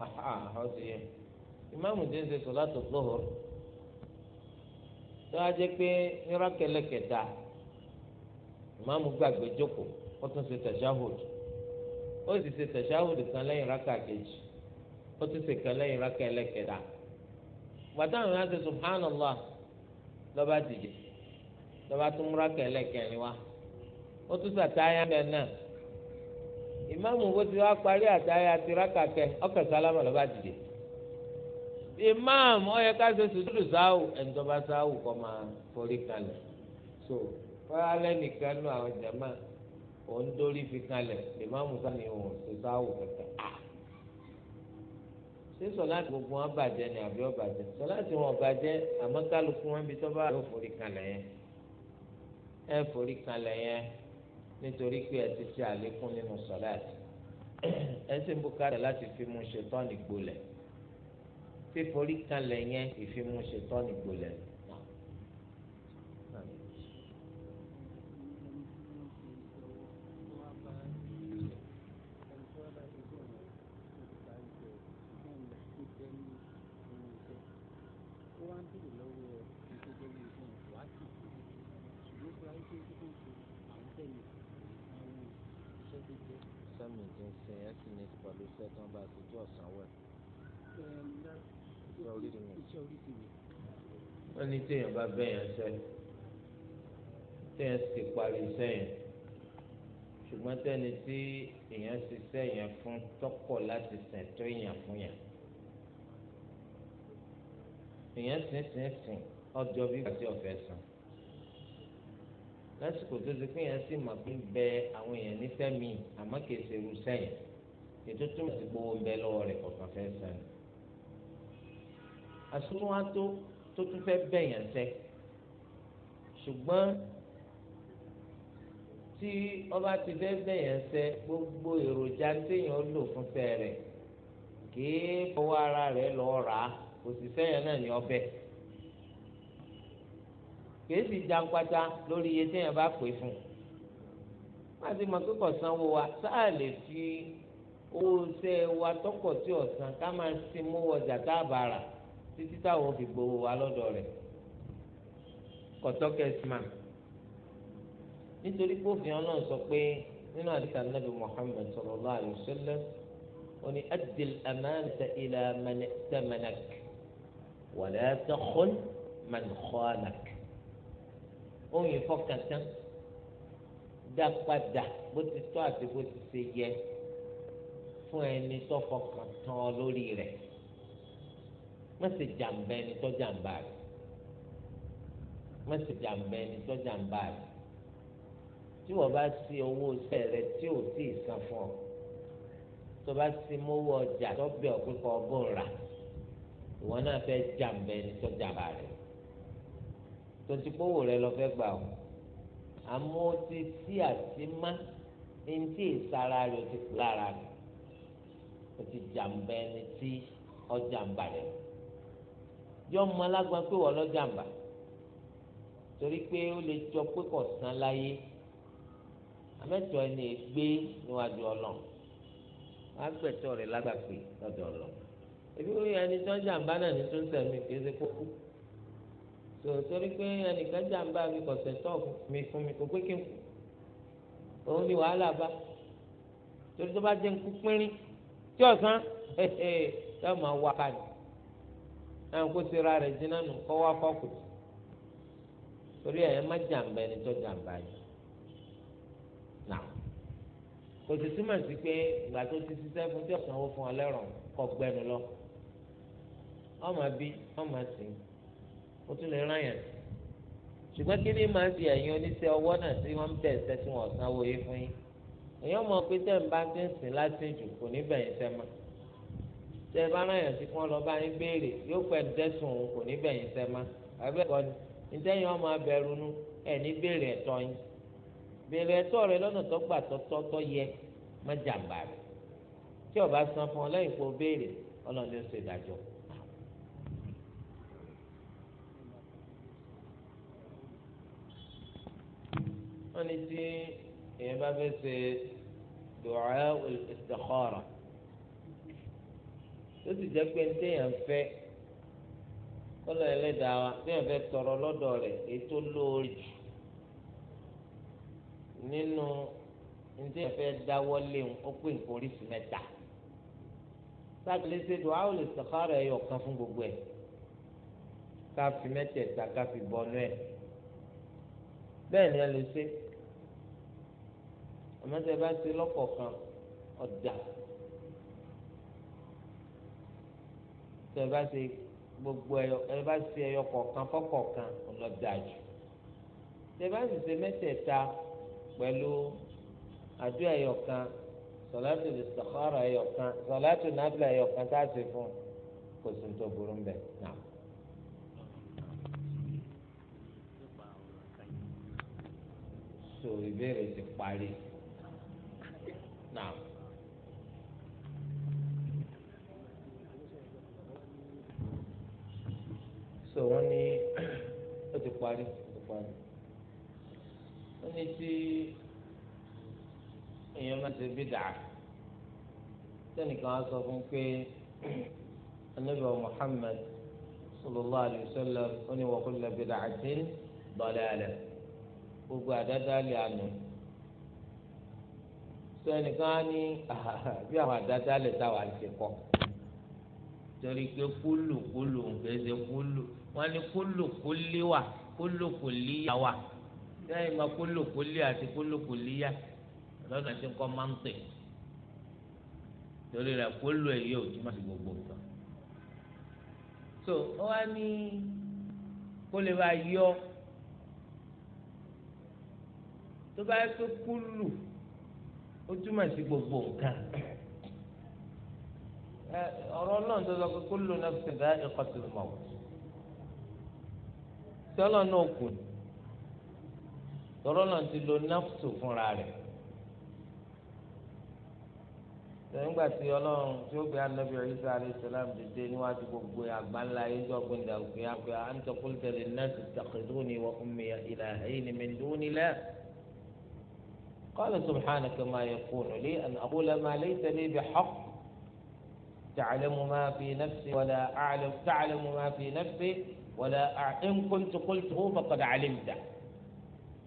ọ̀sẹ̀ ìmáàmù tí ń ṣe tó a jẹ́ pé nírọ̀ kẹlẹ́kẹ̀dá ìmáàmù gbàgbé jókòó ó tún ṣe tashahhud ó sì ṣe tashahhud kan lẹ́yìn raka kejì ó tún ṣe kan lẹ́yìn rákà ẹlẹ́kẹ̀dá gbàdáhùn subhanallah. lọ́ba dìde lọ́ba tó ń rákà ẹlẹ́kẹ̀rin wa ó tún sàtáyà mẹ́ náà ìmáàmù bó ti wá parí àtáyà ti rákà kẹ ọkẹ sálámà lọ́ba dìde ìmáàmù ó ká ṣe sùdúrù sáwù ẹ̀ńdọ́ba sáwù kọ́ máa forí kalẹ̀ so wọ́n alẹ́ nìkan nù àwọn jàmáà òun dórí fi kalẹ̀ ìmáàmù sáni òun ṣe sáwù kẹta ṣé sọláàtì gbogbo wọn bàjẹ́ ni àbí ọ̀bàjẹ́ sọláàtì wọn bàjẹ́ àmọ́ kálukú wọn bí tó bá yóò forí kalẹ̀ yẹn ẹ forí kalẹ̀ yẹn nítorí pé ẹ ti ṣe àlékún nínú sọláàtì ẹ sì ń bùkátà láti fi mú ṣetán ìgbolẹ̀ fíforí kalẹ̀ yẹn ìfimú ṣetán ìgbolẹ̀ ni. wọ́n ní téèyàn bá bẹ́yàn sẹ́ téèyàn sì parí sẹ́yìn ṣùgbọ́n tẹ́ni tí èèyàn sì sẹ́yìn fún tọ́kọ̀ láti sìn tó èèyàn fún yàn èèyàn sìn sìn sìn ọjọ́ bí gbàtí ọ̀fẹ́ sàn lásìkò tó ti pín yẹn sì mà pé bẹ àwọn èèyàn nífẹ̀ẹ́ mi àmọ́ kìí ṣe irú sẹ́yìn ètò túmọ̀ sí gbowó ń bẹ lọ́wọ́ rẹ̀ kọ̀ọ̀kan fẹ́ sàn. àsùnwó á tó tó tún fẹ́ bẹ̀yàn sẹ́ ṣùgbọ́n tí ọba ti fẹ́ bẹ̀yàn sẹ́ gbogbo èròjà téèyàn lò fún sẹ́ rẹ̀ kìí fọwọ́ ara rẹ̀ lọ́ọ́ rà á kò sì sẹ́yìn náà ní ọbẹ̀ kìí sì jankpata lórí iye téèyàn bá pè fún má ti mọ kíkọ sanwó wa sáà lè fi owó sẹ́ wa tọkọ̀ tí ọ̀sán ká máa sinmi wọjà tá a bá títí táwọn fi gbowó wa lọ́dọ̀ rẹ̀ kọ́tọ́kẹ́sìmá nítorí pófin ọlọ́run sọ pé nínú àdìsá nàbì Muhammad sallallahu alaihi wasallam ó ní adil amanata ila man tamanak wala takhun man khanak ohun ìfọkàntán dá padà bó ti tọ́ àti bó ti ṣe yẹ fún ẹni tó fọkàn lórí rẹ̀ mẹsẹ jàmbá ẹni tó jàmbá rẹ mẹsẹ jàmbá ẹni tó jàmbá rẹ tí wọ́n bá sí owó iṣẹ́ rẹ tí ò tí ì san fún ọ tó bá sí mówó ọjà tó bẹ ọ pé kọ ọgbọ́n rà ìwọ náà fẹ́ jàmbá ẹni tó jàmbá rẹ tó ti kówó rẹ lọ fẹ́ gbà ọ àmọ́ ti sí àti má ẹni ìsara rẹ ti pè lára rẹ o ti jàmbá ẹni tí ọjà rẹ yọ ọmọ alágbọn pé wọ́n lọ́jàmbá torí pé ó lè jọ pé kò san láyé amẹ́tọ̀ ẹni gbé níwájú ọlọ́run wọ́n á gbẹ̀tọ̀ rẹ̀ lágbàpé lọ́dọ̀ ọlọ́run ebi ó yẹ ẹni tó ń jàmbá náà ní tó ń sẹ̀mí kì í ṣe kókó tó torí pé ẹnìkan jàmbá mi kò sẹ̀tọ̀ mi fún mi kò pé kí n kú òun ni wàhálà bá torí tó bá jẹ́ nkú pínrín tí ọ̀sán <laughs> yóò máa wá ká ẹn kó sera rẹ jiná nù kọ́ wá fọ́kùtù torí ẹ̀ má jàǹbá ẹni tó jàǹbá yìí nà kò sì túmọ̀ sí pé ìgbà tó ti ṣiṣẹ́ fún tí ọ̀sán owó fún ọ lẹ́rọ̀ kọ́ gbẹ́nu lọ ọmọ bí ọmọ sí o tún lè rán ṣùgbọ́n kí ni màá di ẹ̀yin oníṣẹ́ ọwọ́ náà tí wọ́n ń bẹ̀ ṣẹ́ tí wọ́n sanwó yìí fún yín èèyàn mọ̀ pé ń bá ti ń láti jù kò ní bẹ̀yìn sẹ́ tẹ ẹ bá rán yàn sí kí wọn lọ bá yín béèrè yóò pẹ dẹsùn òun kò ní bẹyìn sẹ má àbẹ kọ ni ntẹyìn wọn máa bẹ̀rù nu ẹ ní béèrè ẹ̀tọ́ yín béèrè ẹ̀tọ́ rẹ lọ́nà tó gbà tọtọ tó yẹ má jàǹbá rẹ tí ọba san fún ọ lẹ́yìn kó béèrè Ọlọ́run ló ṣe ìdájọ́. wọ́n ní tí èèyàn bá fẹ́ ṣe dùwà ìsìtẹ̀kọ́rọ̀ tó sì jẹ́ pé téèyàn fẹ́ kọlọ ẹlẹ́dàá wa téèyàn fẹ́ tọrọ lọ́dọ̀ rẹ̀ ètò lóore jù nínú téèyàn fẹ́ dáwọ́ léwu ó pè nǹkan oríṣi mẹ́ta sáàkìlẹ́sẹ̀ dùn áwòlè sàkárà ẹ̀yọ̀ kan fún gbogbo ẹ̀ ká fi mẹ́tẹ̀ẹ̀ta ká fi bọ́nú ẹ̀ bẹ́ẹ̀ ni ẹ lè ṣe àmọ́ tẹ́ bá ṣe lọ́kọ̀ọ̀kan tẹ bá ṣe gbogbo ẹyọ ẹ bá ṣe ẹyọ kọ̀ọ̀kan fọ́kọ̀ọ̀kan ọlọ́dà jù tẹ bá sì ṣe mẹ́tẹ̀ẹ̀ta pẹ̀lú àdúrà ẹyọ kan sọláàtù istikhara ẹyọ kan sọláàtù nàbìlà ẹyọ kan tá a ṣe fún kò sí tó burú ń bẹ náà. so ìbéèrè ti parí náà. so wọ́n ní ó ti parí ó ti parí wọ́n ní tí èèyàn máa ṣe bí dàá sẹ́nìkan á sọ fún pé anabi muhammad sallallahu alayhi wa sallam ó ní wa kullu bid'atin dalalah gbogbo àdádálẹ̀ àná sẹ́nìkan á ní bí àwọn àdádálẹ̀ táwa ń ṣe kọ́ torí pé kúlù kúlù ń fẹ́ kúlù wọ́n ní kólòkólé wà kólòkóléyà wà sẹ́yìn ma kólòkólé àti kólòkóléyà lọ́nà tí nǹkan máa ń tẹ̀ torí rẹ̀ kólò èyí ò túmọ̀ sí gbogbo nǹkan. so wọ́n ní kó lè bá yọ tó bá yẹ kó kúlù ó túmọ̀ sí gbogbo nǹkan ọ̀rọ̀ náà tó lọ pé kó náà fi ṣẹ̀dá ẹ̀kọ́ tó lọ́wọ́. tọ́lọ̀ náà kù tọ́lọ̀ náà ti lo nafsu fúnra rẹ̀ nígbà tí ọlọ́run tí ó gbé anabi Isa alayhi salam dìde níwájú gbogbo àgbáńlá yíjọ gbẹndà òkè àgbẹ anta qulta linnasi ittakhiduni wa ummiya ilahayni min dunillah qala subhanaka ma yakunu li an lé ma bi li bihaqq mu ma fi nafsi wala a'lamu mu ma fi nafsi. ولا إن كنت قلته فقد علمته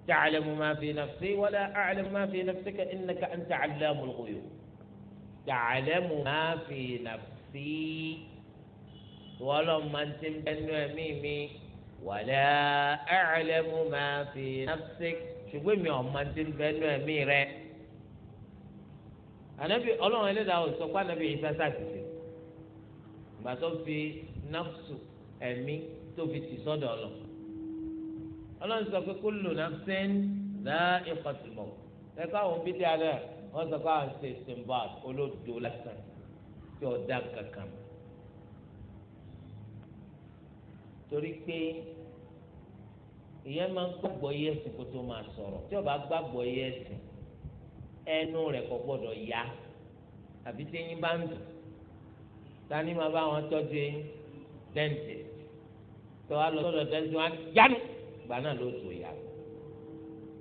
تعلم ما في نفسي ولا أعلم ما في نفسك إنك أنت علام الغيوب تعلم ما في نفسي ولو من تنبن ميمي ولا أعلم ما في نفسك شو يوم من تنبن ميري أنا ọlọ́run ẹlẹ́dàá إلي داو سوكوان anabi yìí sá sá ti sè gbàtọ́ tó fi tì sọ́dọ̀ lọ ọlọ́run sọ pé kullu nafsin dha'iqatul maut ẹ̀ka àwọn bí alẹ́ wọ́n sọ pé àwọn ṣe simbad olódo lásán tí ó dá kankan torí pé ìyẹn máa ń gbàgbọ́ kó tó máa sọ̀rọ̀ tí ó bá gbàgbọ́ yé ẹnu rẹ̀ kò gbọ́dọ̀ yá àbí bá ń dùn tani máa bá wọn tọ́jú tó wá lọ sọ́dọ̀ tẹnisi wọn yánu gba náà ló tó yá lọ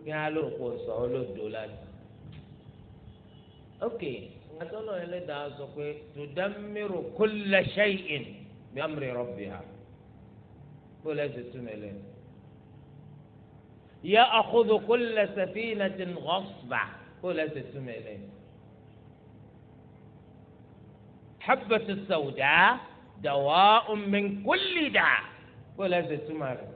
kí wọn ló kó sọ ọ ló dó la ok atọ́nà ẹlẹ́dàá sọ pé tudammiru kulla shay'in bi amri rabbiha kó lẹ́sẹ̀ tún ẹ lẹ́nu yẹ ti ń rọ́ ghasba kó lẹ́sẹ̀ tún ẹ lẹ́nu habbatu sawda dawa'un min kulli da'. bó lẹsẹ túmọ̀ rẹ̀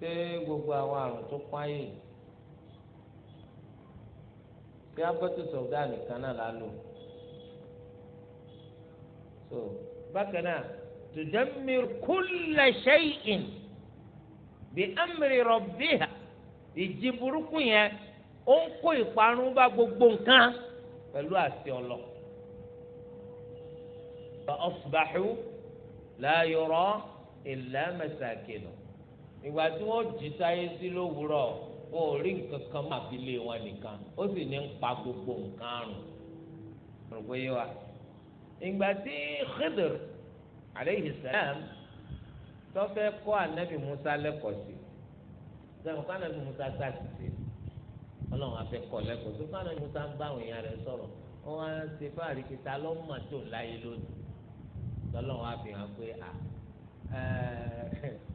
ṣé gbogbo àwọn àrùn tó páyé ṣé abọ́tò sọ̀gá nìkan náà la lò so bákan náà tùdẹ́mìr kúlẹ̀ ṣẹ́yìn bí amri rọ̀bìhà ìjì burúkú yẹn ó ń kó ìparun bá gbogbo nǹkan pẹ̀lú àṣẹ ọlọ́ọ̀. فأصبحوا لا يرى إلا مساكنه. masakinu ìgbà tí wọ́n jí sáyé sí lówùúrọ̀ wọn ò rí nǹkan kan má fi lé wọn nìkan ó sì ní ń pa gbogbo nǹkan rùn rògbò yé wa ìgbà tí Khidr aleyhi salam tó fẹ́ kọ́ anabi Musa lẹ́kọ̀ọ́ sí sẹ́wọ̀n kọ́ anabi Musa sá sí sí ọlọ́run afẹ́ kọ́ lẹ́kọ̀ọ́ sí kọ́ anabi Musa ń bá àwọn èèyàn rẹ̀ sọ̀rọ̀ wọ́n á ṣe fáàrí kìtà lọ́mọ tó láyé lónìí lọ́lọ́ wa fi hàn pé à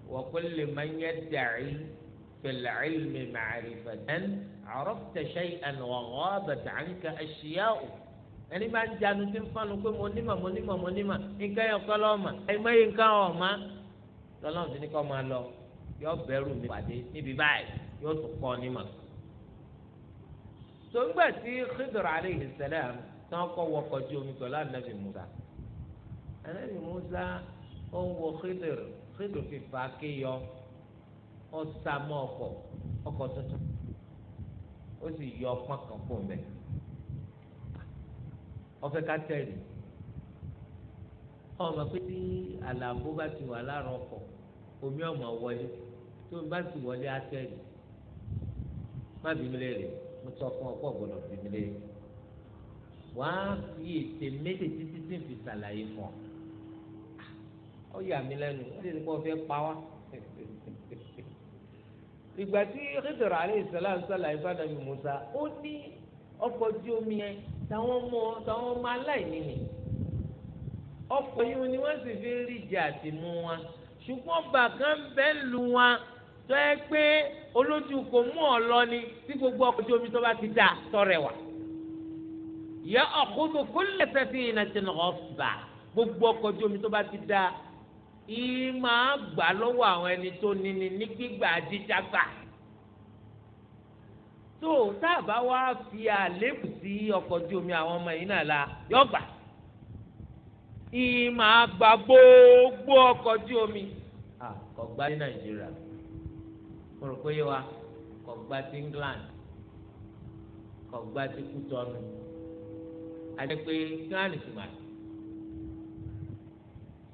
wa kulli man yadda'i fil ilmi ma'rifatan arafta shay'an wa ghabat 'anka ashya'u ẹni bá ń janu tí ń fanu pé mo nímọ̀ mo nímọ̀ mo nímọ̀ nǹkan yẹn kọ́ lọ́wọ́ mà ẹ̀ mọ́ yìí nǹkan ọ̀ ma lọ́lọ́run ti ní kọ́ máa lọ yọ bẹ̀rù mi pàdé níbi báyìí yóò tún kọ́ nímọ̀ tó ń gbà sí Khidr alayhi salam tí wọ́n kọ́ wọkọ̀ ju omi pẹ̀lú ànábì Musa anabi musa ó ń wo xidr xidr fi fà ké yọ ó sa mọ́ ọkọ̀ ọkọ̀ tuntun ó sì yọ ọpọ́n kan fún mi ọfẹ ká tẹ̀lé ọmọ pé tí àlàbó bá ti wà lára ọkọ̀ omi ọmọ wọlé tó bá ti wọlé á má bí mi mo sọ fún ọ̀pọ̀ gbọ́dọ̀ bí wàá fi ètè méjèèjì títí fi ṣàlàyé fún ọ ó yà mí lẹ́nu ó lè kó fẹ́ pa wá. ìgbà tí Khidir alayhi salam sàlàyé fún anabi Musa ó ní ọkọ̀ ojú omi yẹn táwọn ọmọ táwọn ọmọ aláìní ni ọkọ̀ yìí ni wọ́n sì fi rí ìjà àti mú wọn ṣùgbọ́n bàkan bẹ́ẹ̀ lu wọn tó ẹ pé olójú kò mú ọ lọ ni tí gbogbo ọkọ̀ ojú omi tó bá ti dà tọrẹ wà yẹ ọkùnrin kò lè fẹ́ fi ìrìnàjò náà ọ̀fà gbogbo ọkọ̀ ojú omi tó bá ti dà yìí máa gbà lọ́wọ́ àwọn ẹni tó níní ní gbígbà jíjàgbà tó tá a bá wá fi àléébù sí ọkọ̀ ojú omi àwọn ọmọ yìí náà la yọ gbà yìí máa gba gbogbo ọkọ̀ ojú omi kò gbà ní Nàìjíríà mo rò pé yé wa kò ti England kò gbà ti Kútọ́nù àti pé England sì máa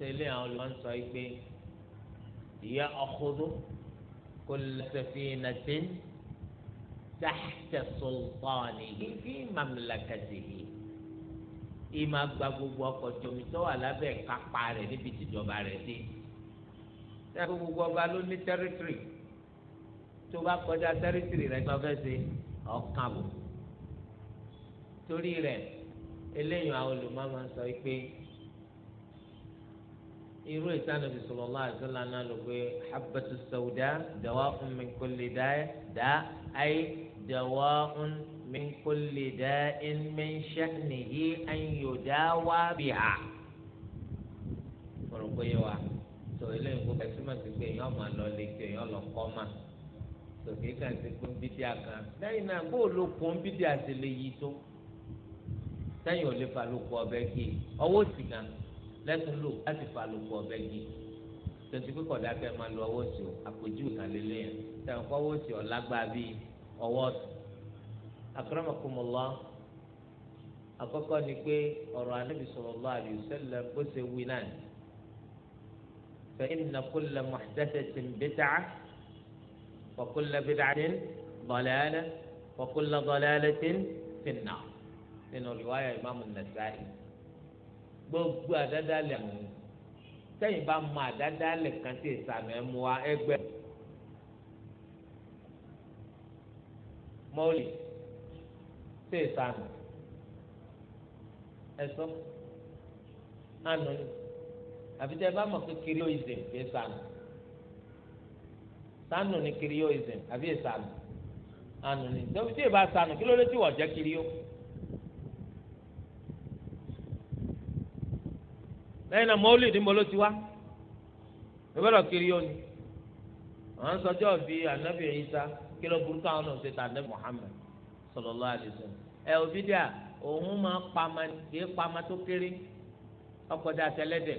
tẹ̀lé àwọn olùmọ̀ọ́sọ yìí pé ìyá ọ̀kúndó kò lẹ́sẹ̀fì nàdé tàxtẹ̀ sọ̀tọ́ọ̀nì yìí fi màmìlàkàtì yìí ìmọ̀ àgbà gbogbo ọkọ̀ jọmi tó wà lábẹ́ kápá rẹ̀ níbi tìjọba rẹ̀ dé tẹ́lẹ̀ gbogbo ọba ló ní tẹ́rítírì tó bá kọjá tẹ́rítírì rẹ̀ gbọ́ fẹ́ ṣe ọ̀kan bò torí rẹ̀ eléyìí àwọn olùmọ̀ọ́mọ̀ sọ pé irú ìtàn Ànábì sallallahu alaihi wasallam náà ló pé habatu sawda dawa'un min kulli da'a da ay dawa'un min kulli da'in min sha'nihi an yudawa biha. ọ̀rọ̀ pé yẹ wa tó eléyìí kó bẹ́ẹ̀ túmọ̀ sí pé èèyàn máa lọ lè kí èèyàn lọ kọ́ mà tòkè kàn sí pé bídíà kan lẹ́yìn náà bó ló kó ń bídíà lè yí tó sẹ́yìn ò lè fa ló kó ọbẹ̀ kí ọwọ́ sì gan lẹ́tún lò láti fa àlòkù ọ̀bẹ gi tòtí pípọ̀ dákẹ́ máa lo ọwọ́ sí o àpèjú ìkàlélẹ́ yẹn tẹ̀wọ́n kọ́ ọwọ́ sí ọ lágbàá bíi ọwọ́ sí. akramakumullah àkọ́kọ́ ni pé ọ̀rọ̀ Ànábì sallallahu alaihi wasallam bó ṣe wí náà fa inna kulla muhdathatin bid'ah wa kulla bid'atin dalalah wa kulla dalalatin fin nar nínú riwaya Imam an gbogbo àdáda lẹ̀ mú sẹ́yìn bá mọ àdáda lẹ̀ kan tí ìsàmì ẹ̀ mú wa ẹgbẹ́ mọ́ọ̀lì tí ìsàmì ẹ̀sọ́ ànú ni àfi tẹ́ ẹ bá mọ̀ pé kirioism kì í sàmì sànù ni kirioism àbí ìsàmì ànú ni tẹ́wọ́n tí ì bá sànù kí ló dé tí wọ́n jẹ́ kirio. lẹ́yìn náà mọ́lìdì ń bọ́ ló ti wá ìbọ̀dọ̀ kiri yóò ní àwọn sọjọ́ bíi anabi Isa kílọ̀ burúkú àwọn náà ṣe ta anabi Muhammad sallallahu alaihi wasallam ẹ òbí díà òun máa pama kìí pama tó kéré ọkọjà tẹlẹdẹ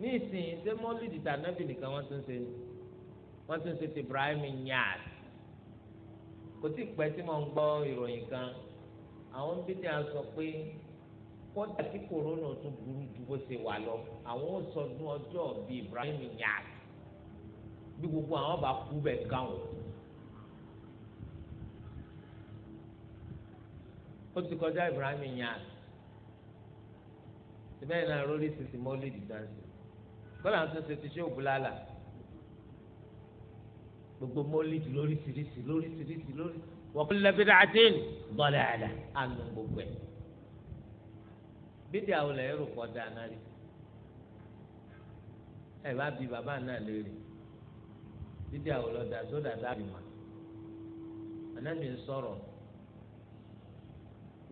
ní ìsìn ṣé mọ́lìdì ta anabi nìkan wọ́n tún ṣe wọ́n tún ṣe ti Ibrahim nyaad kò tí ì pẹ́ tí mo ń gbọ́ ìròyìn kan àwọn bídíà sọ pé kọ́dà tí kòrónà tún burú ju bó ṣe wà lọ àwọn ó sọdún ọjọ́ bíi Ibrahim Niass bí gbogbo àwọn bá kú bẹ́ẹ̀ gáwọn. ó ti kọjá Ibrahim Niass síbẹ̀ náà lórí sísè mọ́lẹ́dì dáńsì bọ́lá tó ṣe ti ṣe òbúlálà gbogbo mọ́lẹ́dì lóríṣiríṣi lóríṣiríṣi lórí wọ́n kún lẹ́bí dáadéèlì bọ́lá àdá àánú gbogbo ẹ̀ bídí àwọn ọ̀lẹ́ rò pọ̀ dáná rí ẹ bá bi bàbá náà léèrè bídí àwọn ọlọ́dà sódà dábì mà ànábì ń sọ̀rọ̀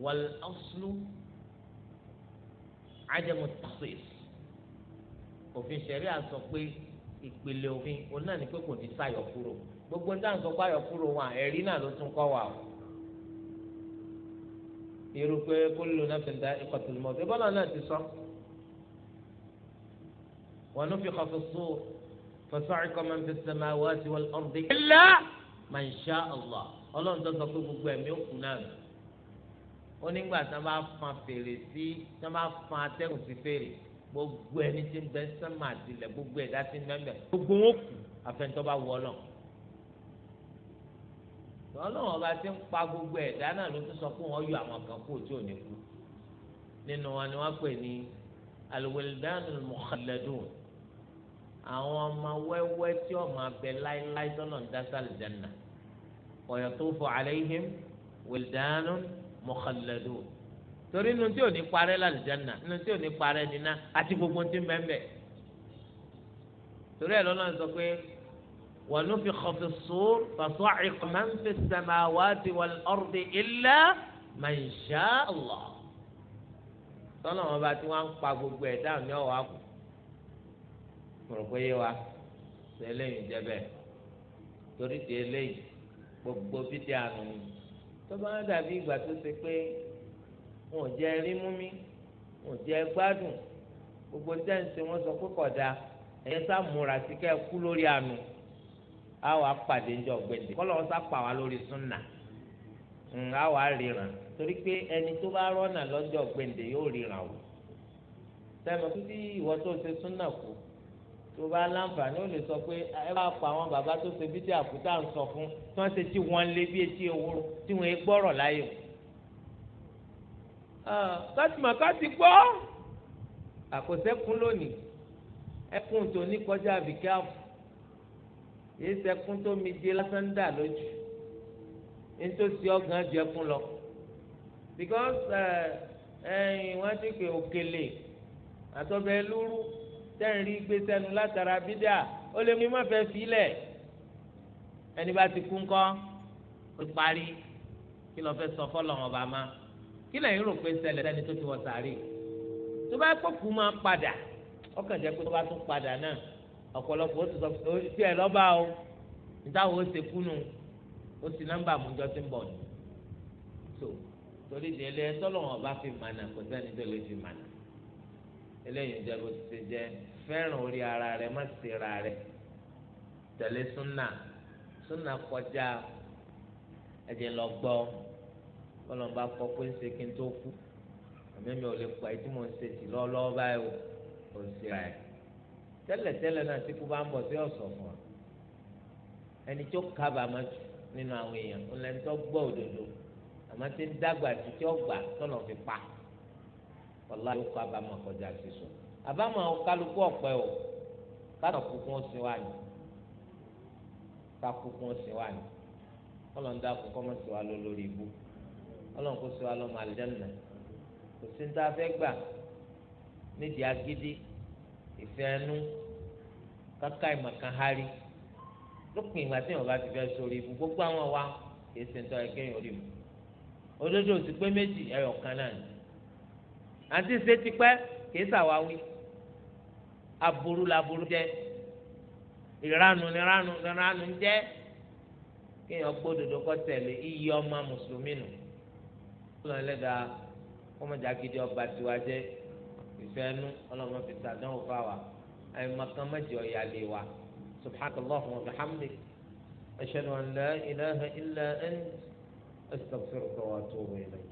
wal aslu ájẹmọ takhsis òfin ṣẹ̀rí àsọ pé ìpele òfin òun ní pé kò ní sáyọ kúrò gbogbo ń dáhùn sọ pé ayọ kúrò wọn ẹ̀rí náà ló tún kọ́ wa o irú pé kullu nafsin dha'iqatul maut ẹ bọ́lá náà ti sọ. wa nufikha fis-sur fasa'iqa man fis-samawati wal-ardi illa man sha'a Allah ọlọ́run tó sọ pé gbogbo ẹ̀mí òkú náà nù ó nígbà tí wọ́n bá fan fèrè sí tí bá fan atẹ́kùn sí fèrè gbogbo ẹni tí ń bẹ sẹ́mà àtìlẹ̀ gbogbo ẹ̀dá ti ń bẹ́ẹ̀ gbogbo wọn kù àfẹ́ntọ́ bá wọ ọlọ́run ọlọ́run ọba ti ń pa gbogbo ẹ̀dá náà ló tún sọ pé wọ́n yọ àwọn kan kú tí ò ní kú nínú wọn ni wọ́n pè ní alwildan mukhalladun àwọn ọmọ wẹ́wẹ́ tí wọ́n máa bẹ láéláé tọ́nà ń dásá lìjánà wa yatufu alayhim wildan mukhalladun torí inú tí ò ní parẹ́ lálìjánà inú tí ò ní parẹ́ nínà àti gbogbo tí ń bẹ́ẹ̀ bẹ́ẹ̀ torí ẹ̀ lọ́nà sọ pé. ونفخ في الصور فصعق من في السماوات والأرض إلا من شاء الله tọ́nà wọn bá tí wọ́n ń pa gbogbo ẹ̀ dáhùn ní ọ̀wá kù pòròpéye wa ṣe eléyìí ni tó dàbí ìgbà tó ṣe pé wọn ò jẹ rí mi wọn ò jẹ gbádùn gbogbo jẹ́ǹsì wọn sọ pé kódà ẹ̀yẹ sá múra sí kẹ́ kú lórí àánú á wà pàdé ńjọ gbèsè kọ́lọ́ ọ̀sá pa wá lórí súnà hmm, á wà ríran torí pé ẹni tó bá rọ́nà lọ́jọ́ gbèǹde yóò ríran o sẹ́mi títí ìwọ tó ṣe súnà kù tó bá láǹfààní ó lè sọ pé ẹ bá pa àwọn bàbá tó ṣe bídí àkútà ń sọ fún tí wọ́n ṣe tí wọ́n lé bí etí ewúro tí wọ́n gbọ́rọ̀ láyò kásìmọ̀ kásì gbọ́ àkọsẹ́kùn lónìí ẹkùn tó ní kọjá àbíkẹ́ àfọ̀ yìí sẹkún tó mi dé lásán dà lójú nítòsí ọgàn jẹkún lọ because eh, ẹ̀yìn wọn ti pè òkèlè àtọbẹ lúrú tẹ́rì gbé sẹ́nu látara bídà ó lè mú ìmọ̀fẹ́ sílẹ̀ ẹni bá ti kú ńkọ́ ó parí kí lọ́ọ́ fẹ́ sọ fọ́lọ́ wọn bá má kí lẹ́yìn rò pé ṣẹlẹ̀ sẹ́ni tó ti wọ sàárè tó bá pọ̀ kú máa padà ọkàn jẹ́ pé tó bá tún padà náà ọ̀pọ̀lọpọ̀ ó ti sọ pé oṣù ẹ̀ lọ́ba o nítawọn ó ṣe kúnnù ó ti nọ́mbà àmújọ ti ń bọ̀ ni tó torí di ẹlẹ́yẹ tọ́lọ́wọ́n ọba fi mànà kò sẹ́ni tó lè fi mànà eléyìí jẹ́ bó ti ṣe jẹ́ fẹ́ràn orí ara rẹ má ṣe ra rẹ tẹ̀lé súnà súnà kọjá ẹ̀jẹ̀ lọ gbọ́ kọ́lọ́n bá kọ́ pé ń ṣe kí n tó kú àmì mi ò lè pa ètí ń ṣe tì lọ́ọ́lọ́ọ́ báyìí o ò ń ṣe ra ẹ̀ tẹ́lẹ̀tẹ́lẹ̀ náà tí kò bá ń bọ̀ sí ọ̀sọ̀ fún wa ẹni tó kábàámọ̀ jù nínú àwọn èèyàn kò lẹ́ni tó gbọ́ òdodo àmọ́ tí ń dàgbà ju tí ó gbà tọ̀nà fi pa ọ̀la yóò kọ́ àbámọ̀ kọjá sísọ àbámọ̀ kálukú ọ̀pẹ o kátó kúkún sí wa ni kakúkún sí wa ni ọlọ́ọ̀dà kúkọ́ mọ̀ sí wa lọ lórí ibú ọlọ́ọ̀n kó sí wa lọ́mọ àlùjànnà kò sí ní tá a fẹ́ gbà nídìí agídí ìfẹ́ ẹnu káká ìmọ̀kan hárí lópin ìgbà tí èèyàn bá ti fẹ́ sórí ibu gbogbo àwọn wa kìí ṣe nítorí kéèyàn rí mu òdodo òsì pé méjì ẹyọ kan náà ni àti ṣe tipẹ́ kìí ṣàwáwí aburú laburú jẹ́ ìranu níranu níranu jẹ́ kéèyàn gbódodo kọ́ tẹ̀lé iye ọmọ mùsùlùmí nù. ọlọ́run ẹlẹ́dàá ọmọ jàgídí ọba tiwa jẹ́ ìfẹ́ nu ọlọ́mọ fi sàdánwò fà wá ẹ̀ mọ̀kàn mẹ́jọ ìyá lè wa subhanahu wa ta'ala wa bihamdihi ashhadu an la ilaha illa anta astaghfiruka wa atubu ilayk.